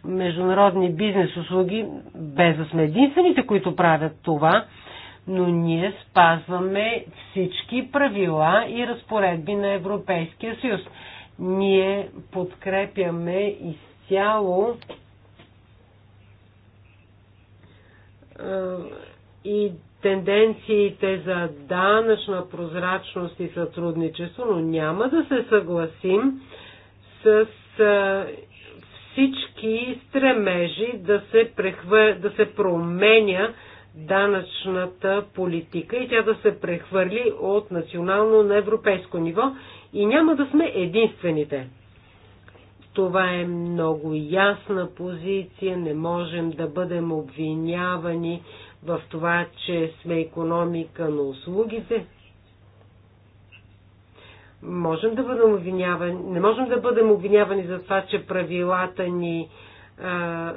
международни бизнес услуги, без да сме единствените, които правят това, но ние спазваме всички правила и разпоредби на Европейския съюз. Ние подкрепяме изцяло е, и тенденциите за данъчна прозрачност и сътрудничество, но няма да се съгласим с е, всички стремежи да се, прехвър... да се променя данъчната политика и тя да се прехвърли от национално на европейско ниво и няма да сме единствените. Това е много ясна позиция, не можем да бъдем обвинявани в това, че сме економика на услугите. Можем да бъдем обвинявани, не можем да бъдем обвинявани за това, че правилата ни а,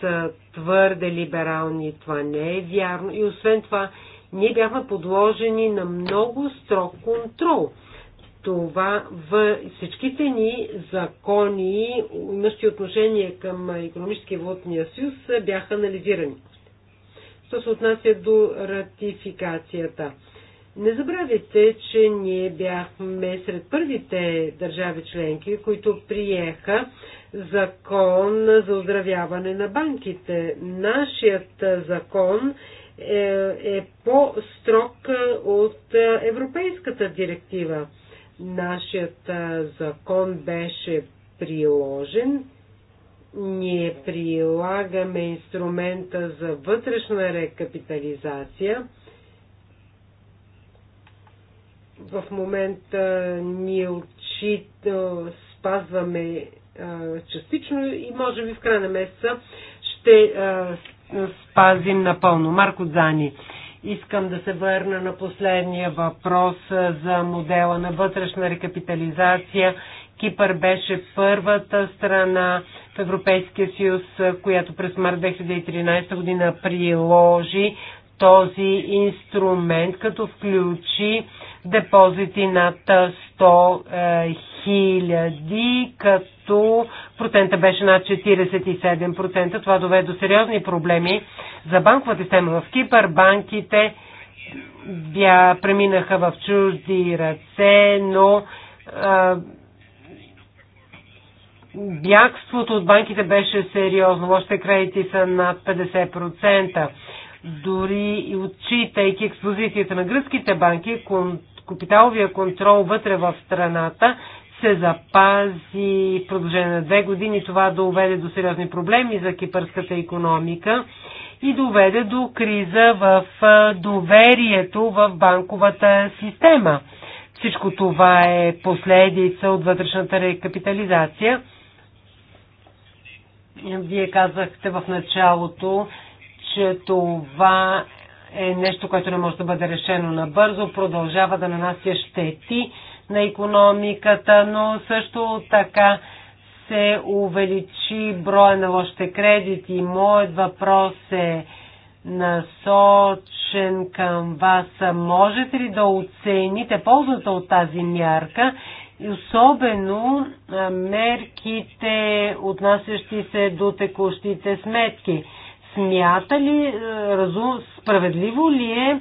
са твърде либерални. Това не е вярно. И освен това, ние бяхме подложени на много строг контрол – това в всичките ни закони, имащи отношение към економически валутния съюз, бяха анализирани. Що се отнася до ратификацията? Не забравяйте, че ние бяхме сред първите държави членки, които приеха закон за оздравяване на банките. Нашият закон е, е по-строг от европейската директива. Нашият закон беше приложен. Ние прилагаме инструмента за вътрешна рекапитализация. В момента ние отчит, спазваме частично и може би в края на месеца ще спазим напълно. Марко Дзани. Искам да се върна на последния въпрос за модела на вътрешна рекапитализация. Кипър беше първата страна в Европейския съюз, която през март 2013 година приложи този инструмент, като включи депозити над 100 е, хиляди, като процента беше над 47%. Това доведе до сериозни проблеми за банковата система в Кипър. Банките бя, преминаха в чужди ръце, но е, бягството от банките беше сериозно. още кредити са над 50%. Дори и отчитайки експозицията на гръцките банки, кон капиталовия контрол вътре в страната се запази в продължение на две години. Това доведе до сериозни проблеми за кипърската економика и доведе до криза в доверието в банковата система. Всичко това е последица от вътрешната рекапитализация. Вие казахте в началото, че това е нещо, което не може да бъде решено набързо, продължава да нанася щети на економиката, но също така се увеличи броя на лошите кредити. Моят въпрос е насочен към вас. Можете ли да оцените ползата от тази мярка? И особено мерките, отнасящи се до текущите сметки. Смята ли, е, разум, справедливо ли е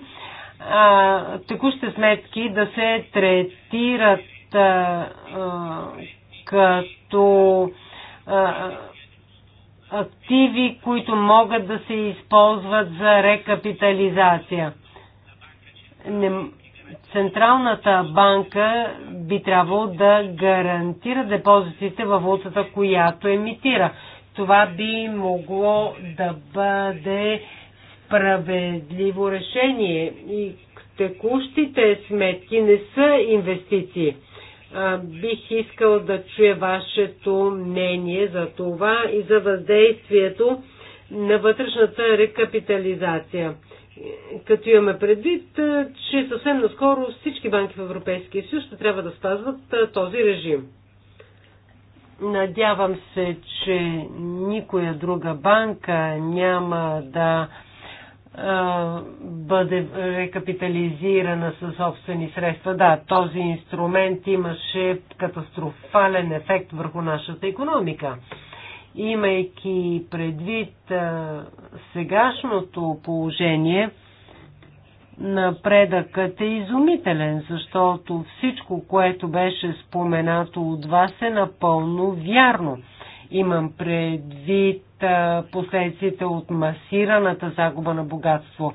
а, е, текущите сметки да се третират а, е, а, като а, активи, които могат да се използват за рекапитализация? Не, Централната банка би трябвало да гарантира депозитите във валутата, която емитира. Това би могло да бъде справедливо решение и текущите сметки не са инвестиции. А, бих искал да чуя вашето мнение за това и за въздействието на вътрешната рекапитализация. Като имаме предвид, че съвсем наскоро всички банки в Европейския съюз ще трябва да спазват този режим. Надявам се, че никоя друга банка няма да а, бъде рекапитализирана със собствени средства. Да, този инструмент имаше катастрофален ефект върху нашата економика. Имайки предвид а, сегашното положение, напредъкът е изумителен, защото всичко, което беше споменато от вас е напълно вярно. Имам предвид последиците от масираната загуба на богатство.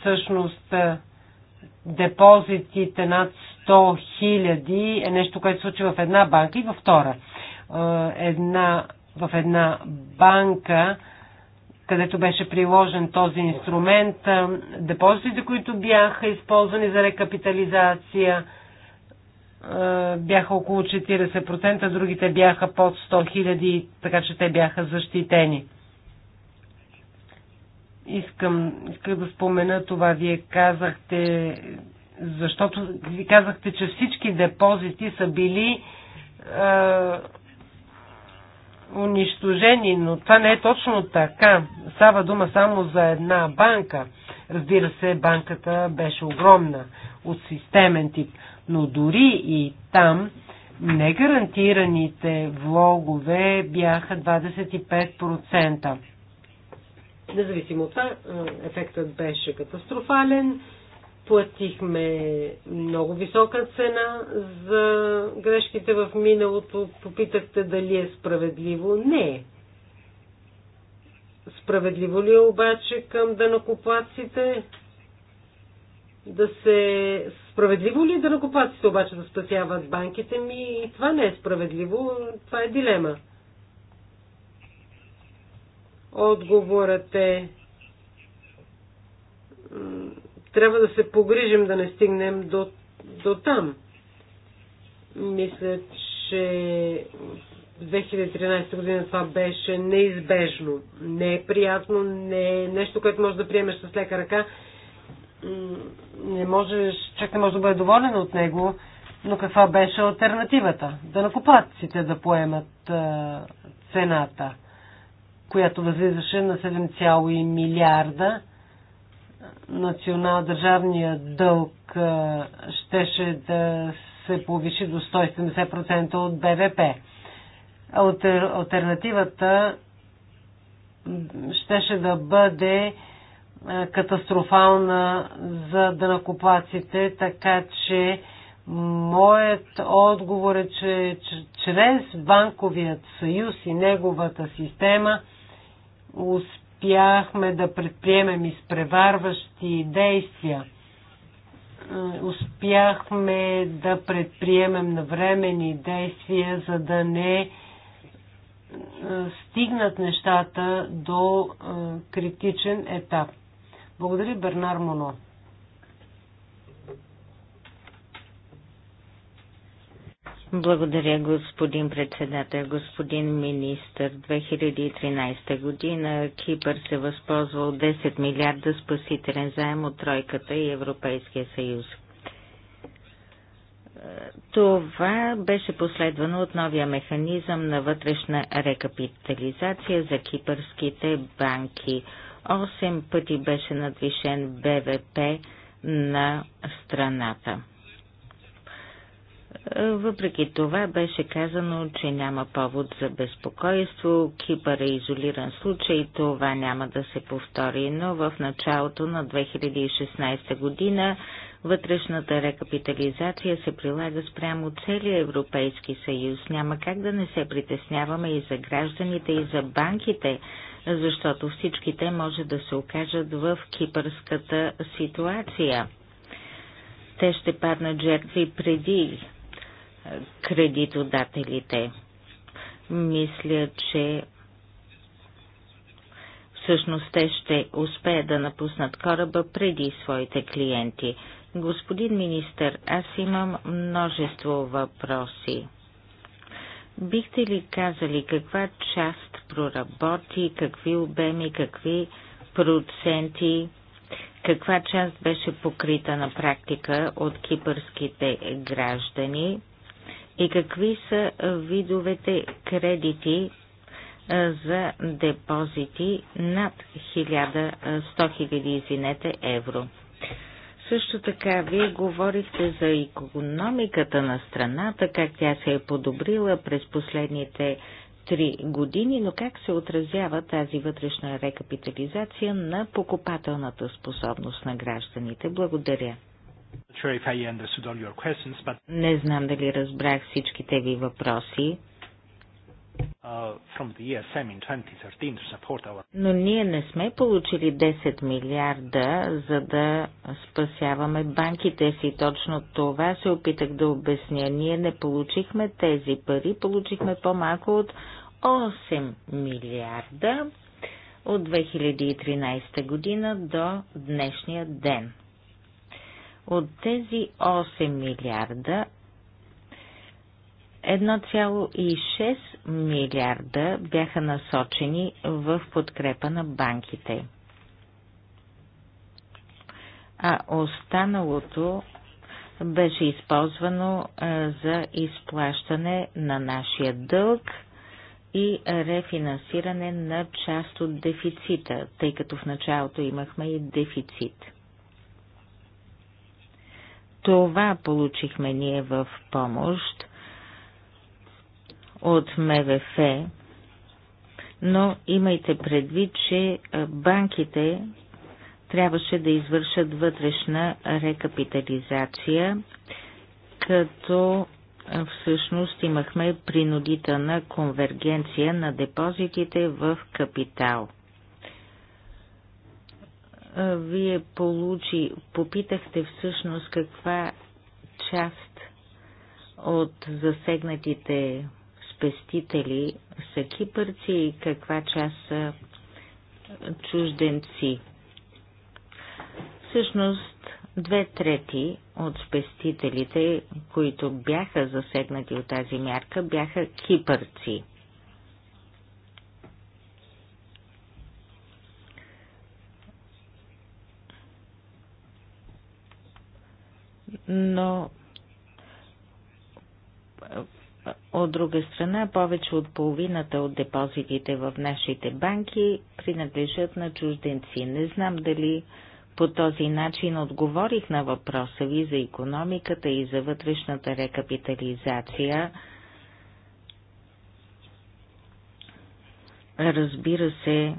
Всъщност, депозитите над 100 хиляди е нещо, което се случи в една банка и във втора. Една, в една банка където беше приложен този инструмент, депозитите, които бяха използвани за рекапитализация, бяха около 40%, другите бяха под 100 хиляди, така че те бяха защитени. Искам, искам да спомена това. Вие казахте, защото ви казахте, че всички депозити са били унищожени, но това не е точно така. Става дума само за една банка. Разбира се, банката беше огромна от системен тип, но дори и там негарантираните влогове бяха 25%. Независимо от това, ефектът беше катастрофален Платихме много висока цена за грешките в миналото. Попитахте дали е справедливо. Не е. Справедливо ли е обаче към данокоплаците? Да се... Справедливо ли е данокоплаците обаче да спасяват банките ми? И това не е справедливо. Това е дилема. Отговорът е трябва да се погрижим да не стигнем до, до там. Мисля, че 2013 година това беше неизбежно. Не е приятно, не е нещо, което можеш да приемеш с лека ръка. Не можеш, чак не можеш да бъде доволен от него, но каква беше альтернативата? Да накупатците да поемат а, цената, която възлизаше на 7, милиарда национал държавния дълг щеше да се повиши до 170% от БВП. Алтер, альтернативата щеше да бъде катастрофална за дънакоплаците, така че моят отговор е, че чрез банковият съюз и неговата система успя успяхме да предприемем изпреварващи действия. Е, успяхме да предприемем навремени действия, за да не е, стигнат нещата до е, критичен етап. Благодаря, Бернар Моно. Благодаря, господин председател, господин министр. 2013 година Кипър се възползва от 10 милиарда спасителен заем от Тройката и Европейския съюз. Това беше последвано от новия механизъм на вътрешна рекапитализация за кипърските банки. Осем пъти беше надвишен БВП на страната. Въпреки това беше казано, че няма повод за безпокойство, Кипър е изолиран случай, това няма да се повтори, но в началото на 2016 година вътрешната рекапитализация се прилага спрямо целия Европейски съюз. Няма как да не се притесняваме и за гражданите, и за банките, защото всички те може да се окажат в кипърската ситуация. Те ще паднат жертви преди кредитодателите. Мисля, че всъщност те ще успеят да напуснат кораба преди своите клиенти. Господин министър, аз имам множество въпроси. Бихте ли казали каква част проработи, какви обеми, какви проценти, каква част беше покрита на практика от кипърските граждани? и какви са видовете кредити за депозити над 100 000 извинете, евро. Също така, вие говорихте за економиката на страната, как тя се е подобрила през последните три години, но как се отразява тази вътрешна рекапитализация на покупателната способност на гражданите? Благодаря. Не знам дали разбрах всичките ви въпроси. Uh, e Но ние не сме получили 10 милиарда, за да спасяваме банките си. Точно това се опитах да обясня. Ние не получихме тези пари, получихме по-малко от 8 милиарда от 2013 година до днешния ден. От тези 8 милиарда 1,6 милиарда бяха насочени в подкрепа на банките, а останалото беше използвано за изплащане на нашия дълг и рефинансиране на част от дефицита, тъй като в началото имахме и дефицит. Това получихме ние в помощ от МВФ, но имайте предвид, че банките трябваше да извършат вътрешна рекапитализация, като всъщност имахме принудителна конвергенция на депозитите в капитал. Вие получи, попитахте всъщност каква част от засегнатите спестители са кипърци и каква част са чужденци. Всъщност, две трети от спестителите, които бяха засегнати от тази мярка, бяха кипърци. но от друга страна, повече от половината от депозитите в нашите банки принадлежат на чужденци. Не знам дали по този начин отговорих на въпроса ви за економиката и за вътрешната рекапитализация. Разбира се,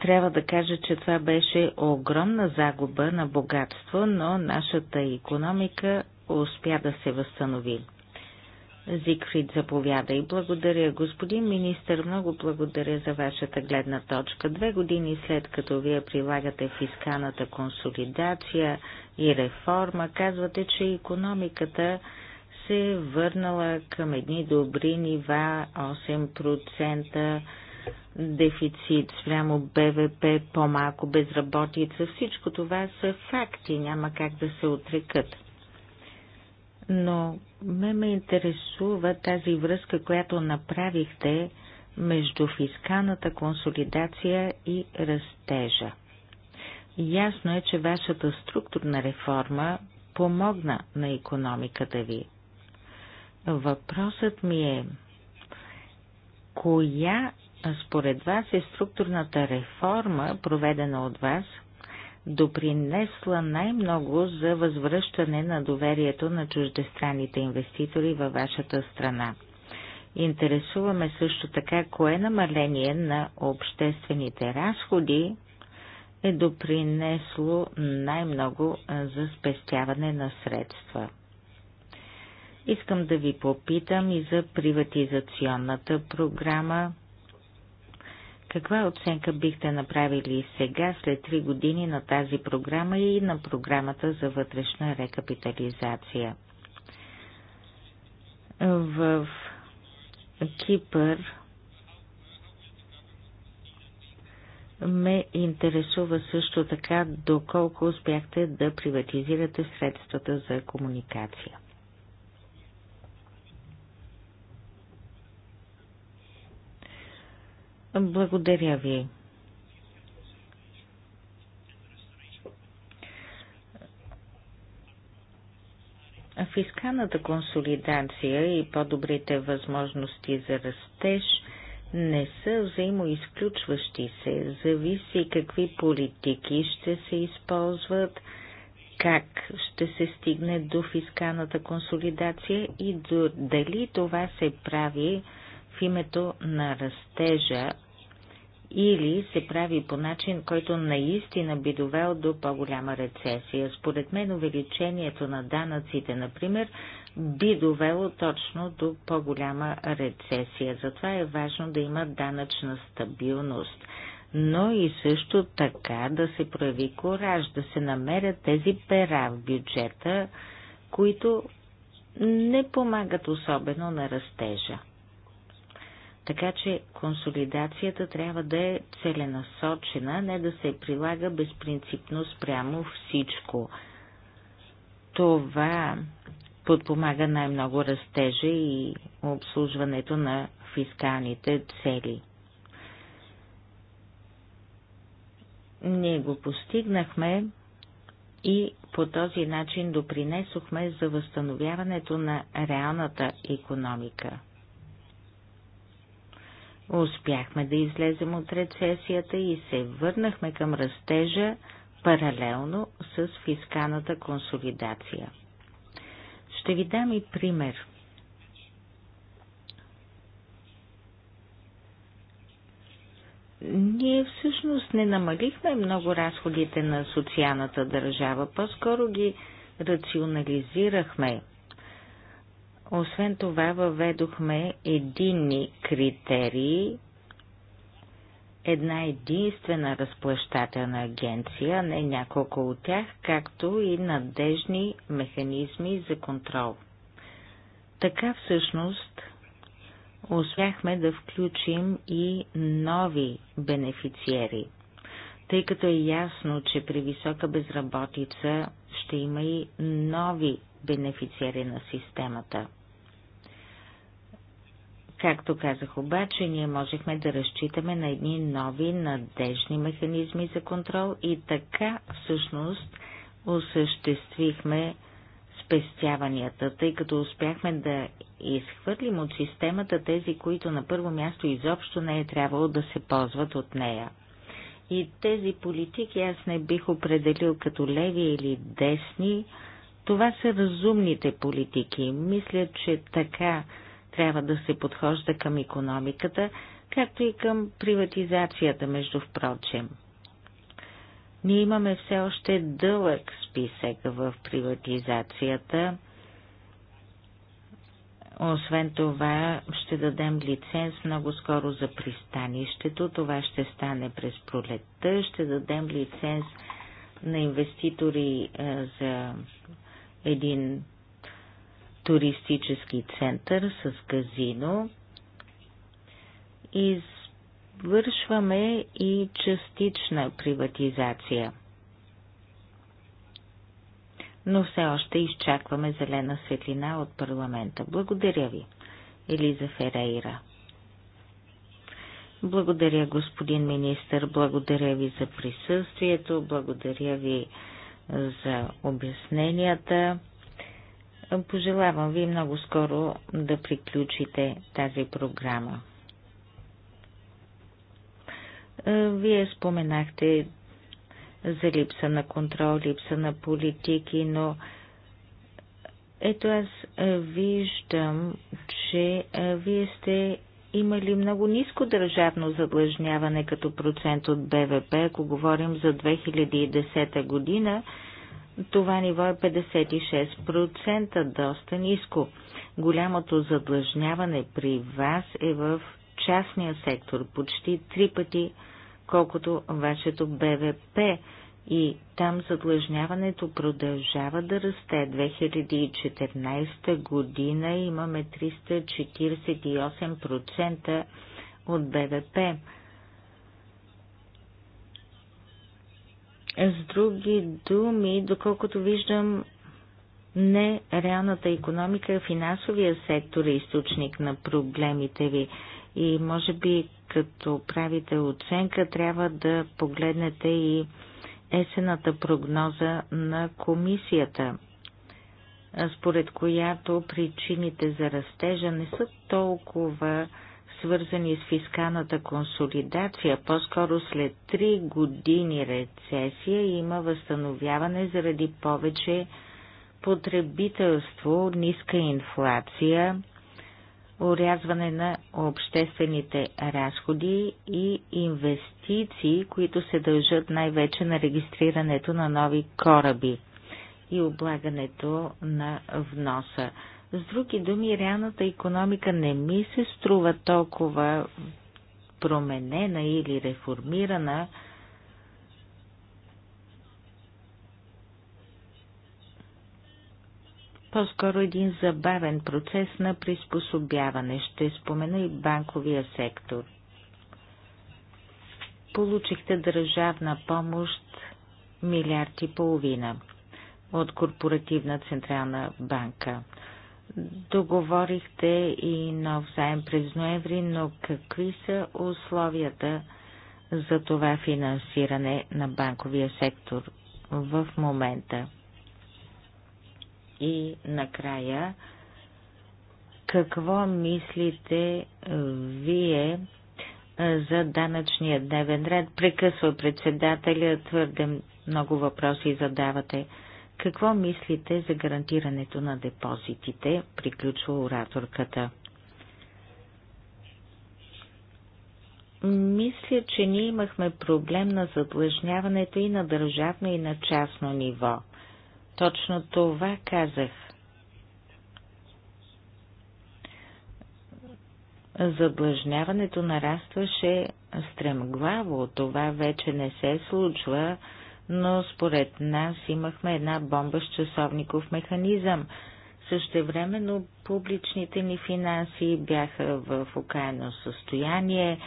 трябва да кажа, че това беше огромна загуба на богатство, но нашата економика успя да се възстанови. Зигфрид заповяда и благодаря. Господин министр, много благодаря за вашата гледна точка. Две години след като вие прилагате фискалната консолидация и реформа, казвате, че економиката се е върнала към едни добри нива 8%, дефицит спрямо БВП, по-малко безработица, всичко това са факти, няма как да се отрекат. Но ме ме интересува тази връзка, която направихте между фискалната консолидация и растежа. Ясно е, че вашата структурна реформа помогна на економиката ви. Въпросът ми е, коя според вас е структурната реформа, проведена от вас, допринесла най-много за възвръщане на доверието на чуждестранните инвеститори във вашата страна. Интересуваме също така, кое намаление на обществените разходи е допринесло най-много за спестяване на средства. Искам да ви попитам и за приватизационната програма. Каква оценка бихте направили сега, след три години на тази програма и на програмата за вътрешна рекапитализация? В Кипър ме интересува също така доколко успяхте да приватизирате средствата за комуникация. Благодаря ви. Фискалната консолидация и по-добрите възможности за растеж не са взаимоизключващи се, зависи какви политики ще се използват, как ще се стигне до фискалната консолидация и до, дали това се прави в името на растежа, или се прави по начин, който наистина би довел до по-голяма рецесия. Според мен увеличението на данъците, например, би довело точно до по-голяма рецесия. Затова е важно да има данъчна стабилност, но и също така да се прояви кораж, да се намерят тези пера в бюджета, които не помагат особено на растежа. Така че консолидацията трябва да е целенасочена, не да се прилага безпринципно спрямо всичко. Това подпомага най-много растежа и обслужването на фискалните цели. Ние го постигнахме и по този начин допринесохме за възстановяването на реалната економика. Успяхме да излезем от рецесията и се върнахме към растежа паралелно с фискалната консолидация. Ще ви дам и пример. Ние всъщност не намалихме много разходите на социалната държава, по-скоро ги рационализирахме – освен това въведохме единни критерии, една единствена разплащателна агенция, не няколко от тях, както и надежни механизми за контрол. Така всъщност успяхме да включим и нови бенефициери, тъй като е ясно, че при висока безработица ще има и нови бенефициери на системата – Както казах обаче, ние можехме да разчитаме на едни нови надежни механизми за контрол и така всъщност осъществихме спестяванията, тъй като успяхме да изхвърлим от системата тези, които на първо място изобщо не е трябвало да се ползват от нея. И тези политики аз не бих определил като леви или десни, това са разумните политики. Мисля, че така трябва да се подхожда към економиката, както и към приватизацията, между впрочем. Ние имаме все още дълъг списък в приватизацията. Освен това, ще дадем лиценз много скоро за пристанището. Това ще стане през пролетта. Ще дадем лиценз на инвеститори е, за един туристически център с казино. Извършваме и частична приватизация. Но все още изчакваме зелена светлина от парламента. Благодаря ви, Елиза Ферейра. Благодаря, господин министр. Благодаря ви за присъствието. Благодаря ви за обясненията. Пожелавам ви много скоро да приключите тази програма. Е, вие споменахте за липса на контрол, липса на политики, но ето аз е, виждам, че е, вие сте имали много ниско държавно задлъжняване като процент от БВП, ако говорим за 2010 година това ниво е 56%, доста ниско. Голямото задлъжняване при вас е в частния сектор, почти три пъти колкото вашето БВП и там задлъжняването продължава да расте. 2014 година имаме 348% от БВП. С други думи, доколкото виждам, не реалната економика, финансовия сектор е източник на проблемите ви. И може би, като правите оценка, трябва да погледнете и есената прогноза на комисията, според която причините за растежа не са толкова свързани с фискалната консолидация. По-скоро след 3 години рецесия има възстановяване заради повече потребителство, ниска инфлация, урязване на обществените разходи и инвестиции, които се дължат най-вече на регистрирането на нови кораби и облагането на вноса. С други думи, реалната економика не ми се струва толкова променена или реформирана, по-скоро един забавен процес на приспособяване. Ще спомена и банковия сектор. Получихте държавна помощ милиард и половина от Корпоративна Централна банка. Договорихте и нов заем през ноември, но какви са условията за това финансиране на банковия сектор в момента? И накрая, какво мислите вие за данъчния дневен ред? Прекъсва председателя, твърде много въпроси задавате. Какво мислите за гарантирането на депозитите? Приключва ораторката. Мисля, че ние имахме проблем на задлъжняването и на държавно и на частно ниво. Точно това казах. Задлъжняването нарастваше стремглаво. Това вече не се случва но според нас имахме една бомба с часовников механизъм. Същевременно публичните ни финанси бяха в окаяно състояние.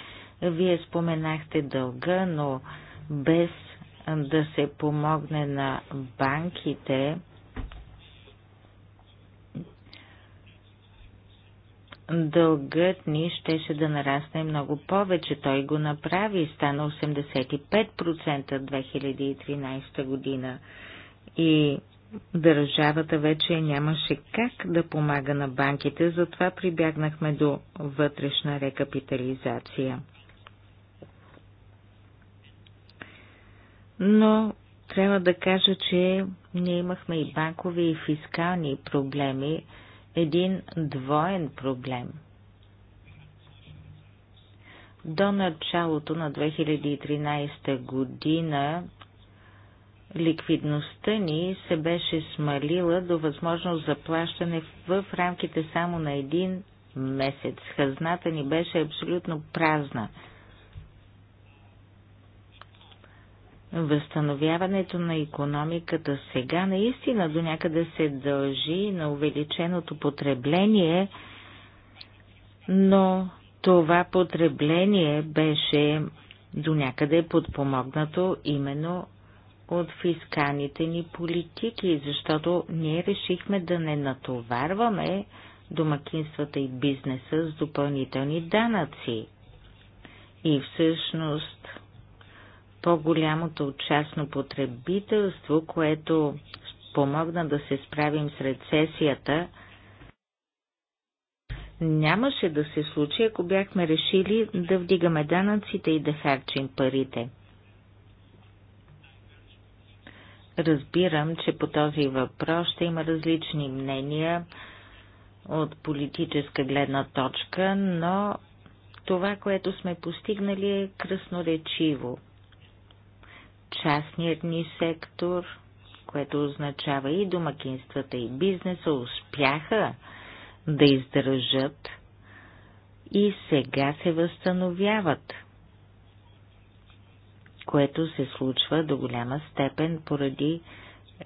Вие споменахте дълга, но без да се помогне на банките, дългът ни щеше да нарасне много повече. Той го направи, стана 85% 2013 година. И държавата вече нямаше как да помага на банките, затова прибягнахме до вътрешна рекапитализация. Но трябва да кажа, че ние имахме и банкови и фискални проблеми, един двоен проблем. До началото на 2013 година ликвидността ни се беше смалила до възможност за плащане в рамките само на един месец. Хазната ни беше абсолютно празна – Възстановяването на економиката сега наистина до някъде се дължи на увеличеното потребление, но това потребление беше до някъде подпомогнато именно от фискалните ни политики, защото ние решихме да не натоварваме домакинствата и бизнеса с допълнителни данъци. И всъщност по-голямото частно потребителство, което помогна да се справим с рецесията, нямаше да се случи, ако бяхме решили да вдигаме данъците и да харчим парите. Разбирам, че по този въпрос ще има различни мнения от политическа гледна точка, но това, което сме постигнали е красноречиво частният ни сектор, което означава и домакинствата, и бизнеса, успяха да издържат и сега се възстановяват, което се случва до голяма степен поради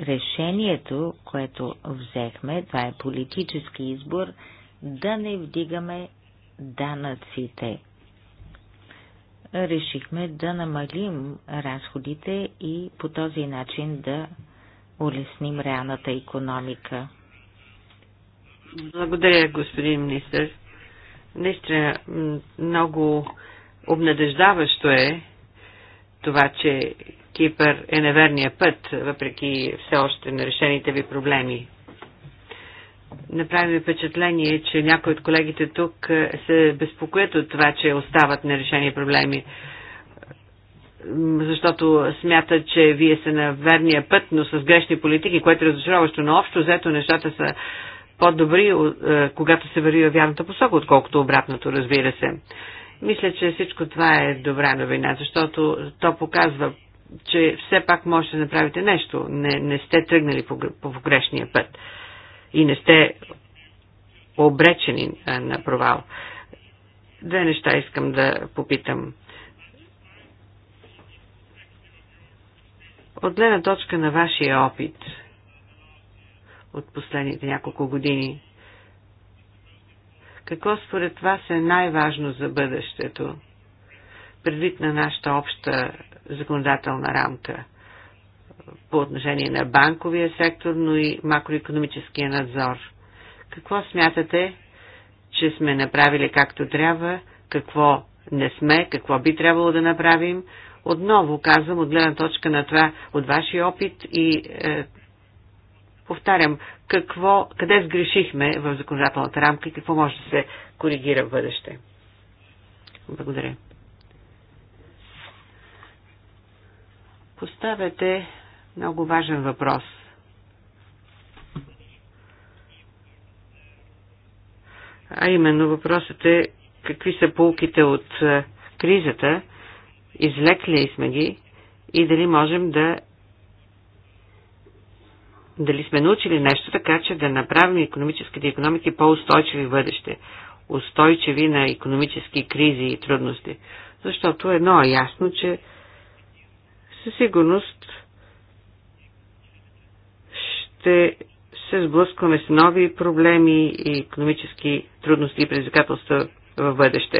решението, което взехме, това е политически избор, да не вдигаме данъците решихме да намалим разходите и по този начин да улесним реалната економика. Благодаря, господин министр. Наистина много обнадеждаващо е това, че Кипър е на верния път, въпреки все още нарешените ви проблеми. Направи ми впечатление, че някои от колегите тук е, се безпокоят от това, че остават нерешени проблеми, защото смятат, че вие сте на верния път, но с грешни политики, което е разочароващо, но общо взето нещата са по-добри, е, когато се върви в вярната посока, отколкото обратното, разбира се. Мисля, че всичко това е добра новина, защото то показва, че все пак можете да направите нещо. Не, не сте тръгнали по, по грешния път и не сте обречени на провал. Две неща искам да попитам. От гледна точка на вашия опит от последните няколко години, какво според вас е най-важно за бъдещето, предвид на нашата обща законодателна рамка – по отношение на банковия сектор, но и макроекономическия надзор. Какво смятате, че сме направили както трябва, какво не сме, какво би трябвало да направим? Отново казвам, от гледна точка на това, от вашия опит и е, повтарям, какво, къде сгрешихме в законодателната рамка и какво може да се коригира в бъдеще. Благодаря. Поставяте много важен въпрос. А именно въпросът е какви са полките от е, кризата, излекли сме ги и дали можем да дали сме научили нещо така, че да направим економическите економики по-устойчиви в бъдеще, устойчиви на економически кризи и трудности. Защото едно е ясно, че със сигурност ще се сблъскваме с нови проблеми и економически трудности и предизвикателства в бъдеще.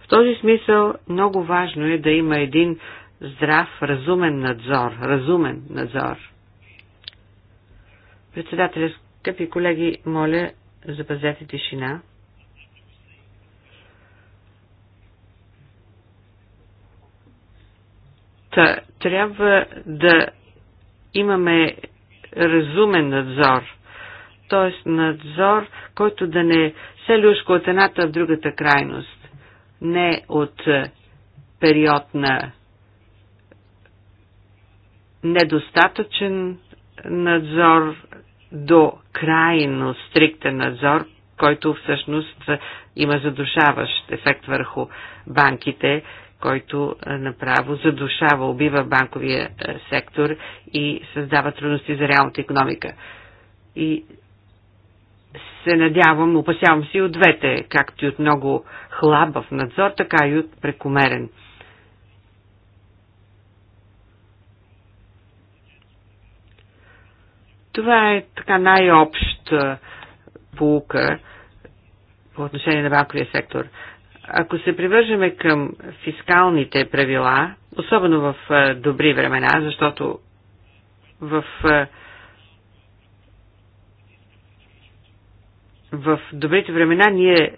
В този смисъл много важно е да има един здрав, разумен надзор. Разумен надзор. Председателя, скъпи колеги, моля, запазете тишина. Та, трябва да имаме разумен надзор, т.е. надзор, който да не се люшко от едната в другата крайност, не от е, период на недостатъчен надзор до крайно стриктен надзор, който всъщност има задушаващ ефект върху банките който е, направо задушава, убива банковия е, сектор и създава трудности за реалната економика. И се надявам, опасявам се и от двете, както и от много хлабав надзор, така и от прекомерен. Това е така най-обща полука по отношение на банковия сектор. Ако се привържеме към фискалните правила, особено в добри времена, защото в в добрите времена ние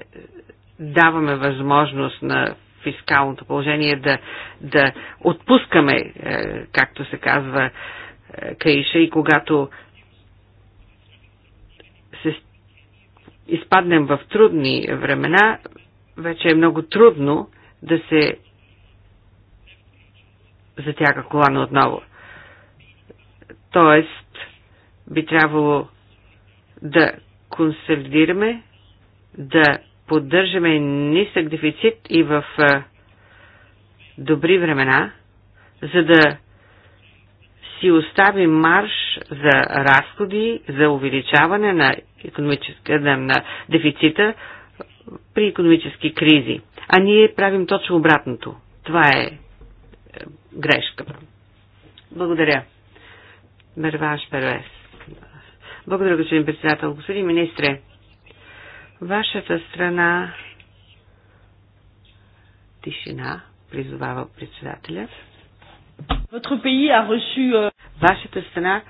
даваме възможност на фискалното положение да, да отпускаме, е, както се казва, е, каиша и когато се изпаднем в трудни времена, вече е много трудно да се затяга колана отново. Тоест, би трябвало да консолидираме, да поддържаме нисък дефицит и в добри времена, за да си остави марш за разходи, за увеличаване на, на, на дефицита, при економически кризи. А ние правим точно обратното. Това е, е грешка. Благодаря. Мерваш Первес. Благодаря, господин председател. Господин министре, вашата страна тишина, призовава председателя. Euh, вашата страна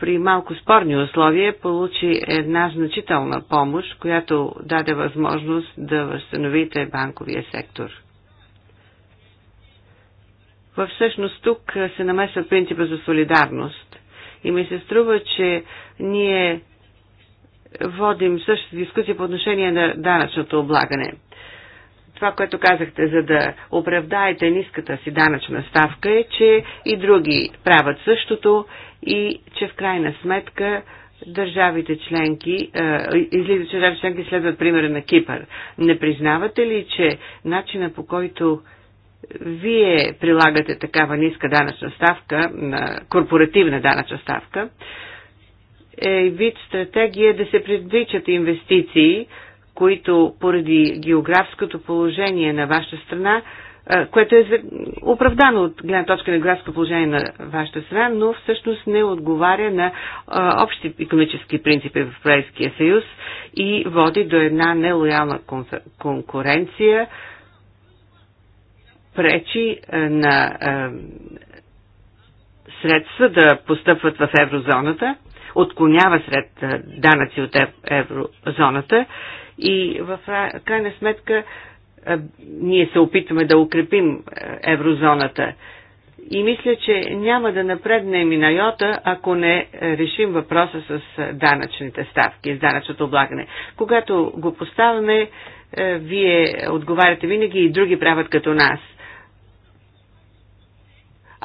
при малко спорни условия получи една значителна помощ, която даде възможност да възстановите банковия сектор. Във всъщност тук се намесва принципа за солидарност и ми се струва, че ние водим същата дискусия по отношение на данъчното облагане – това, което казахте, за да оправдаете ниската си данъчна ставка е, че и други правят същото и че в крайна сметка държавите членки, излиза, че държавите членки следват примера на Кипър. Не признавате ли, че начина по който вие прилагате такава ниска данъчна ставка, на корпоративна данъчна ставка, е вид стратегия да се предвичат инвестиции, които поради географското положение на вашата страна, което е оправдано от гледна точка на градско положение на вашата страна, но всъщност не отговаря на общи економически принципи в Европейския съюз и води до една нелоялна конкуренция, пречи на средства да постъпват в еврозоната, отклонява сред данъци от еврозоната и в крайна сметка ние се опитваме да укрепим еврозоната. И мисля, че няма да напредне и на йота, ако не е, решим въпроса с данъчните ставки, с данъчното облагане. Когато го поставяме, е, вие отговаряте винаги и други правят като нас.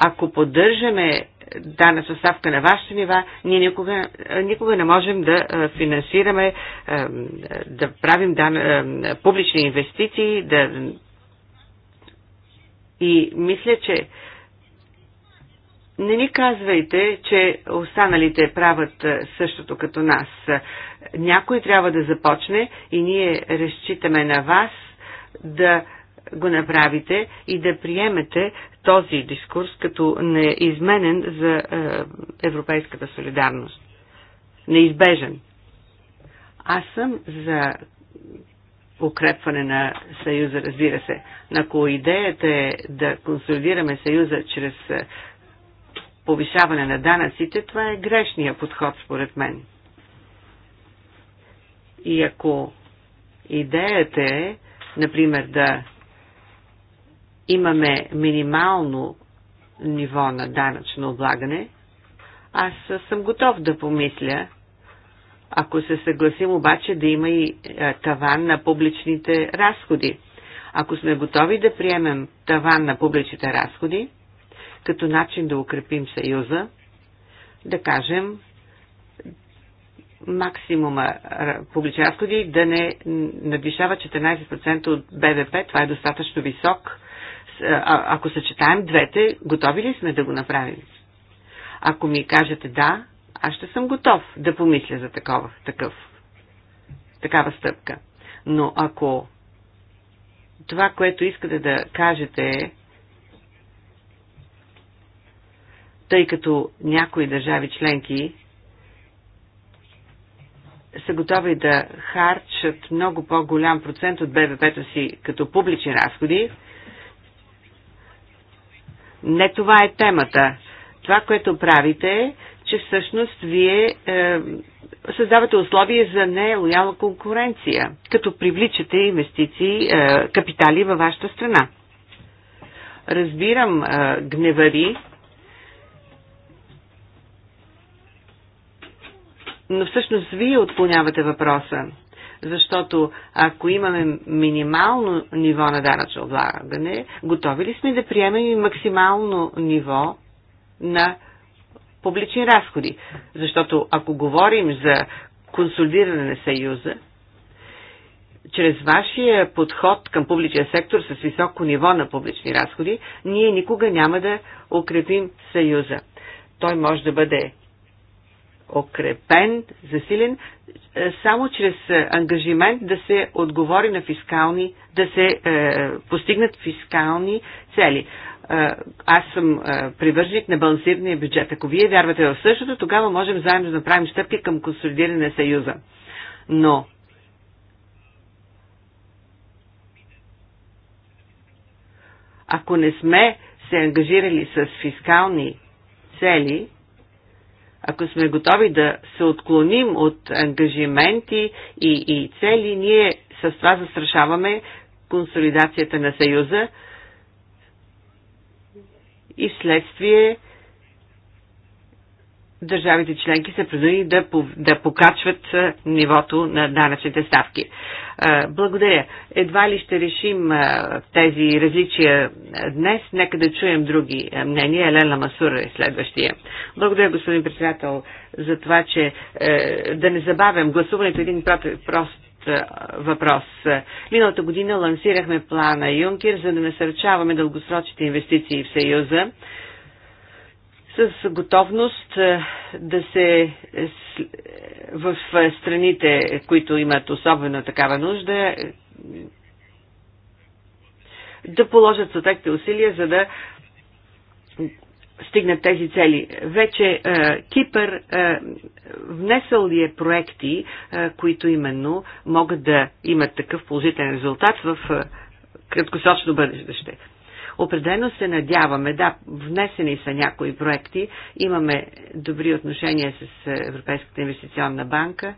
Ако поддържаме данна съставка на вашите нива, ние никога, никога не можем да финансираме, да правим дан... публични инвестиции, да... И мисля, че не ни казвайте, че останалите правят същото като нас. Някой трябва да започне и ние разчитаме на вас да го направите и да приемете този дискурс като неизменен за е, европейската солидарност. Неизбежен. Аз съм за укрепване на Съюза, разбира се. Ако идеята е да консолидираме Съюза чрез е, повишаване на данъците, това е грешния подход, според мен. И ако идеята е, например, да имаме минимално ниво на данъчно облагане, аз съм готов да помисля, ако се съгласим обаче да има и е, таван на публичните разходи. Ако сме готови да приемем таван на публичните разходи, като начин да укрепим съюза, да кажем максимума е, публични разходи да не надвишава 14% от БВП, това е достатъчно висок а, ако съчетаем двете, готови ли сме да го направим? Ако ми кажете да, аз ще съм готов да помисля за такова, такъв, такава стъпка. Но ако това, което искате да кажете е, тъй като някои държави членки са готови да харчат много по-голям процент от БВП-то си като публични разходи, не това е темата. Това, което правите е, че всъщност вие е, създавате условия за нелоялна конкуренция, като привличате инвестиции, е, капитали във вашата страна. Разбирам е, гневари, но всъщност вие отклонявате въпроса. Защото ако имаме минимално ниво на данъчно облагане, готови ли сме да приемем и максимално ниво на публични разходи? Защото ако говорим за консолидиране на Съюза, чрез вашия подход към публичен сектор с високо ниво на публични разходи, ние никога няма да укрепим Съюза. Той може да бъде окрепен, засилен, е, само чрез е, ангажимент да се отговори на фискални, да се е, постигнат фискални цели. Е, аз съм привържник на балансирания бюджет. Ако вие вярвате в същото, тогава можем заедно да направим стъпки към консолидиране на Съюза. Но ако не сме се ангажирали с фискални цели, ако сме готови да се отклоним от ангажименти и, и цели, ние с това застрашаваме консолидацията на Съюза и вследствие държавите членки са принудени да, да покачват нивото на данъчните ставки. Благодаря. Едва ли ще решим тези различия днес. Нека да чуем други мнения. Елена Масура е следващия. Благодаря, господин председател, за това, че да не забавям гласуването един прост въпрос. Миналата година лансирахме плана Юнкер, за да насърчаваме дългосрочните инвестиции в Съюза с готовност е, да се е, е, в страните, които имат особено такава нужда, да положат съответните усилия, за да стигнат тези цели. Вече е, Кипър е, внесъл ли е проекти, е, които именно могат да имат такъв положителен резултат в е, краткосрочно бъдеще? Определено се надяваме, да, внесени са някои проекти, имаме добри отношения с е, Европейската инвестиционна банка.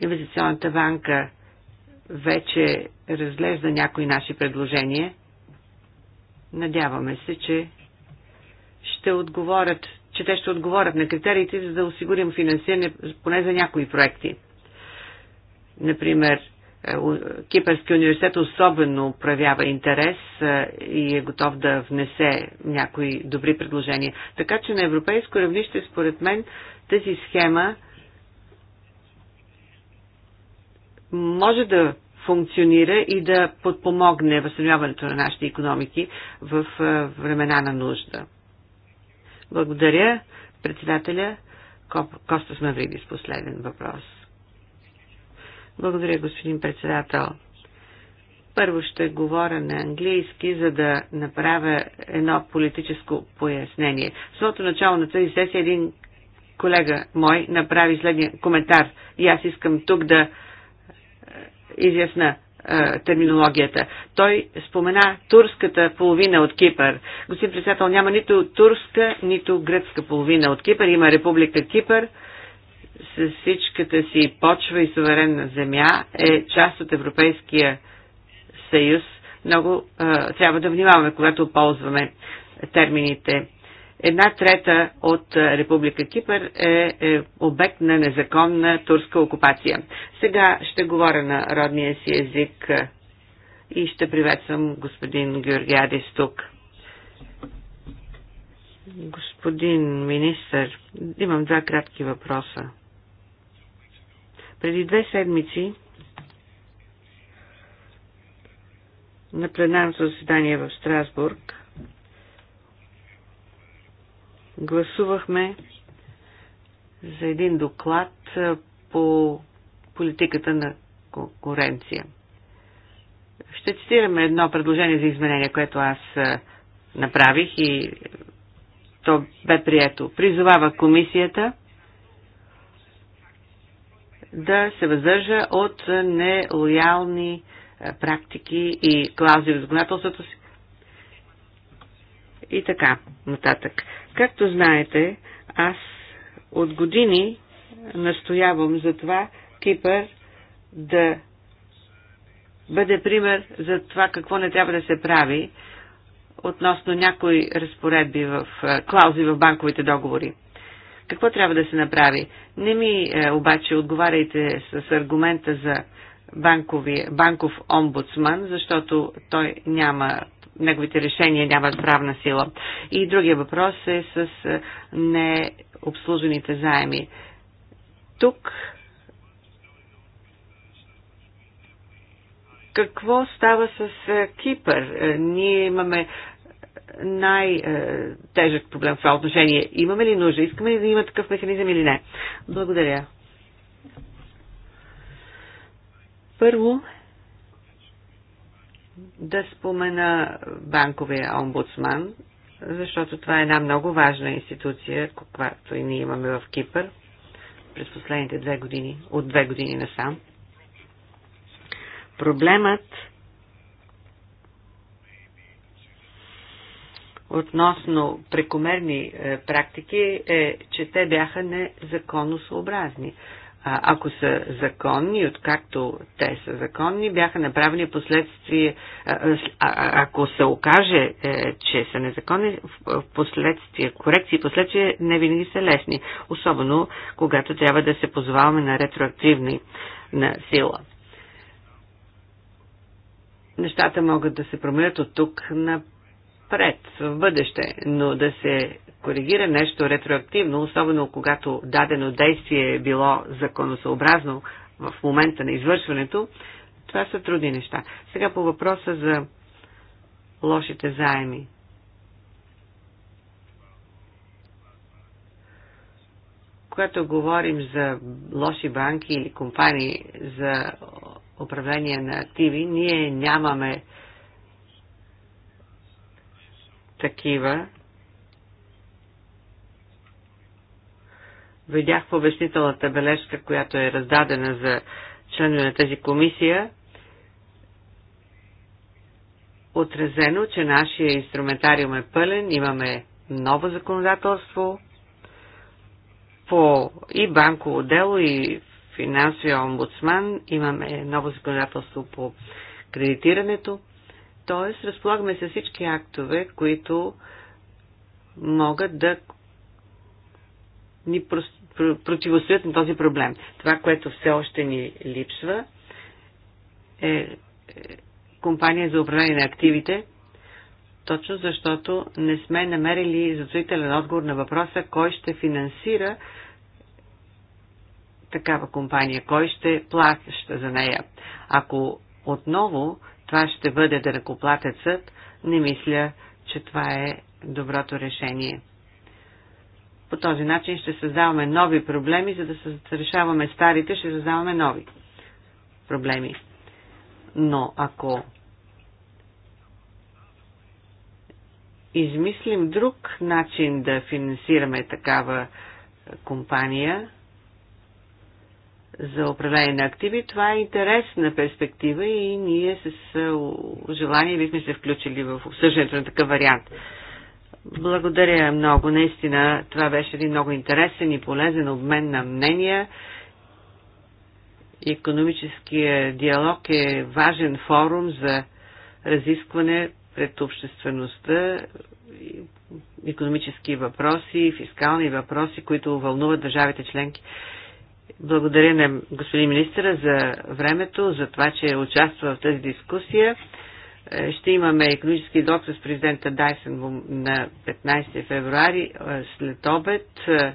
Инвестиционната банка вече разглежда някои наши предложения. Надяваме се, че ще отговорят, че те ще отговорят на критериите, за да осигурим финансиране поне за някои проекти. Например, Кипърския университет особено проявява интерес и е готов да внесе някои добри предложения. Така че на европейско равнище, според мен, тази схема може да функционира и да подпомогне възстановяването на нашите економики в времена на нужда. Благодаря, председателя Костас Мавридис, последен въпрос. Благодаря, господин председател. Първо ще говоря на английски, за да направя едно политическо пояснение. В самото начало на тази сесия един колега мой направи следния коментар и аз искам тук да е, изясна е, терминологията. Той спомена турската половина от Кипър. Господин председател, няма нито турска, нито гръцка половина от Кипър. Има република Кипър, с всичката си почва и суверенна земя е част от Европейския съюз. Много а, трябва да внимаваме, когато ползваме термините. Една трета от Република Кипър е, е обект на незаконна турска окупация. Сега ще говоря на родния си език и ще приветствам господин Георгиадис тук. Господин министър, имам два кратки въпроса. Преди две седмици на пленарното заседание в Страсбург гласувахме за един доклад по политиката на конкуренция. Ще цитираме едно предложение за изменение, което аз направих и то бе прието. Призовава комисията да се въздържа от нелоялни е, практики и клаузи в законодателството си. И така, нататък. Както знаете, аз от години настоявам за това Кипър да бъде пример за това какво не трябва да се прави относно някои разпоредби в е, клаузи в банковите договори. Какво трябва да се направи? Не ми е, обаче отговаряйте с аргумента за банкови, банков омбудсман, защото той няма неговите решения нямат правна сила. И другия въпрос е с е, необслужените заеми. Тук какво става с е, Кипър? Е, ние имаме най-тежък проблем в това отношение. Имаме ли нужда? Искаме ли да има такъв механизъм или не? Благодаря. Първо, да спомена банковия омбудсман, защото това е една много важна институция, която и ние имаме в Кипър през последните две години, от две години насам. Проблемът относно прекомерни е, практики е, че те бяха незаконосообразни. А, ако са законни, откакто те са законни, бяха направени последствия, е, а, ако се окаже, е, че са незаконни, в последствия, корекции последствия не винаги са лесни, особено когато трябва да се позоваваме на ретроактивни на сила. Нещата могат да се променят от тук на напред, в бъдеще, но да се коригира нещо ретроактивно, особено когато дадено действие е било законосъобразно в момента на извършването, това са трудни неща. Сега по въпроса за лошите заеми. Когато говорим за лоши банки или компании за управление на активи, ние нямаме такива. Видях в обяснителната бележка, която е раздадена за членове на тази комисия, отразено, че нашия инструментариум е пълен, имаме ново законодателство по и банково дело, и финансовия омбудсман, имаме ново законодателство по кредитирането. Тоест, разполагаме се всички актове, които могат да ни противостоят на този проблем. Това, което все още ни липсва, е, е компания за управление на активите, точно защото не сме намерили задължителен отговор на въпроса кой ще финансира такава компания, кой ще плаща за нея. Ако отново това ще бъде дъркоплатецът, не мисля, че това е доброто решение. По този начин ще създаваме нови проблеми, за да решаваме старите, ще създаваме нови проблеми. Но ако измислим друг начин да финансираме такава компания, за управление на активи. Това е интересна перспектива и ние с е, желание бихме се включили в обсъждането на такъв вариант. Благодаря много. Наистина това беше един много интересен и полезен обмен на мнения. Економическия диалог е важен форум за разискване пред обществеността, економически въпроси, фискални въпроси, които вълнуват държавите членки благодаря на господин министра за времето, за това, че участва в тази дискусия. Е, ще имаме економически док с президента Дайсен на 15 февруари е, след обед е,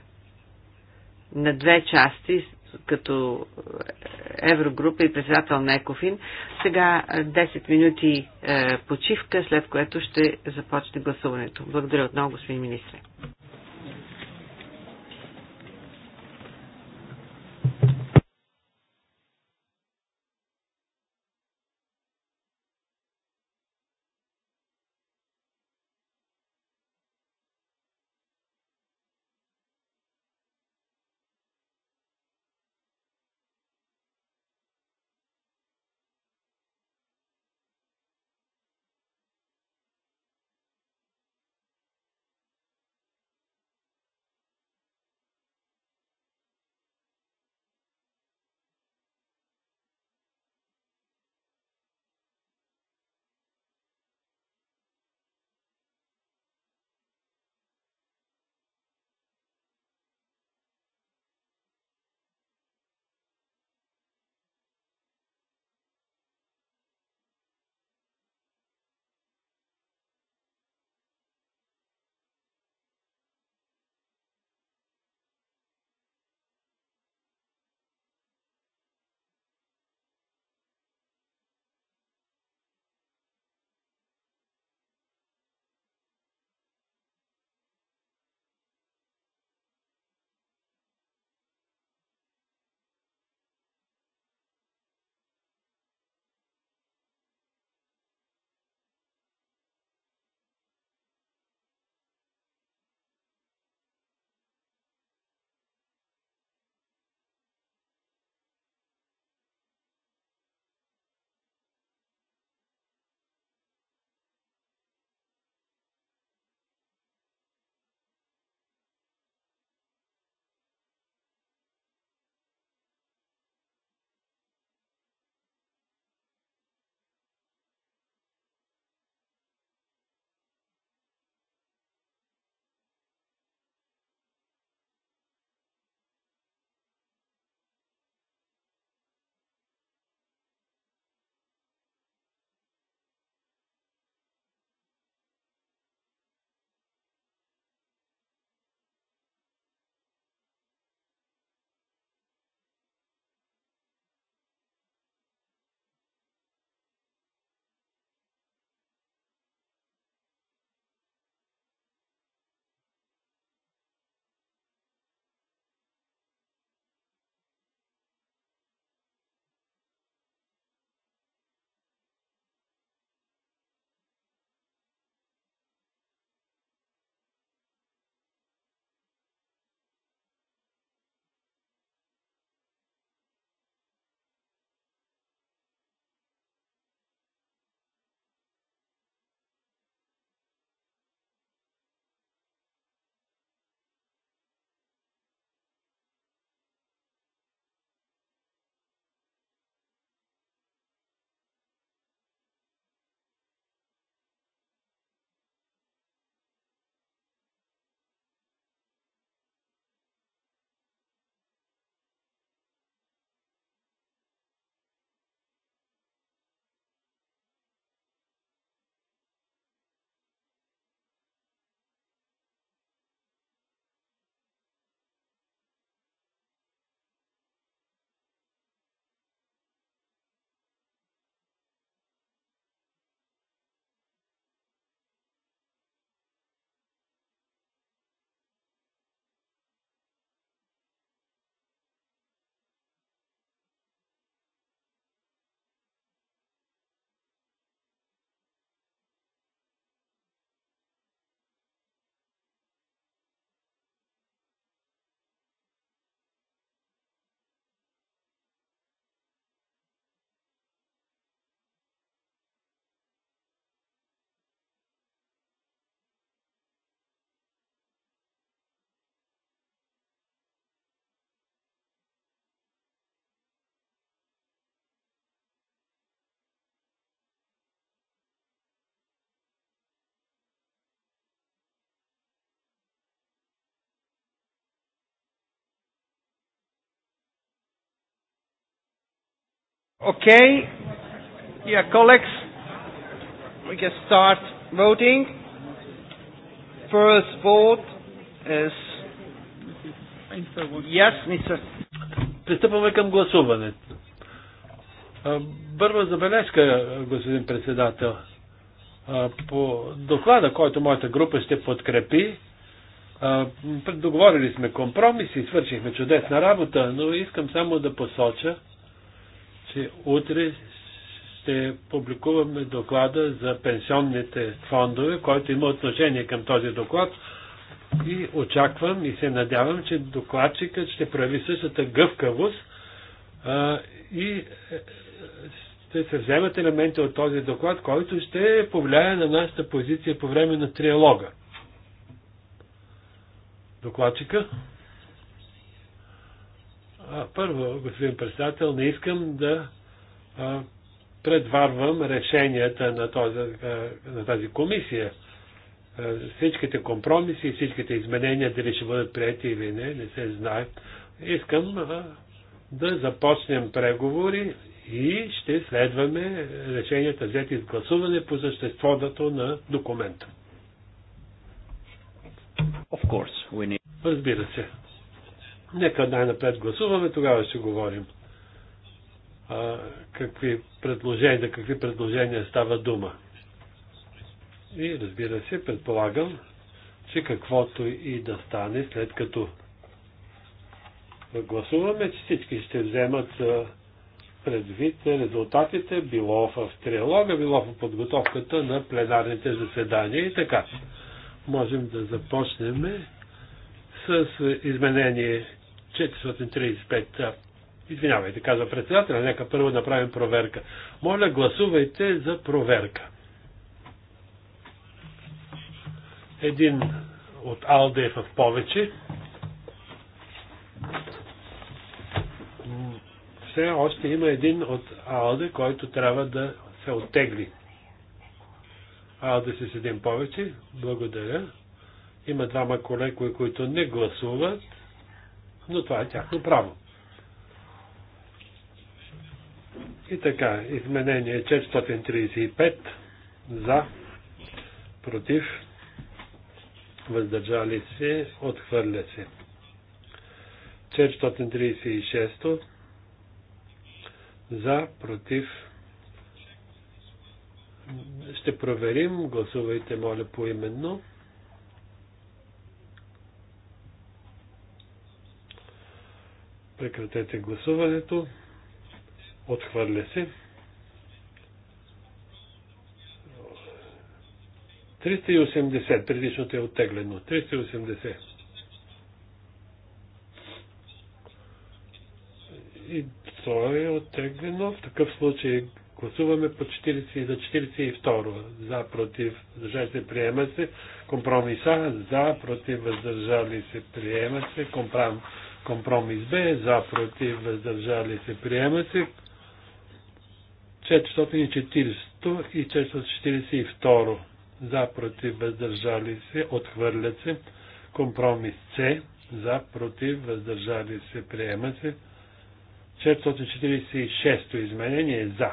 на две части като Еврогрупа и председател на Екофин. Сега 10 минути почивка, след което ще започне гласуването. Благодаря отново, господин министр. Okay, yeah, colleagues, we can start voting. First vote is yes, Mr. Пристъпваме към гласуване. Първа забележка, господин председател. По доклада, който моята група ще подкрепи, договорили сме компромиси, свършихме чудесна работа, но искам само да посоча, че утре ще публикуваме доклада за пенсионните фондове, който има отношение към този доклад. И очаквам и се надявам, че докладчикът ще прояви същата гъвкавост а, и е, ще се вземат елементи от този доклад, който ще повлияе на нашата позиция по време на триалога. Докладчика? Първо, господин председател, не искам да предварвам решенията на, този, на тази комисия. Всичките компромиси и всичките изменения, дали ще бъдат прияти или не, не се знае. Искам да започнем преговори и ще следваме решенията взети с гласуване по съществото на документа. Of course, we need... Разбира се. Нека най-напред гласуваме, тогава ще говорим а, какви предложения, за какви предложения става дума. И разбира се, предполагам, че каквото и да стане, след като гласуваме, че всички ще вземат предвид резултатите, било в триалога, било в подготовката на пленарните заседания и така. Можем да започнем с изменение 435. Извинявайте, казва председателя, нека първо направим проверка. Моля, гласувайте за проверка. Един от Алде е в повече. Все още има един от Алде, който трябва да се оттегли. Алде се седим повече. Благодаря. Има двама колеги, които не гласуват но това е тяхно право. И така, изменение 435 за, против, въздържали се, отхвърля се. 436 за, против, ще проверим, гласувайте, моля, поименно. именно. Прекратете гласуването. Отхвърля се. 380. Предишното е оттеглено. 380. И то е оттеглено. В такъв случай гласуваме по 40 за 42. За, против, въздържали се, приема се. Компромиса. За, против, въздържали се, приема се. Компромиса Компромис Б. За, против, въздържали се, приема се. 440 и 442. За, против, въздържали се, отхвърлят се. Компромис С. За, против, въздържали се, приема се. 446 изменение за.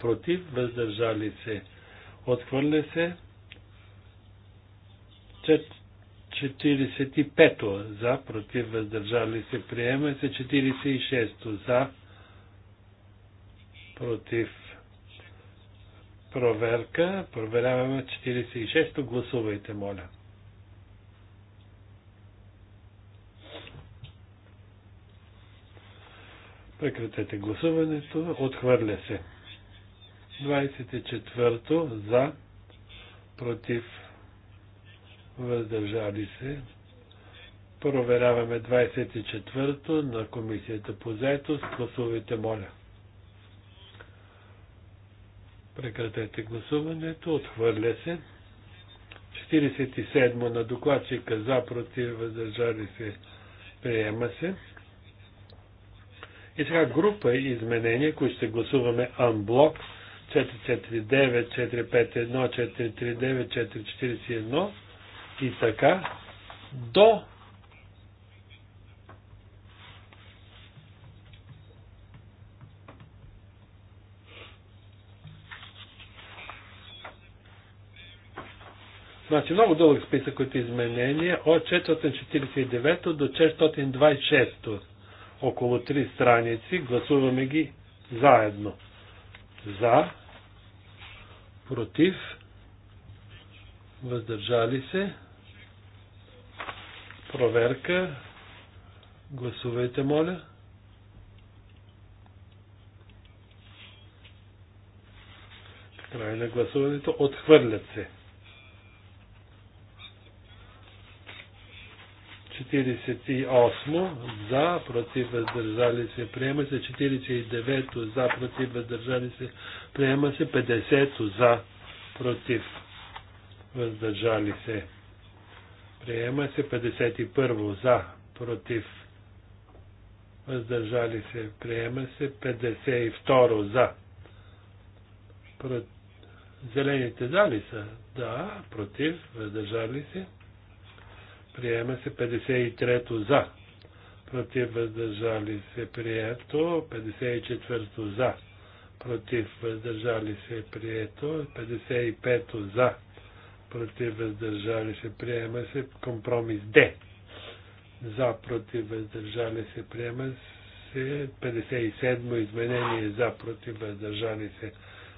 Против, въздържали се, отхвърля се. 45-то за, против, въздържали се, приема се. 46-то за, против, проверка. Проверяваме 46-то. Гласувайте, моля. Прекратете гласуването. Отхвърля се. 24-то за, против, въздържали се. Проверяваме 24-то на комисията по заетост. Гласувайте, моля. Прекратете гласуването. Отхвърля се. 47 на докладчика за против въздържали се приема се. И сега група изменения, които ще гласуваме анблок 449, 451, 439, 441 и така, до Значи много дълъг списък от изменения от 449 до 426. Около 3 страници. Гласуваме ги заедно. За, против, въздържали се. Проверка. Гласувайте, моля. Край на гласуването. Отхвърлят се. 48 за, против, въздържали се, приема се. 49 за, против, въздържали се, приема се. 50 за, против, въздържали се. Приема се 51 за, против, въздържали се. Приема се 52 за. Про... Зелените зали са. Да, против, въздържали се. Приема се 53 за. Против въздържали се прието. 54 за. Против въздържали се прието. 55-то за против въздържали се приема се компромис Д. За против въздържали се приема се 57 изменение за против въздържали се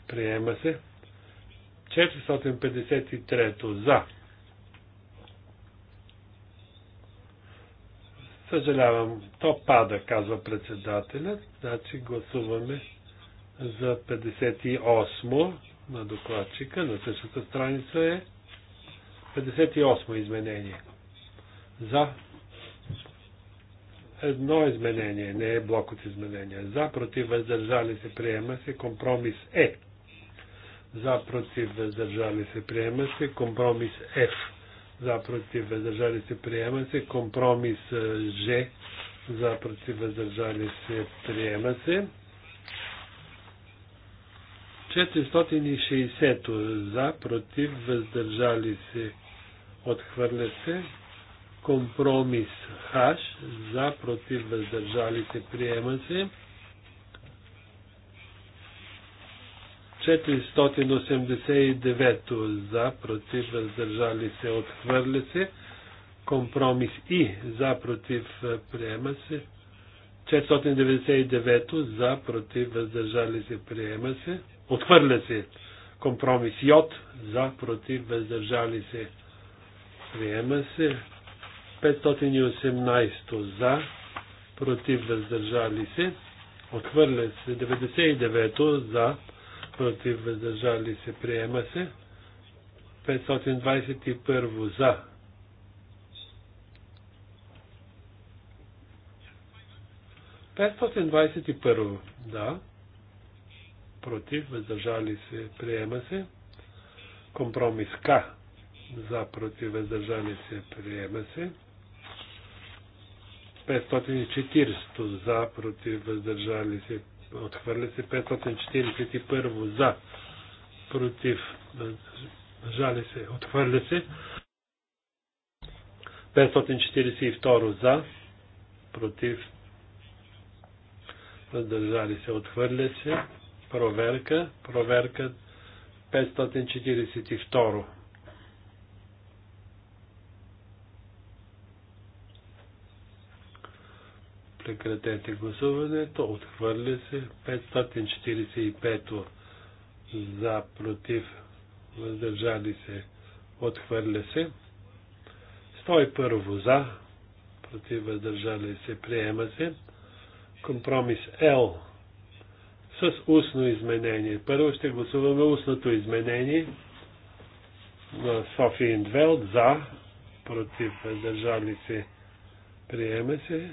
приема се 453 за Съжалявам, то пада, казва председателят. Значи гласуваме за 58 на докладчика, на същата страница е 58 изменение. За едно изменение, не е блок от изменения. За, против, въздържали се, приема се, компромис Е. За, против, въздържали се, приема се, компромис Ф. За, против, въздържали се, приема се, компромис Ж. За, против, въздържали се, приема се. 460 за, против, въздържали се, Отхвърля се. Компромис Хаш. За, против, въздържали се. Приема се. 489 за, против, въздържали се, отхвърля се. Компромис и за, против, приема се. 499 за, против, въздържали се, приема се. Отхвърля се. Компромис йод за, против, въздържали се, Приема се 518 за, против въздържали се. Отхвърля се 99 за, против въздържали се. Приема се 521 за. Петстотин първо, да. Против, въздържали се, приема се. Компромис К за против въздържали се приема се. 540 за против въздържали се отхвърля се. 541 за против въздържали се отхвърля се. 542 за против въздържали се отхвърля се. Проверка. Проверка 542. Прекратете гласуването. Отхвърля се 545 за, против, въздържали се. Отхвърля се. 101 за, против, въздържали се. Приема се. Компромис L с устно изменение. Първо ще гласуваме устното изменение на София Индвелд за, против, въздържали се. Приема се.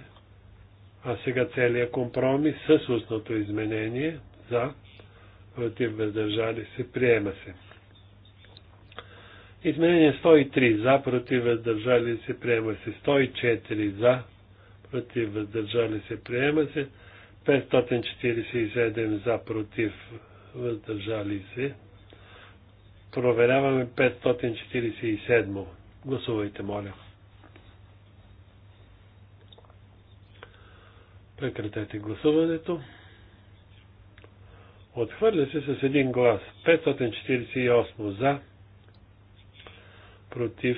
А сега целият компромис с устното изменение за против въздържали се приема се. Изменение 103 за против въздържали се приема се. 104 за против въздържали се приема се. 547 за против въздържали се. Проверяваме 547. Гласувайте, моля. Прекратете гласуването. Отхвърля се с един глас. 548 за, против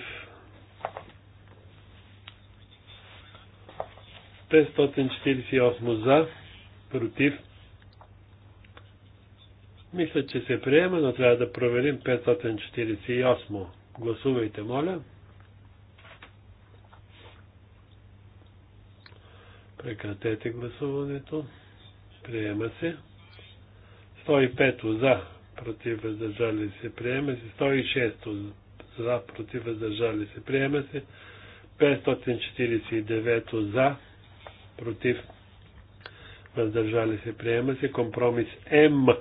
548 за, против. Мисля, че се приема, но трябва да проверим 548. Гласувайте, моля. Прекратете гласуването. Приема се. 105 за, против въздържали се, приема се. 106 за, против въздържали се, приема се. 549 за, против въздържали се, приема се. Компромис М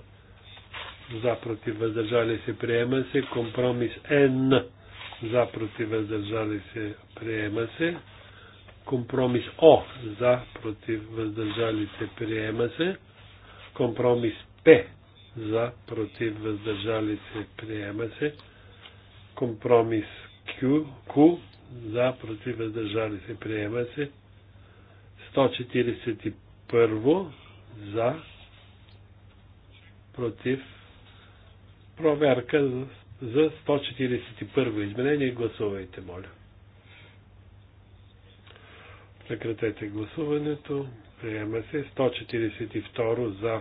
за, против въздържали се, приема се. Компромис Н за, против въздържали се, приема се. Компромис О за против въздържали се приема се. Компромис П за против въздържали се приема се. Компромис Q, Q за против въздържали се приема се. 141 за против проверка за 141 изменение. Гласувайте, моля. Прекратете гласуването. Приема се. 142 за.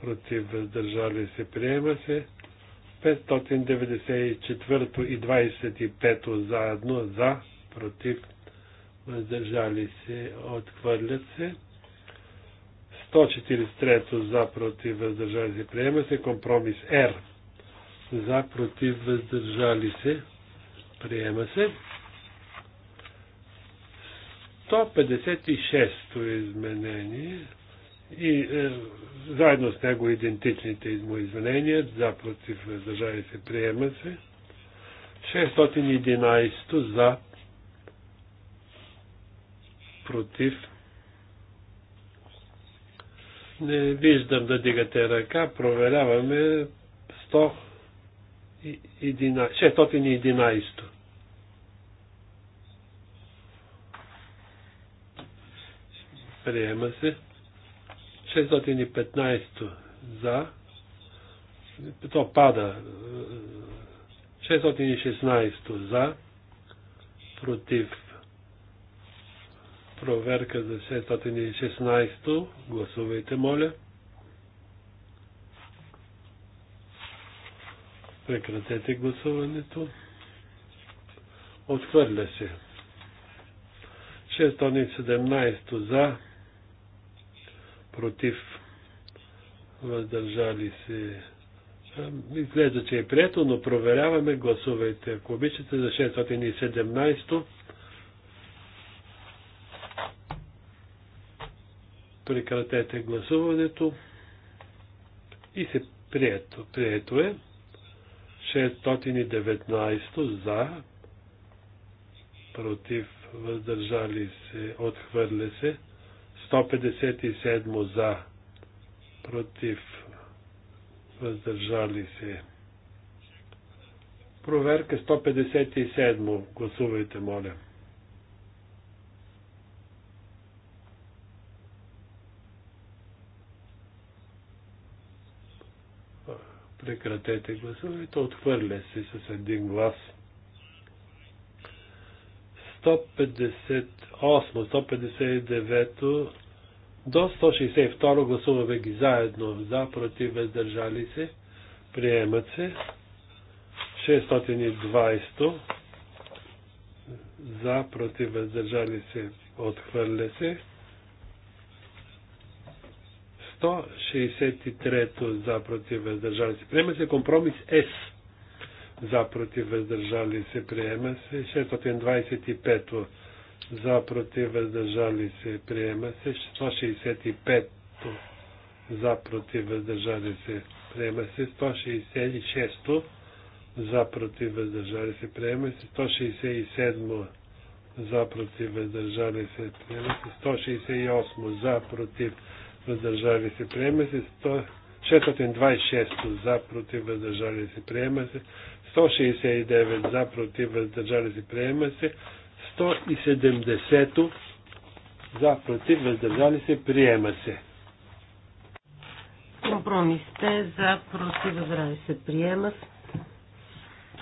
Против въздържали се. Приема се. 594 и 25 заедно за. Против въздържали се. Отхвърлят се. 143 за. Против въздържали се. Приема се. Компромис Р. За. Против въздържали се. Приема се. 156-то изменение и е, заедно с него идентичните му изменения, за, против, въздържали се, приема се. 611-то за, против. Не виждам да дигате ръка, проверяваме 111, то Приема се. 615 за. То пада. 616 за. Против. Проверка за 616. Гласувайте, моля. Прекратете гласуването. Отхвърля се. 617 за против, въздържали се. Изглежда, че е прието, но проверяваме. Гласувайте, ако обичате, за 617. Прекратете гласуването и се прието. Прието е 619 за, против, въздържали се, отхвърля се. 157 за, против, въздържали се. Проверка 157. Гласувайте, моля. Прекратете гласуването. Отхвърля се с един глас. 158, 159 до 162 гласуваме ги заедно. За, против, въздържали се. Приемат се. 620 за, против, въздържали се. Отхвърля се. 163 за, против, въздържали се. Приема се компромис С за против въздържали се приема се, 625 за против въздържали се приема се, 165 за против въздържали се приема се, 166 за против въздържали се приема се, 167 за против въздържали се приема се, 168 за против въздържали се приема се, 100 626 за против въздържали се приема се, 169 за, против, въздържали се, приема се. 170 за, против, въздържали се, приема се. Компромисите за, против, въздържали се, приема се.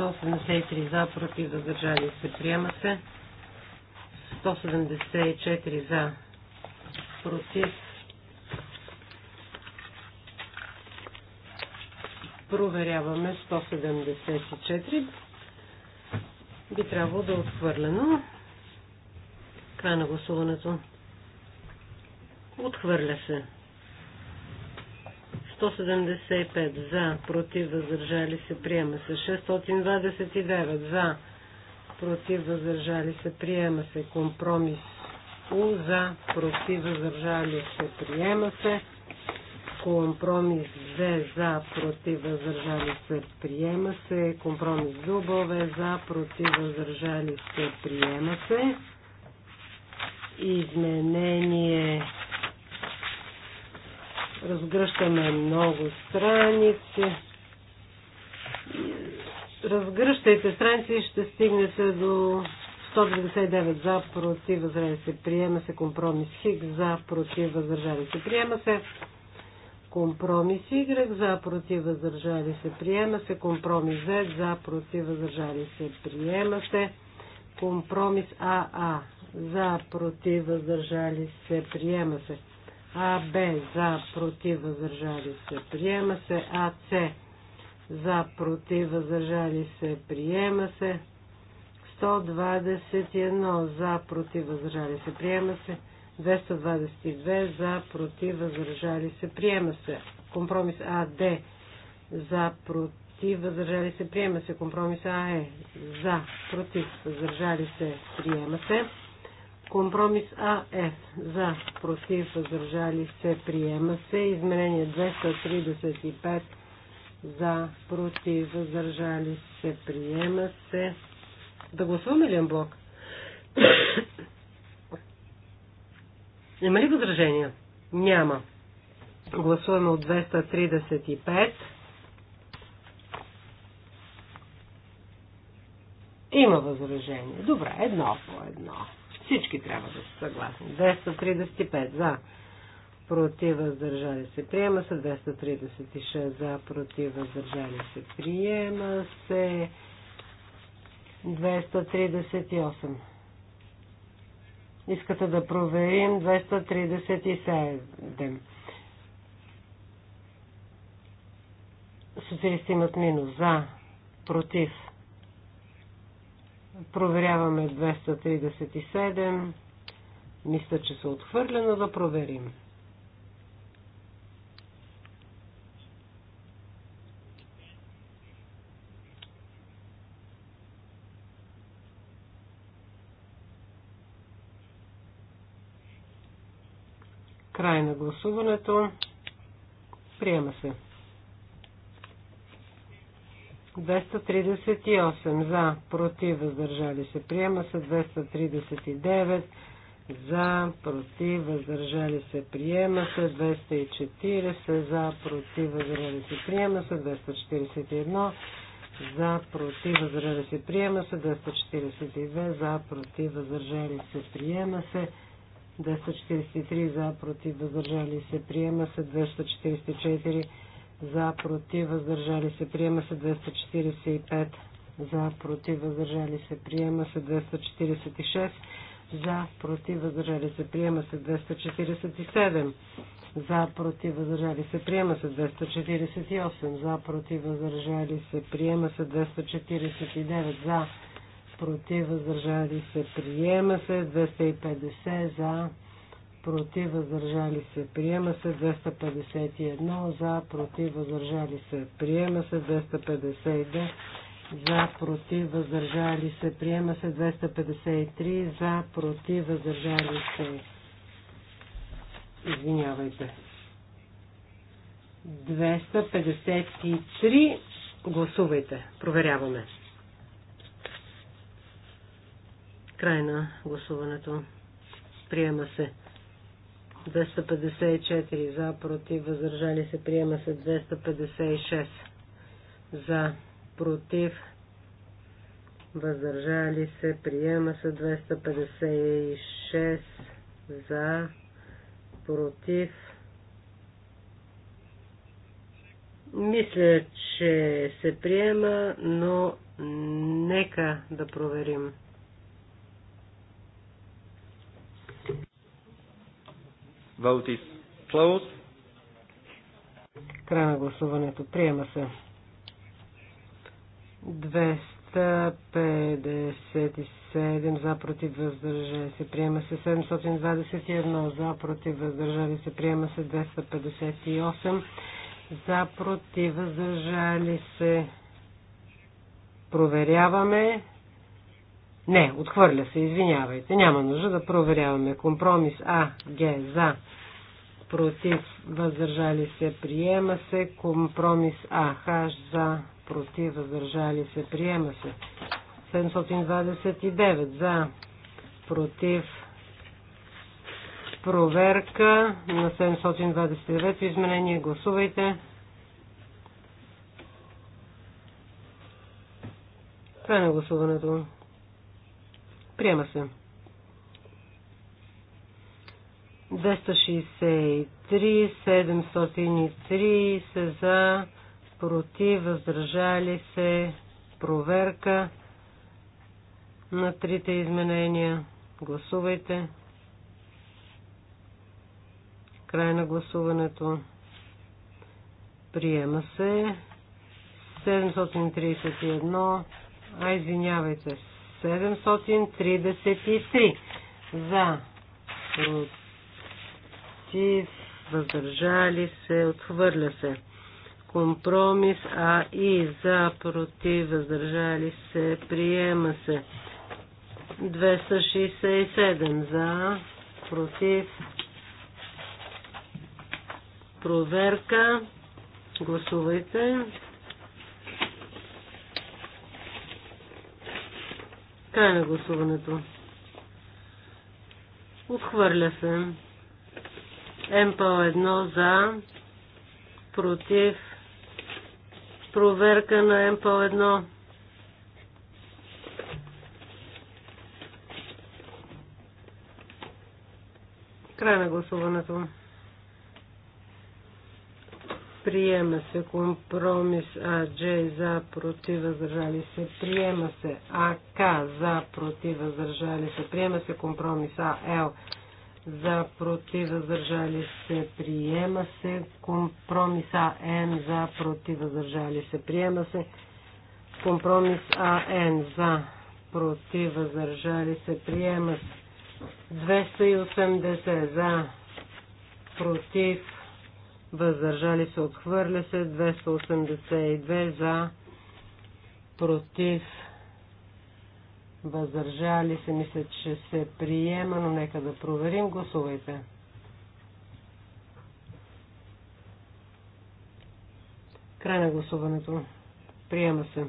183 за, против, въздържали се, приема се. 174 за, против, Проверяваме 174. Би трябвало да е отхвърлено. Край на гласуването. Отхвърля се. 175 за, против, въздържали се, приема се. 629 за, против, въздържали се, приема се. Компромис У за, против, въздържали се, приема се. Компромис две за, против, въздържали се, приема се. Компромис дубове за, против, въздържали се, приема се. Изменение. Разгръщаме много страници. Разгръщайте страници и ще стигнете до 199 за, против, въздържали се, приема се. Компромис хик за, против, въздържали се, приема се. Компромис Y за против въздържали се приема се. Компромис Z за против въздържали се приема се. Компромис АА за против въздържали се приема се. АБ за против въздържали се приема се. АЦ за против въздържали се приема се. 121 за против въздържали се приема се. 222 за, против, въздържали се, приема се. Компромис АД за, против, въздържали се, приема се. Компромис АЕ за, против, възражали се, приема се. Компромис АФ за, против, възражали се, приема се. Изменение 235 за, против, въздържали се, приема се. Да гласуваме ли блок? Има ли възражения? Няма. Гласуваме от 235. Има възражение. Добре, едно по едно. Всички трябва да са съгласни. 235 за. Против въздържали се. Приема се 236 за. Против въздържали се. Приема се 238. Искате да проверим 237. Социалисти имат минус. За. Против. Проверяваме 237. Мисля, че се отхвърля, но да проверим. Край на гласуването. Приема се. 238 за, против, въздържали се. Приема се 239 за, против, въздържали се. Приема се 240 за, против, въздържали се. Приема се 241 за, против, въздържали се. Приема се 242 за, против, въздържали се. Приема се 243 за, против, въздържали се, приема се 244 за, против, въздържали се, приема се 245 за, против, въздържали се, приема се 246 за, против, въздържали се, приема се 247 за, против, въздържали се, приема се 248 за, против, въздържали се, приема се 249 за, против, въздържали се, приема се, 250 за, против, въздържали се, приема се, 251 за, против, въздържали се, приема се, 252 за, против, въздържали се, приема се, 253 за, против, въздържали се, извинявайте. 253 гласувайте, проверяваме. Край на гласуването. Приема се. 254 за, против, въздържали се, приема се 256 за, против, въздържали се, приема се 256 за, против. Мисля, че се приема, но нека да проверим. Vote is closed. Край на гласуването. Приема се. 257 за против въздържали се. Приема се 721 за против въздържали се. Приема се 258 за против въздържали се. Проверяваме. Не, отхвърля се, извинявайте. Няма нужда да проверяваме. Компромис А, Г, за, против, въздържали се, приема се. Компромис А, Х, за, против, въздържали се, приема се. 729 за, против, проверка на 729 изменение. Гласувайте. Това е на гласуването. Приема се. 263, 703 се за, против, въздържали се, проверка на трите изменения. Гласувайте. Край на гласуването. Приема се. 731. А, извинявайте. 733 за, против, въздържали се, отхвърля се. Компромис А и за, против, въздържали се, приема се. 267 за, против, проверка, гласувайте. Край на гласуването. Отхвърля се. МПО 1 за. Против. Проверка на МПО 1. Край на гласуването. Приема се компромис АДЖ за против въздържали се. Приема се АК за против въздържали се. Приема се компромис АЛ за против въздържали се. Приема се компромис АН за против въздържали се. Приема се компромис АН за против въздържали се. Приема се 280 за против въздържали се, отхвърля се, 282 за, против, въздържали се, мисля, че се приема, но нека да проверим, гласувайте. Край на гласуването. Приема се.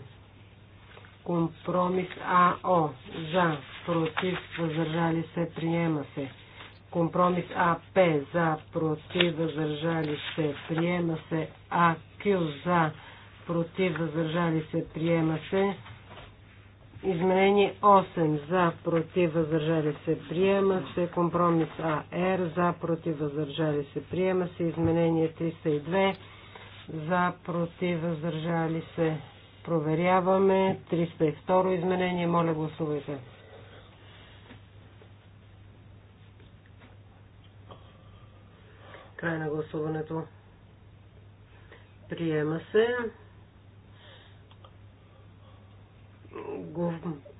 Компромис АО. За, против, въздържали се, приема се. Компромис АП за против въздържали се приема се. АК за против въздържали се приема се. Изменение 8 за против въздържали се приема се. Компромис АР за против въздържали се приема се. Изменение 302 за против въздържали се. Проверяваме. 302 изменение. Моля гласувайте. Край на гласуването. Приема се.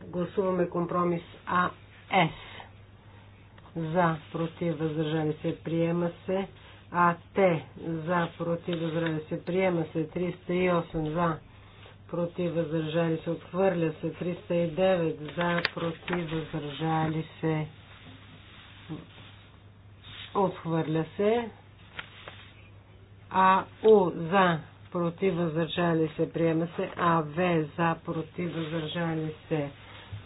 Гласуваме компромис АС. За, против, въздържали се, приема се. АТ за, против, въздържали се, приема се. 308 за, против, въздържали се, отхвърля се. 309 за, против, въздържали се, отхвърля се. А, У, за, против, въздържали се, приема се. А, В, за, против, въздържали се,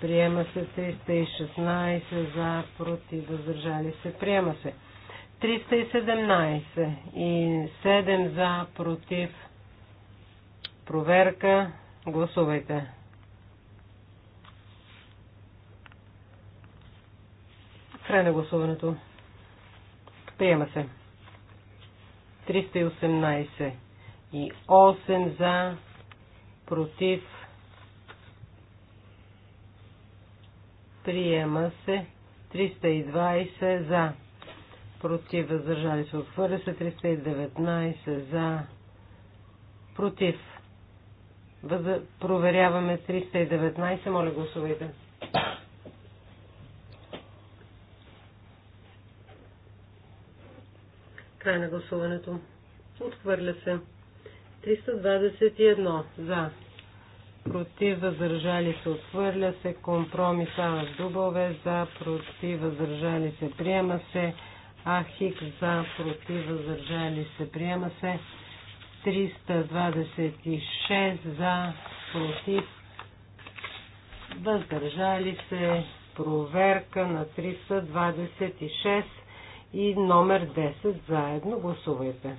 приема се. 316, за, против, въздържали се, приема се. 317 и 7 за, против, проверка, гласувайте. Край на гласуването. Приема се. 318 и 8 за, против, приема се 320 за, против, въздържали се, отхвърля се 319 за, против. Въз... Проверяваме 319, моля гласувайте. Край на гласуването. Отхвърля се. 321 за. Против въздържали се. Отхвърля се. Компромис А с дубове за. Против въздържали се. Приема се. Ахик за. Против въздържали се. Приема се. 326 за. Против въздържали се проверка на 326 и номер 10 заедно. Гласувайте.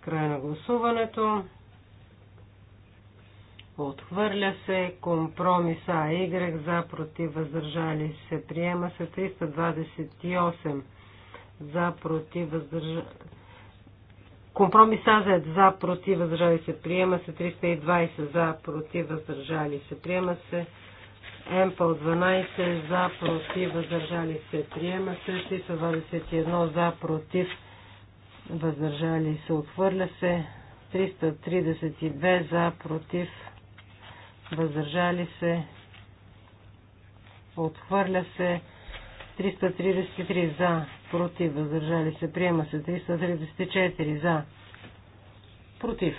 Край на гласуването. Отхвърля се компромиса Y за против въздържали се. Приема се 328 за против въздържали Компромис за за против въздържали се. Приема се 320 за против въздържали се. Приема се МПЛ 12 за, против, въздържали се, приема се. 321 за, против, въздържали се, отхвърля се. 332 за, против, въздържали се, отхвърля се. 333 за, против, въздържали се, приема се. 334 за, против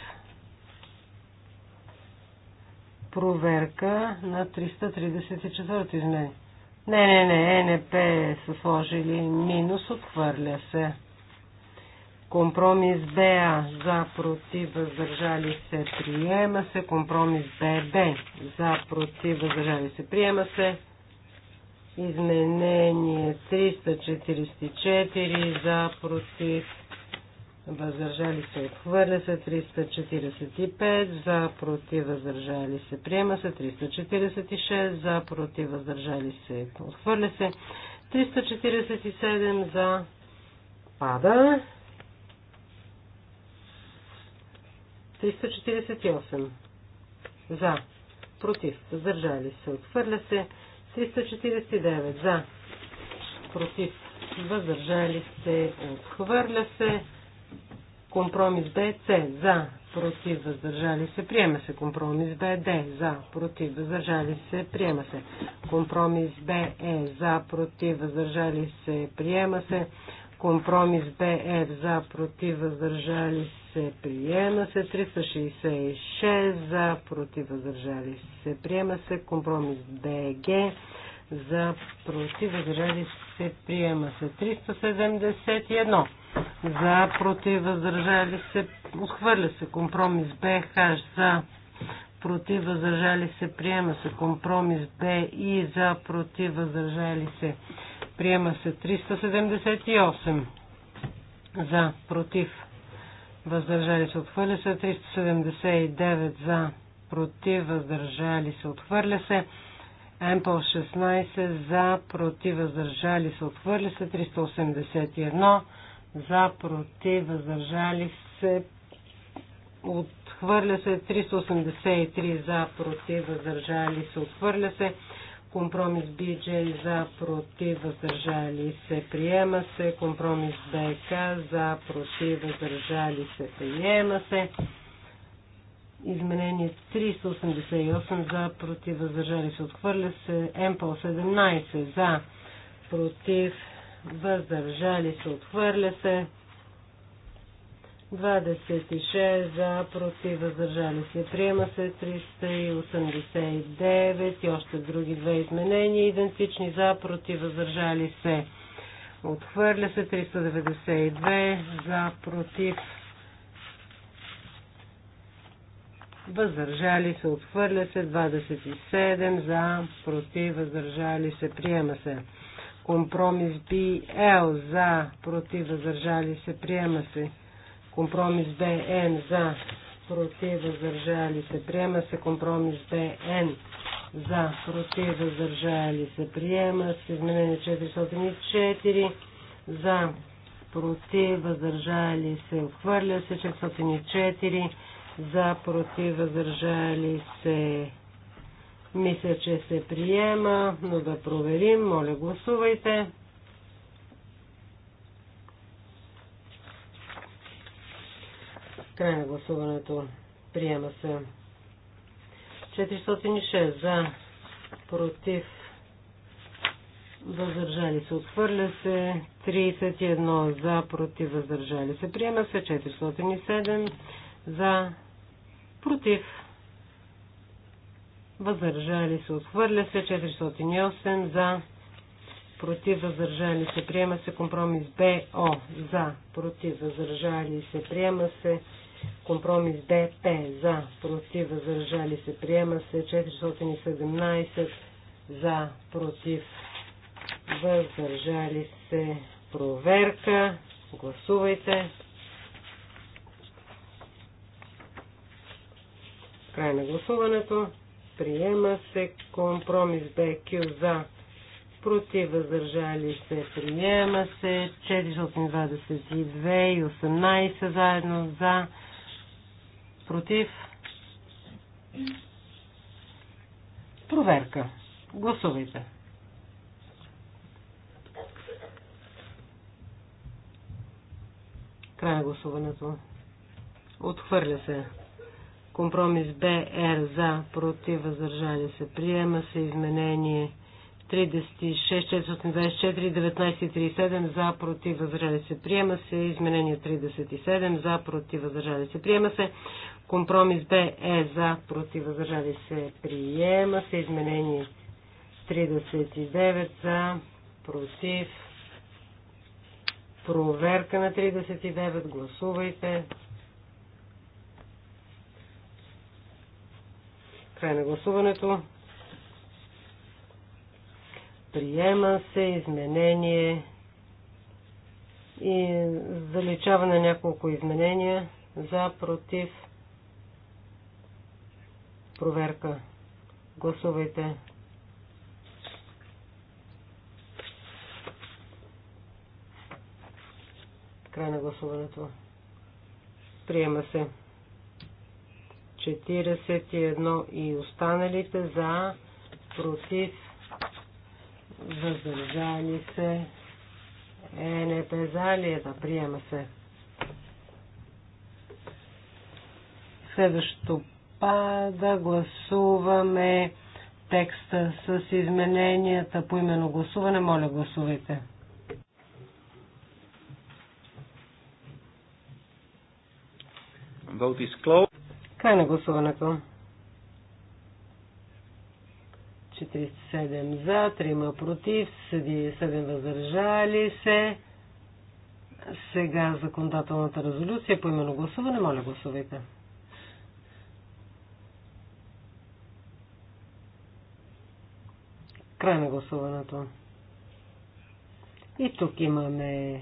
проверка на 334-то Не, не, не, НП са сложили минус, отхвърля се. Компромис БА за против въздържали се приема се. Компромис ББ за против въздържали се приема се. Изменение 344 за против въздържали се, отхвърля се 345, за, против, въздържали се, приема се 346, за, против, въздържали се, отхвърля се 347, за, пада 348, за, против, въздържали се, отхвърля се 349, за, против, въздържали се, отхвърля се Компромис Б, С, за, против, въздържали се, приема се. Компромис Б, Д, за, против, въздържали се, приема се. Компромис Б, Е, за, против, въздържали се, приема се. Компромис Е, за против въздържали се приема се 366 за против въздържали се приема се компромис БГ за против, въздържали се, приема се 371, за против, въздържали се, отхвърля се компромис БХ, за против, въздържали се, приема се компромис Б и за против, въздържали се, приема се 378, за против, въздържали се, отхвърля се 379, за против, въздържали се, отхвърля се МПО 16 за, против, въздържали се, отхвърля се 381 за, против, въздържали се, отхвърля се 383 за, против, въздържали се, отхвърля се компромис BJ за, против, въздържали се, приема се, компромис БК за, против, въздържали се, приема се. Изменение 388 за против въздържали се. Отхвърля се МПО 17 за против въздържали се. Отхвърля се 26 за против въздържали се. Приема се 389 и още други две изменения идентични за против въздържали се. Отхвърля се 392 за против въздържали се, отхвърля се, 27 за, против, въздържали се, приема се. Компромис BL за, против, въздържали се, приема се. Компромис БН за, против, въздържали се, приема се. Компромис БН за, против, въздържали се, приема се. Изменение 404 за, против, въздържали се, отхвърля се, 404 за, против, въздържали се. Мисля, че се приема, но да проверим. Моля, гласувайте. Край на гласуването. Приема се. 406 за, против, въздържали се, отхвърля се, 31 за, против, въздържали се, приема се, 407 за, Против. Въздържали се. Отхвърля се. 408 за. Против. Въздържали се. Приема се. Компромис БО. За. Против. Въздържали се. Приема се. Компромис П. За. Против. Въздържали се. Приема се. 417 за. Против. Въздържали се. Проверка. Гласувайте. Край на гласуването. Приема се компромис БК за против въздържали се. Приема се 422 и 18 заедно за против. Проверка. Гласувайте. Край на гласуването. Отхвърля се. Компромис БР за, против, въздържали се. Приема се изменение 36, 424, 1937 за, против, въздържали се. Приема се изменение 37 за, против, въздържали се. Приема се. Компромис Б е за, против, въздържали се. Приема се изменение 39 за, против. Проверка на 39. Гласувайте. Край на гласуването. Приема се изменение и заличаване няколко изменения за, против, проверка. Гласувайте. Край на гласуването. Приема се. 41 и останалите за, против, въздържали се, е за ли е да приема се? Следващото пада, гласуваме текста с измененията по именно гласуване. Моля, гласувайте. Vote is closed. Край на гласуването. 47 за, 3 против, 7 въздържали се. Сега законодателната резолюция по именно гласуване. Моля, гласувайте. Край на гласуването. И тук имаме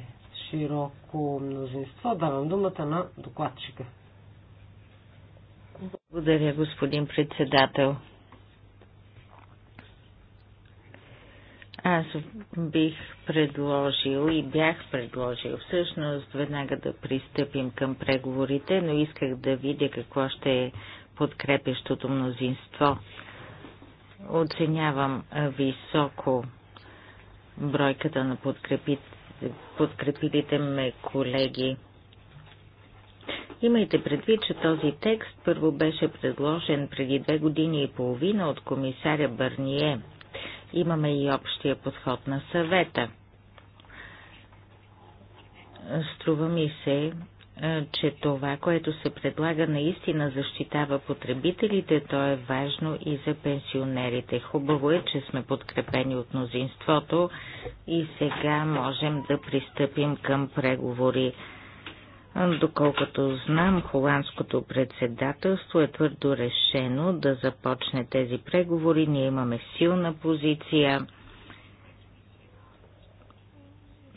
широко мнозинство. Давам думата на докладчика. Благодаря, господин председател. Аз бих предложил и бях предложил всъщност веднага да пристъпим към преговорите, но исках да видя какво ще е подкрепещото мнозинство. Оценявам високо бройката на подкрепилите ме колеги. Имайте предвид, че този текст първо беше предложен преди две години и половина от комисаря Бърние. Имаме и общия подход на съвета. Струва ми се, че това, което се предлага, наистина защитава потребителите, то е важно и за пенсионерите. Хубаво е, че сме подкрепени от мнозинството и сега можем да пристъпим към преговори. Доколкото знам, холандското председателство е твърдо решено да започне тези преговори. Ние имаме силна позиция.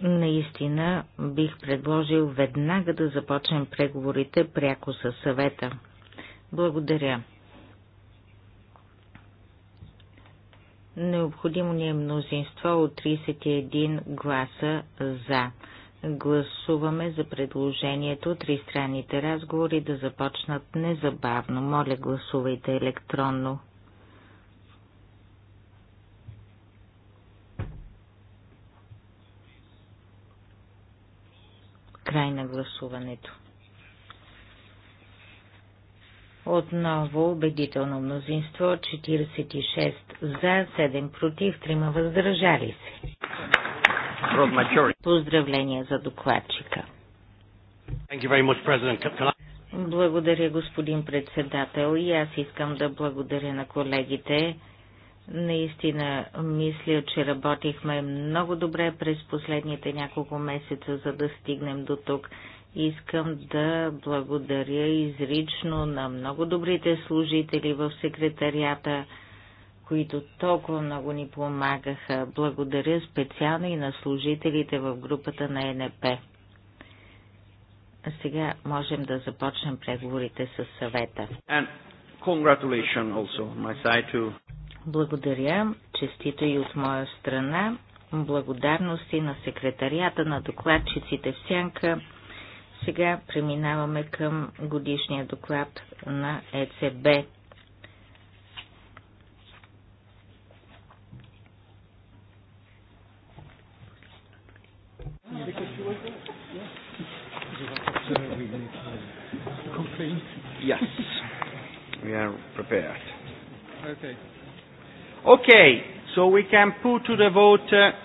Наистина бих предложил веднага да започнем преговорите пряко със съвета. Благодаря. Необходимо ни е мнозинство от 31 гласа за. Гласуваме за предложението тристранните разговори да започнат незабавно. Моля, гласувайте електронно. Край на гласуването. Отново убедително мнозинство 46 за, 7 против, 3 въздържали се. Поздравления за докладчика. благодаря, господин председател. И аз искам да благодаря на колегите. Наистина мисля, че работихме много добре през последните няколко месеца, за да стигнем до тук. Искам да благодаря изрично на много добрите служители в секретарията, които толкова много ни помагаха. Благодаря специално и на служителите в групата на НП. Сега можем да започнем преговорите с съвета. Благодаря. Честито и от моя страна. Благодарности на секретарията, на докладчиците в Сянка. Сега преминаваме към годишния доклад на ЕЦБ. Yes, we are prepared. Okay. Okay, so we can put to the vote uh,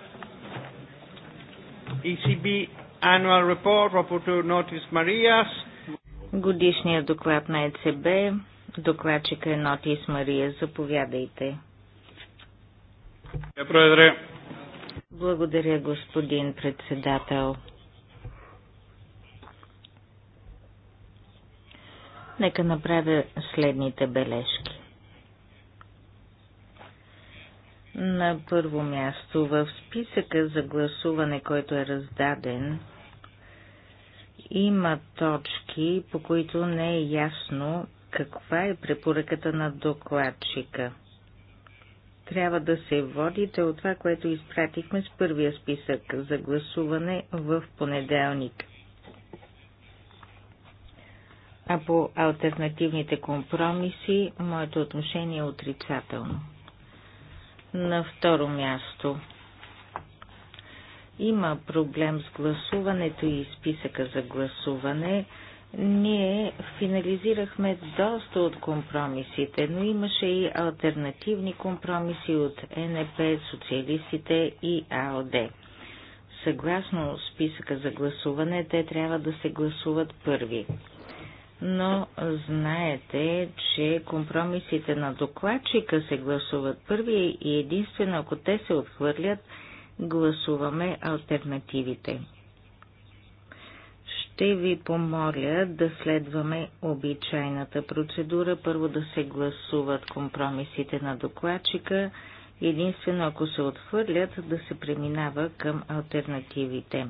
ECB annual report, Rapporteur Notis Marias. Годишният доклад на ЕЦБ, докладчика е Нотис Мария. Заповядайте. Благодаря, господин председател. Нека направя следните бележки. На първо място в списъка за гласуване, който е раздаден, има точки, по които не е ясно каква е препоръката на докладчика. Трябва да се водите от това, което изпратихме с първия списък за гласуване в понеделник. А по альтернативните компромиси моето отношение е отрицателно. На второ място има проблем с гласуването и списъка за гласуване. Ние финализирахме доста от компромисите, но имаше и альтернативни компромиси от НП, социалистите и АОД. Съгласно списъка за гласуване, те трябва да се гласуват първи но знаете, че компромисите на докладчика се гласуват първи и единствено ако те се отхвърлят, гласуваме альтернативите. Ще ви помоля да следваме обичайната процедура. Първо да се гласуват компромисите на докладчика, единствено ако се отхвърлят, да се преминава към альтернативите.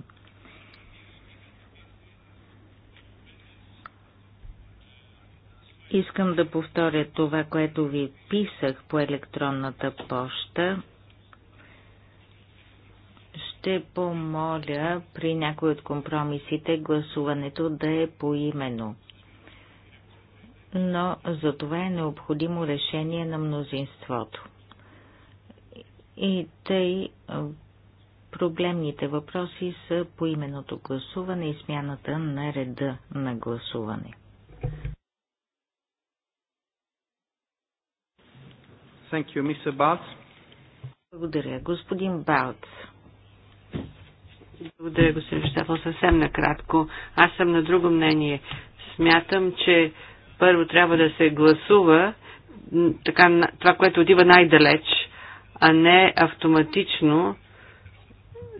Искам да повторя това, което ви писах по електронната поща. Ще помоля при някои от компромисите гласуването да е поимено. Но за това е необходимо решение на мнозинството. И тъй проблемните въпроси са поименното гласуване и смяната на реда на гласуване. Thank you, Mr. Благодаря, господин Балц. Благодаря, господин Штафъл. Съвсем накратко. Аз съм на друго мнение. Смятам, че първо трябва да се гласува така, това, което отива най-далеч, а не автоматично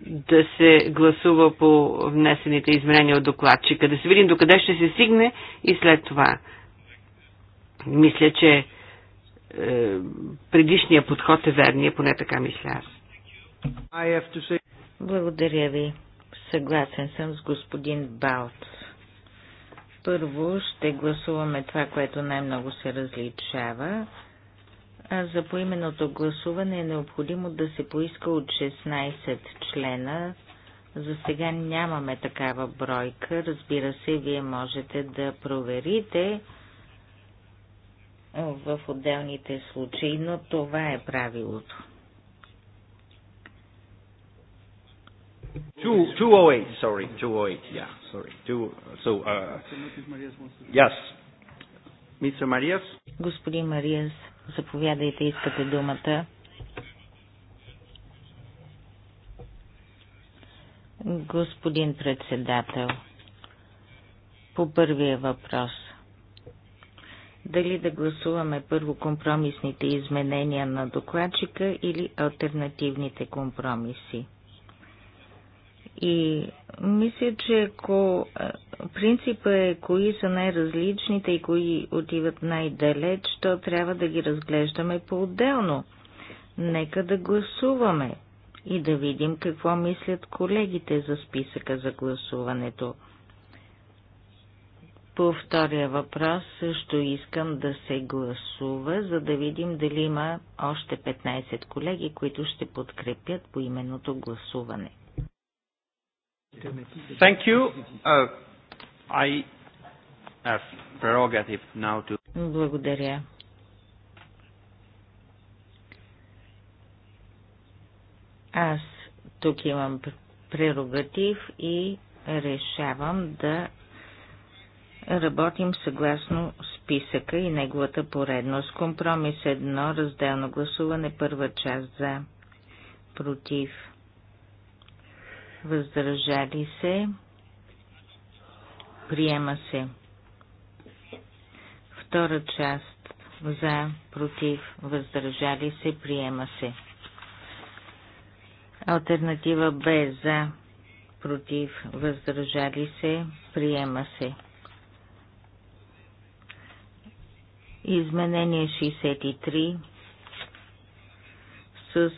да се гласува по внесените изменения от докладчика. Да се видим докъде ще се стигне и след това. Мисля, че е, предишния подход е верния, поне така мисля аз. Say... Благодаря ви. Съгласен съм с господин Балт. Първо ще гласуваме това, което най-много се различава. А за поименното гласуване е необходимо да се поиска от 16 члена. За сега нямаме такава бройка. Разбира се, вие можете да проверите в отделните случаи, но това е правилото. Oh sorry, oh yeah, sorry. Two, so, uh, yes. Mr. Marias? Господин Мариас, заповядайте, искате думата. Господин председател, по първия въпрос – дали да гласуваме първо компромисните изменения на докладчика или альтернативните компромиси. И мисля, че ако принципът е кои са най-различните и кои отиват най-далеч, то трябва да ги разглеждаме по-отделно. Нека да гласуваме и да видим какво мислят колегите за списъка за гласуването. По втория въпрос също искам да се гласува, за да видим дали има още 15 колеги, които ще подкрепят по именното гласуване. Thank you. Uh, I have prerogative now to... Благодаря. Аз тук имам прерогатив и решавам да работим съгласно списъка и неговата поредност. Компромис 1, разделно гласуване, първа част за, против, въздържали се, приема се. Втора част за, против, въздържали се, приема се. Альтернатива Б за, против, въздържали се, приема се. Изменение 63 с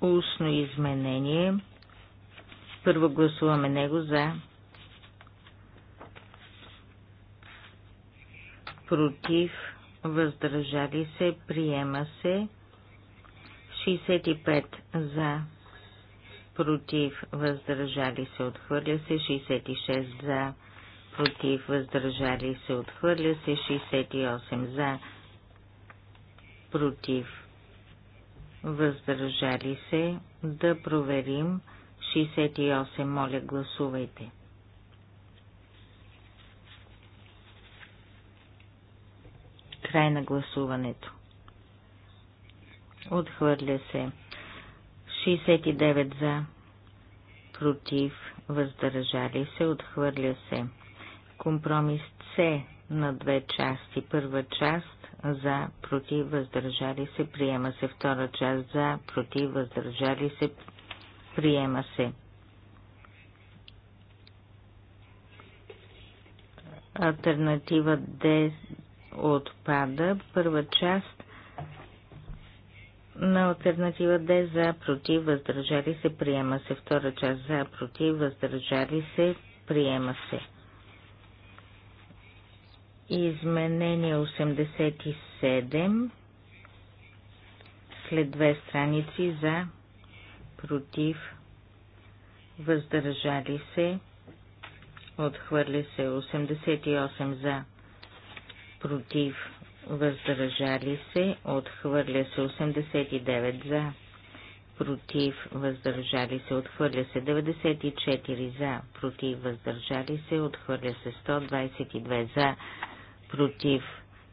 устно изменение. Първо гласуваме него за против, въздържали се, приема се. 65 за, против, въздържали се, отхвърля се. 66 за, против, въздържали се, отхвърля се 68 за, против, въздържали се, да проверим 68, моля гласувайте. Край на гласуването. Отхвърля се 69 за, против, въздържали се, отхвърля се Компромис С на две части. Първа част за, против, въздържали се, приема се. Втора част за, против, въздържали се, приема се. Альтернатива Д отпада. Първа част на альтернатива Д за, против, въздържали се, приема се. Втора част за, против, въздържали се, приема се. Изменение 87 след две страници за против въздържали се отхвърли се 88 за против въздържали се отхвърля се 89 за против въздържали се отхвърля се 94 за против въздържали се отхвърля се 122 за против,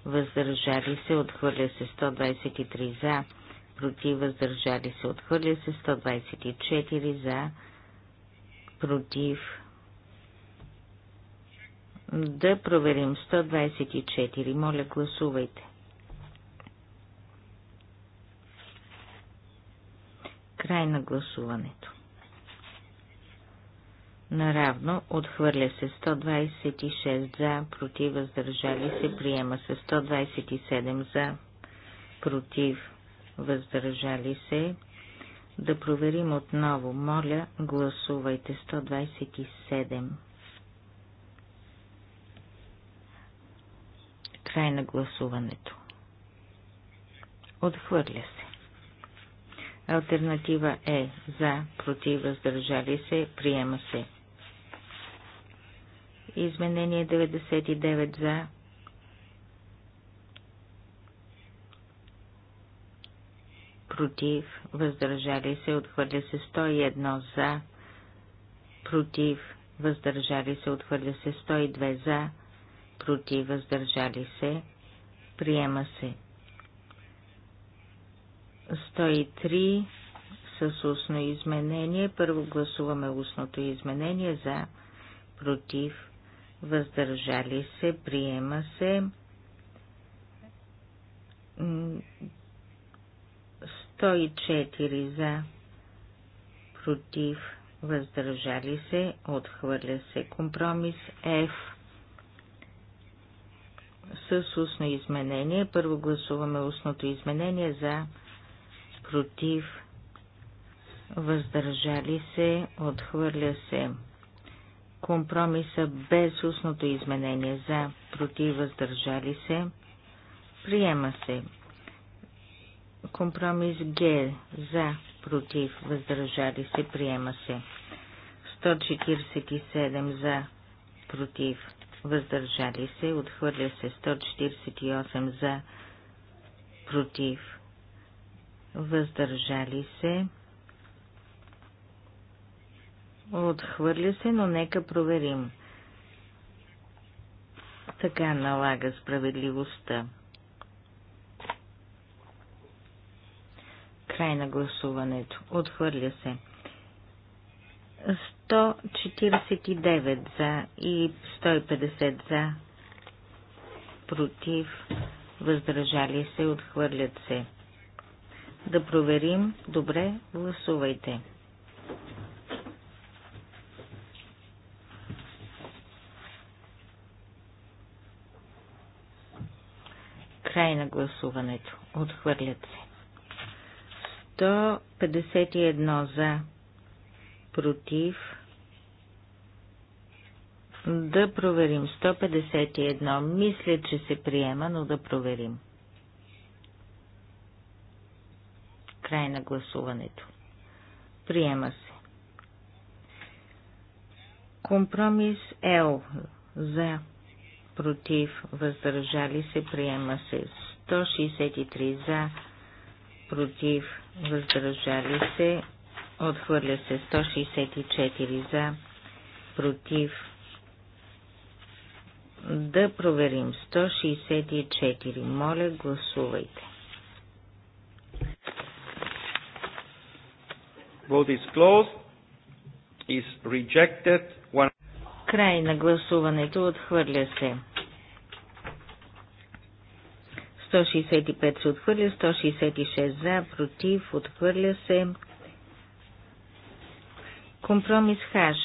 въздържали се, отхвърля се 123 за, против, въздържали се, отхвърля се 124 за, против. Да проверим 124. Моля, гласувайте. Край на гласуването наравно, отхвърля се 126 за, против, въздържали се, приема се 127 за, против, въздържали се. Да проверим отново. Моля, гласувайте 127. Край на гласуването. Отхвърля се. Альтернатива е за, против, въздържали се, приема се. Изменение 99 за. Против. Въздържали се. Отхвърля се 101 за. Против. Въздържали се. Отхвърля се 102 за. Против. Въздържали се. Приема се. 103 с устно изменение. Първо гласуваме устното изменение за, против, въздържали се, приема се. 104 за, против, въздържали се, отхвърля се компромис F с устно изменение. Първо гласуваме устното изменение за, против, въздържали се, отхвърля се компромиса без устното изменение за, против, въздържали се, приема се. Компромис Г за, против, въздържали се, приема се. 147 за, против, въздържали се, отхвърля се 148 за, против, въздържали се, Отхвърля се, но нека проверим. Така налага справедливостта. Край на гласуването. Отхвърля се. 149 за и 150 за. Против. Въздържали се. Отхвърлят се. Да проверим. Добре. Гласувайте. Край на гласуването. Отхвърлят се. 151 за. Против. Да проверим. 151. Мисля, че се приема, но да проверим. Край на гласуването. Приема се. Компромис Л. За против, въздържали се, приема се 163 за, против, въздържали се, отхвърля се 164 за, против. Да проверим 164. Моля, гласувайте. Vote is closed. Is rejected Край на гласуването отхвърля се. 165 се отхвърля, 166 за, против, отхвърля се. Компромис хаш.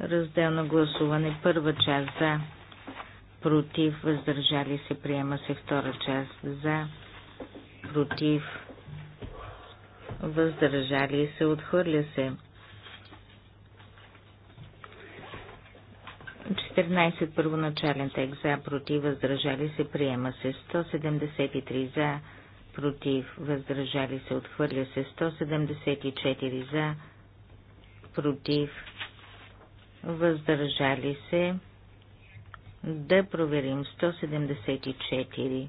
Разделно гласуване. Първа част за, против, въздържали се, приема се втора част за, против, въздържали се, отхвърля се. 14 първоначален текст за, против, въздържали се, приема се 173 за, против, въздържали се, отхвърля се 174 за, против, въздържали се. Да проверим 174.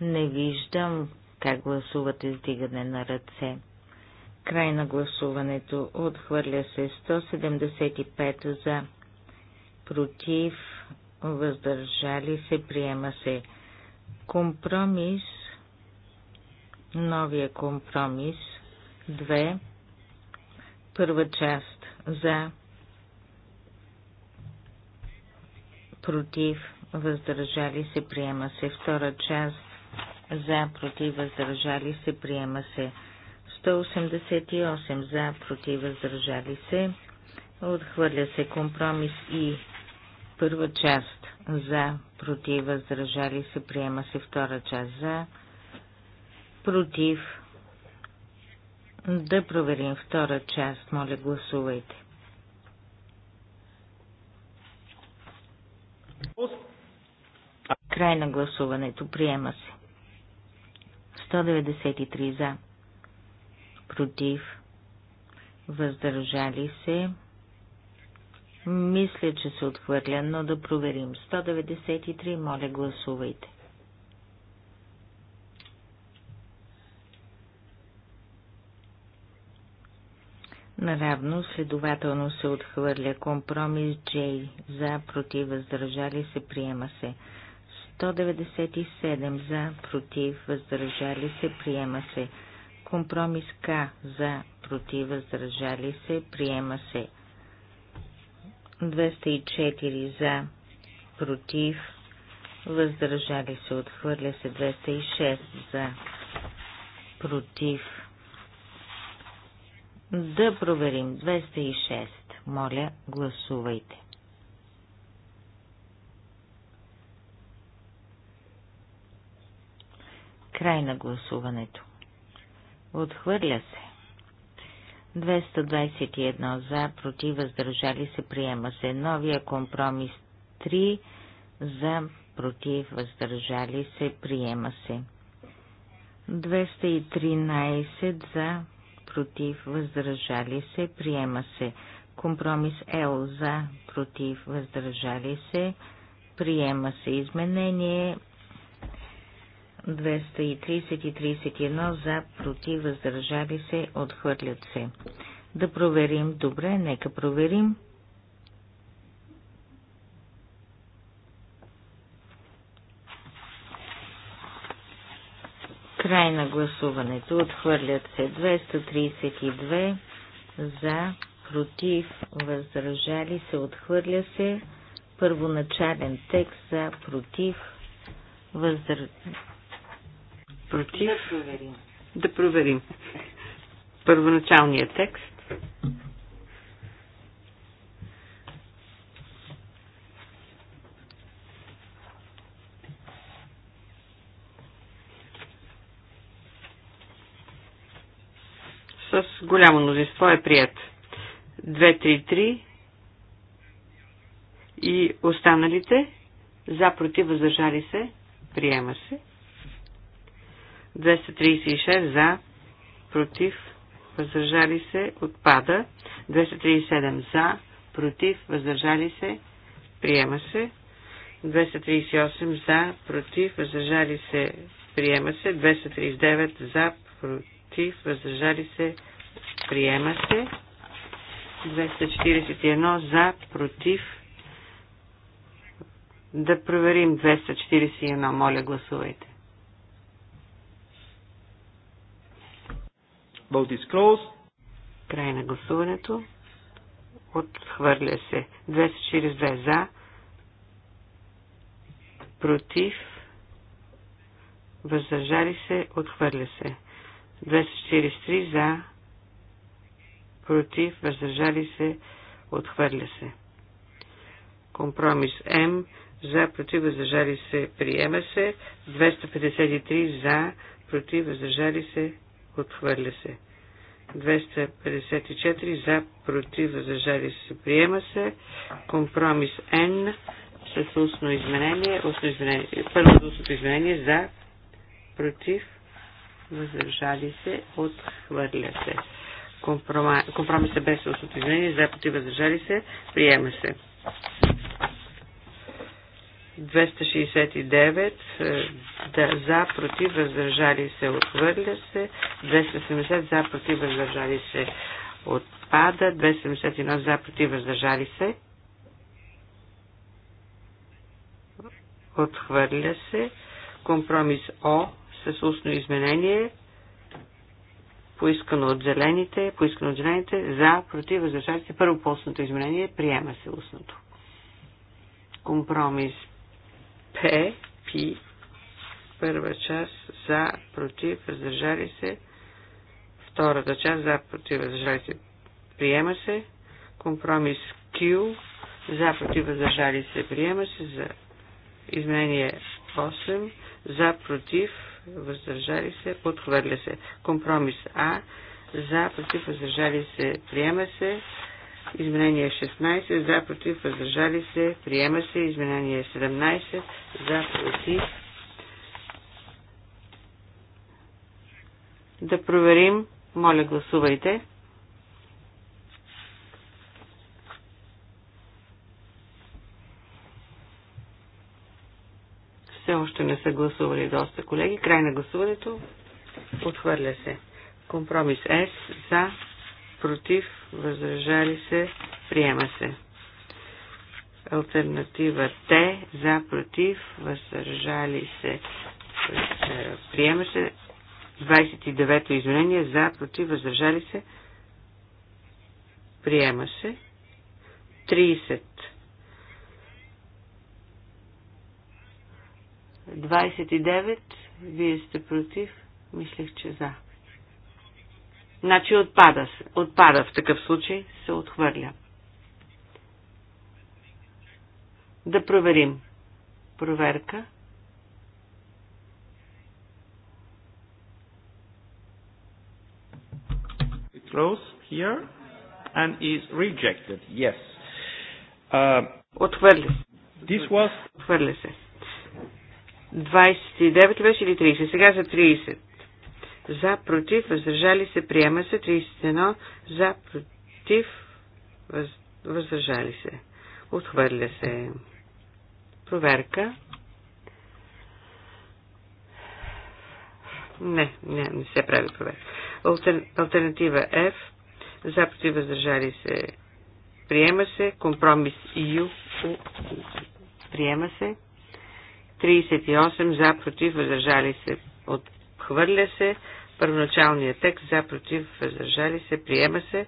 Не виждам как гласувате с дигане на ръце. Край на гласуването отхвърля се 175 за против, въздържали се, приема се. Компромис, новия компромис, 2, първа част, за, против, въздържали се, приема се. Втора част, за, против, въздържали се, приема се. 188 за, против, въздържали се. Отхвърля се компромис и Първа част за, против, въздържали се, приема се. Втора част за, против. Да проверим втора част. Моля, гласувайте. Край на гласуването. Приема се. 193 за. Против. Въздържали се. Мисля, че се отхвърля, но да проверим. 193, моля гласувайте. Наравно, следователно се отхвърля компромис J. За, против, въздържали се, приема се. 197 за, против, въздържали се, приема се. Компромис К за, против, въздържали се, приема се. 204 за, против, въздържали се, отхвърля се 206 за, против. Да проверим 206. Моля, гласувайте. Край на гласуването. Отхвърля се. 221 за, против, въздържали се, приема се. Новия компромис 3 за, против, въздържали се, приема се. 213 за, против, въздържали се, приема се. Компромис Л за, против, въздържали се, приема се. Изменение 230 и 31 за, против, въздържали се, отхвърлят се. Да проверим. Добре, нека проверим. Край на гласуването. Отхвърлят се 232 за, против, въздържали се, отхвърля се. Първоначален текст за, против, въздържали Против? Да проверим. Да проверим. Първоначалният текст. С голямо мнозинство е прият. 233 и останалите за против въздържали се приема се. 236 за, против, въздържали се, отпада. 237 за, против, въздържали се, приема се. 238 за, против, въздържали се, приема се. 239 за, против, въздържали се, приема се. 241 за, против. Да проверим 241, моля гласувайте. Vote is closed. Край на гласуването. Отхвърля се. 242 за. Против. Въздържали се. Отхвърля се. 243 за. Против. Въздържали се. Отхвърля се. Компромис М. За. Против. Въздържали се. Приема се. 253 за. Против. Въздържали се. Отхвърля се. 254 за, против, въздържали се, приема се. Компромис Н с устно изменение, устно изменение, първото устното изменение за, против, въздържали се, отхвърля се. Компромисът без устното изменение, за, против, въздържали се, приема се. 269 е, да, за, против, въздържали се, отхвърля се. 270 за, против, въздържали се, отпада. 271 за, против, въздържали се. Отхвърля се. Компромис О с устно изменение. Поискано от зелените, поискано от зелените, за, против, въздържали се. Първо по изменение, приема се устното компромис П, Пи, първа част за, против, въздържали се, втората част за, против, въздържали се, приема се, компромис Q, за, против, въздържали се, приема се, за изменение 8, за, против, въздържали се, отхвърля се, компромис А, за, против, въздържали се, приема се, Изменение 16 за против въздържали се. Приема се. Изменение 17 за против. Да проверим. Моля, гласувайте. Все още не са гласували доста колеги. Край на гласуването. Отхвърля се. Компромис С за против, въздържали се, приема се. Альтернатива Т, за, против, въздържали се, е, приема се. 29-то изменение, за, против, въздържали се, приема се. 30. 29. Вие сте против. Мислех, че за. Значи отпада, отпада в такъв случай, се отхвърля. Да проверим. Проверка. It here and is rejected. Yes. Uh, This was... се. 29 беше или 30? Сега са 30 за, против, въздържали се, приема се. 31 за, против, въздържали се. Отхвърля се. Проверка. Не, не, не се прави проверка. Альтер, альтернатива F. За, против, въздържали се. Приема се. Компромис U. Приема се. 38 за, против, въздържали се. От Отхвърля се. Първоначалният текст за против въздържали се. Приема се.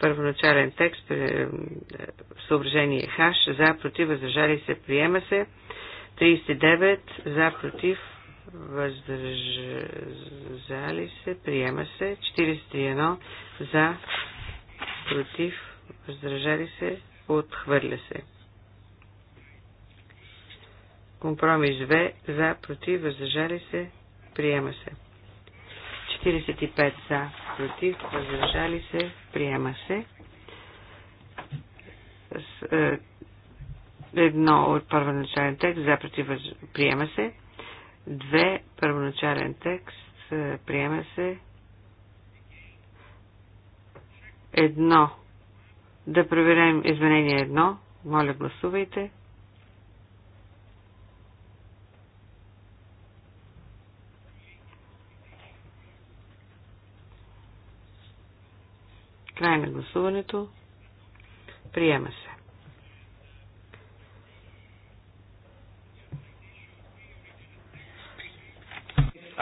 Първоначален текст. Е, е, съображение Хаш. За против въздържали се. Приема се. 39. За против въздържали се. Приема се. 41. За против въздържали се. Отхвърля се. Компромис 2. За, против, въздържали се. Приема се. 45 за, против, въздържали се, приема се. С, е, едно от първоначален текст, за, против, приема се. Две, първоначален текст, е, приема се. Едно. Да проверим изменение едно. Моля, гласувайте. Край на гласуването. Приема се.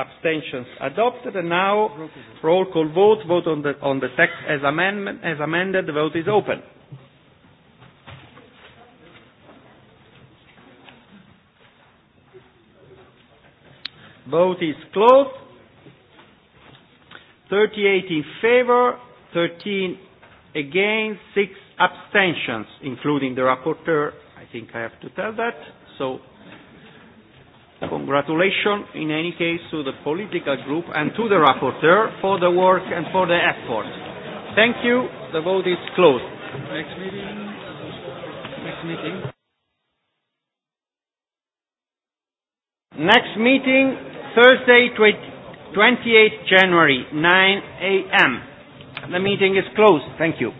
abstentions adopted. And now roll call vote, vote on the, on the text as, amendment, as amended. The vote is open. Vote is closed. 38 in favor, 13 against, 6 abstentions, including the rapporteur. I think I have to tell that. So congratulations, in any case, to the political group and to the rapporteur for the work and for the effort. Thank you. The vote is closed. Next meeting. Next meeting. Next meeting, Thursday, 28 January, 9 a.m. The meeting is closed. Thank you.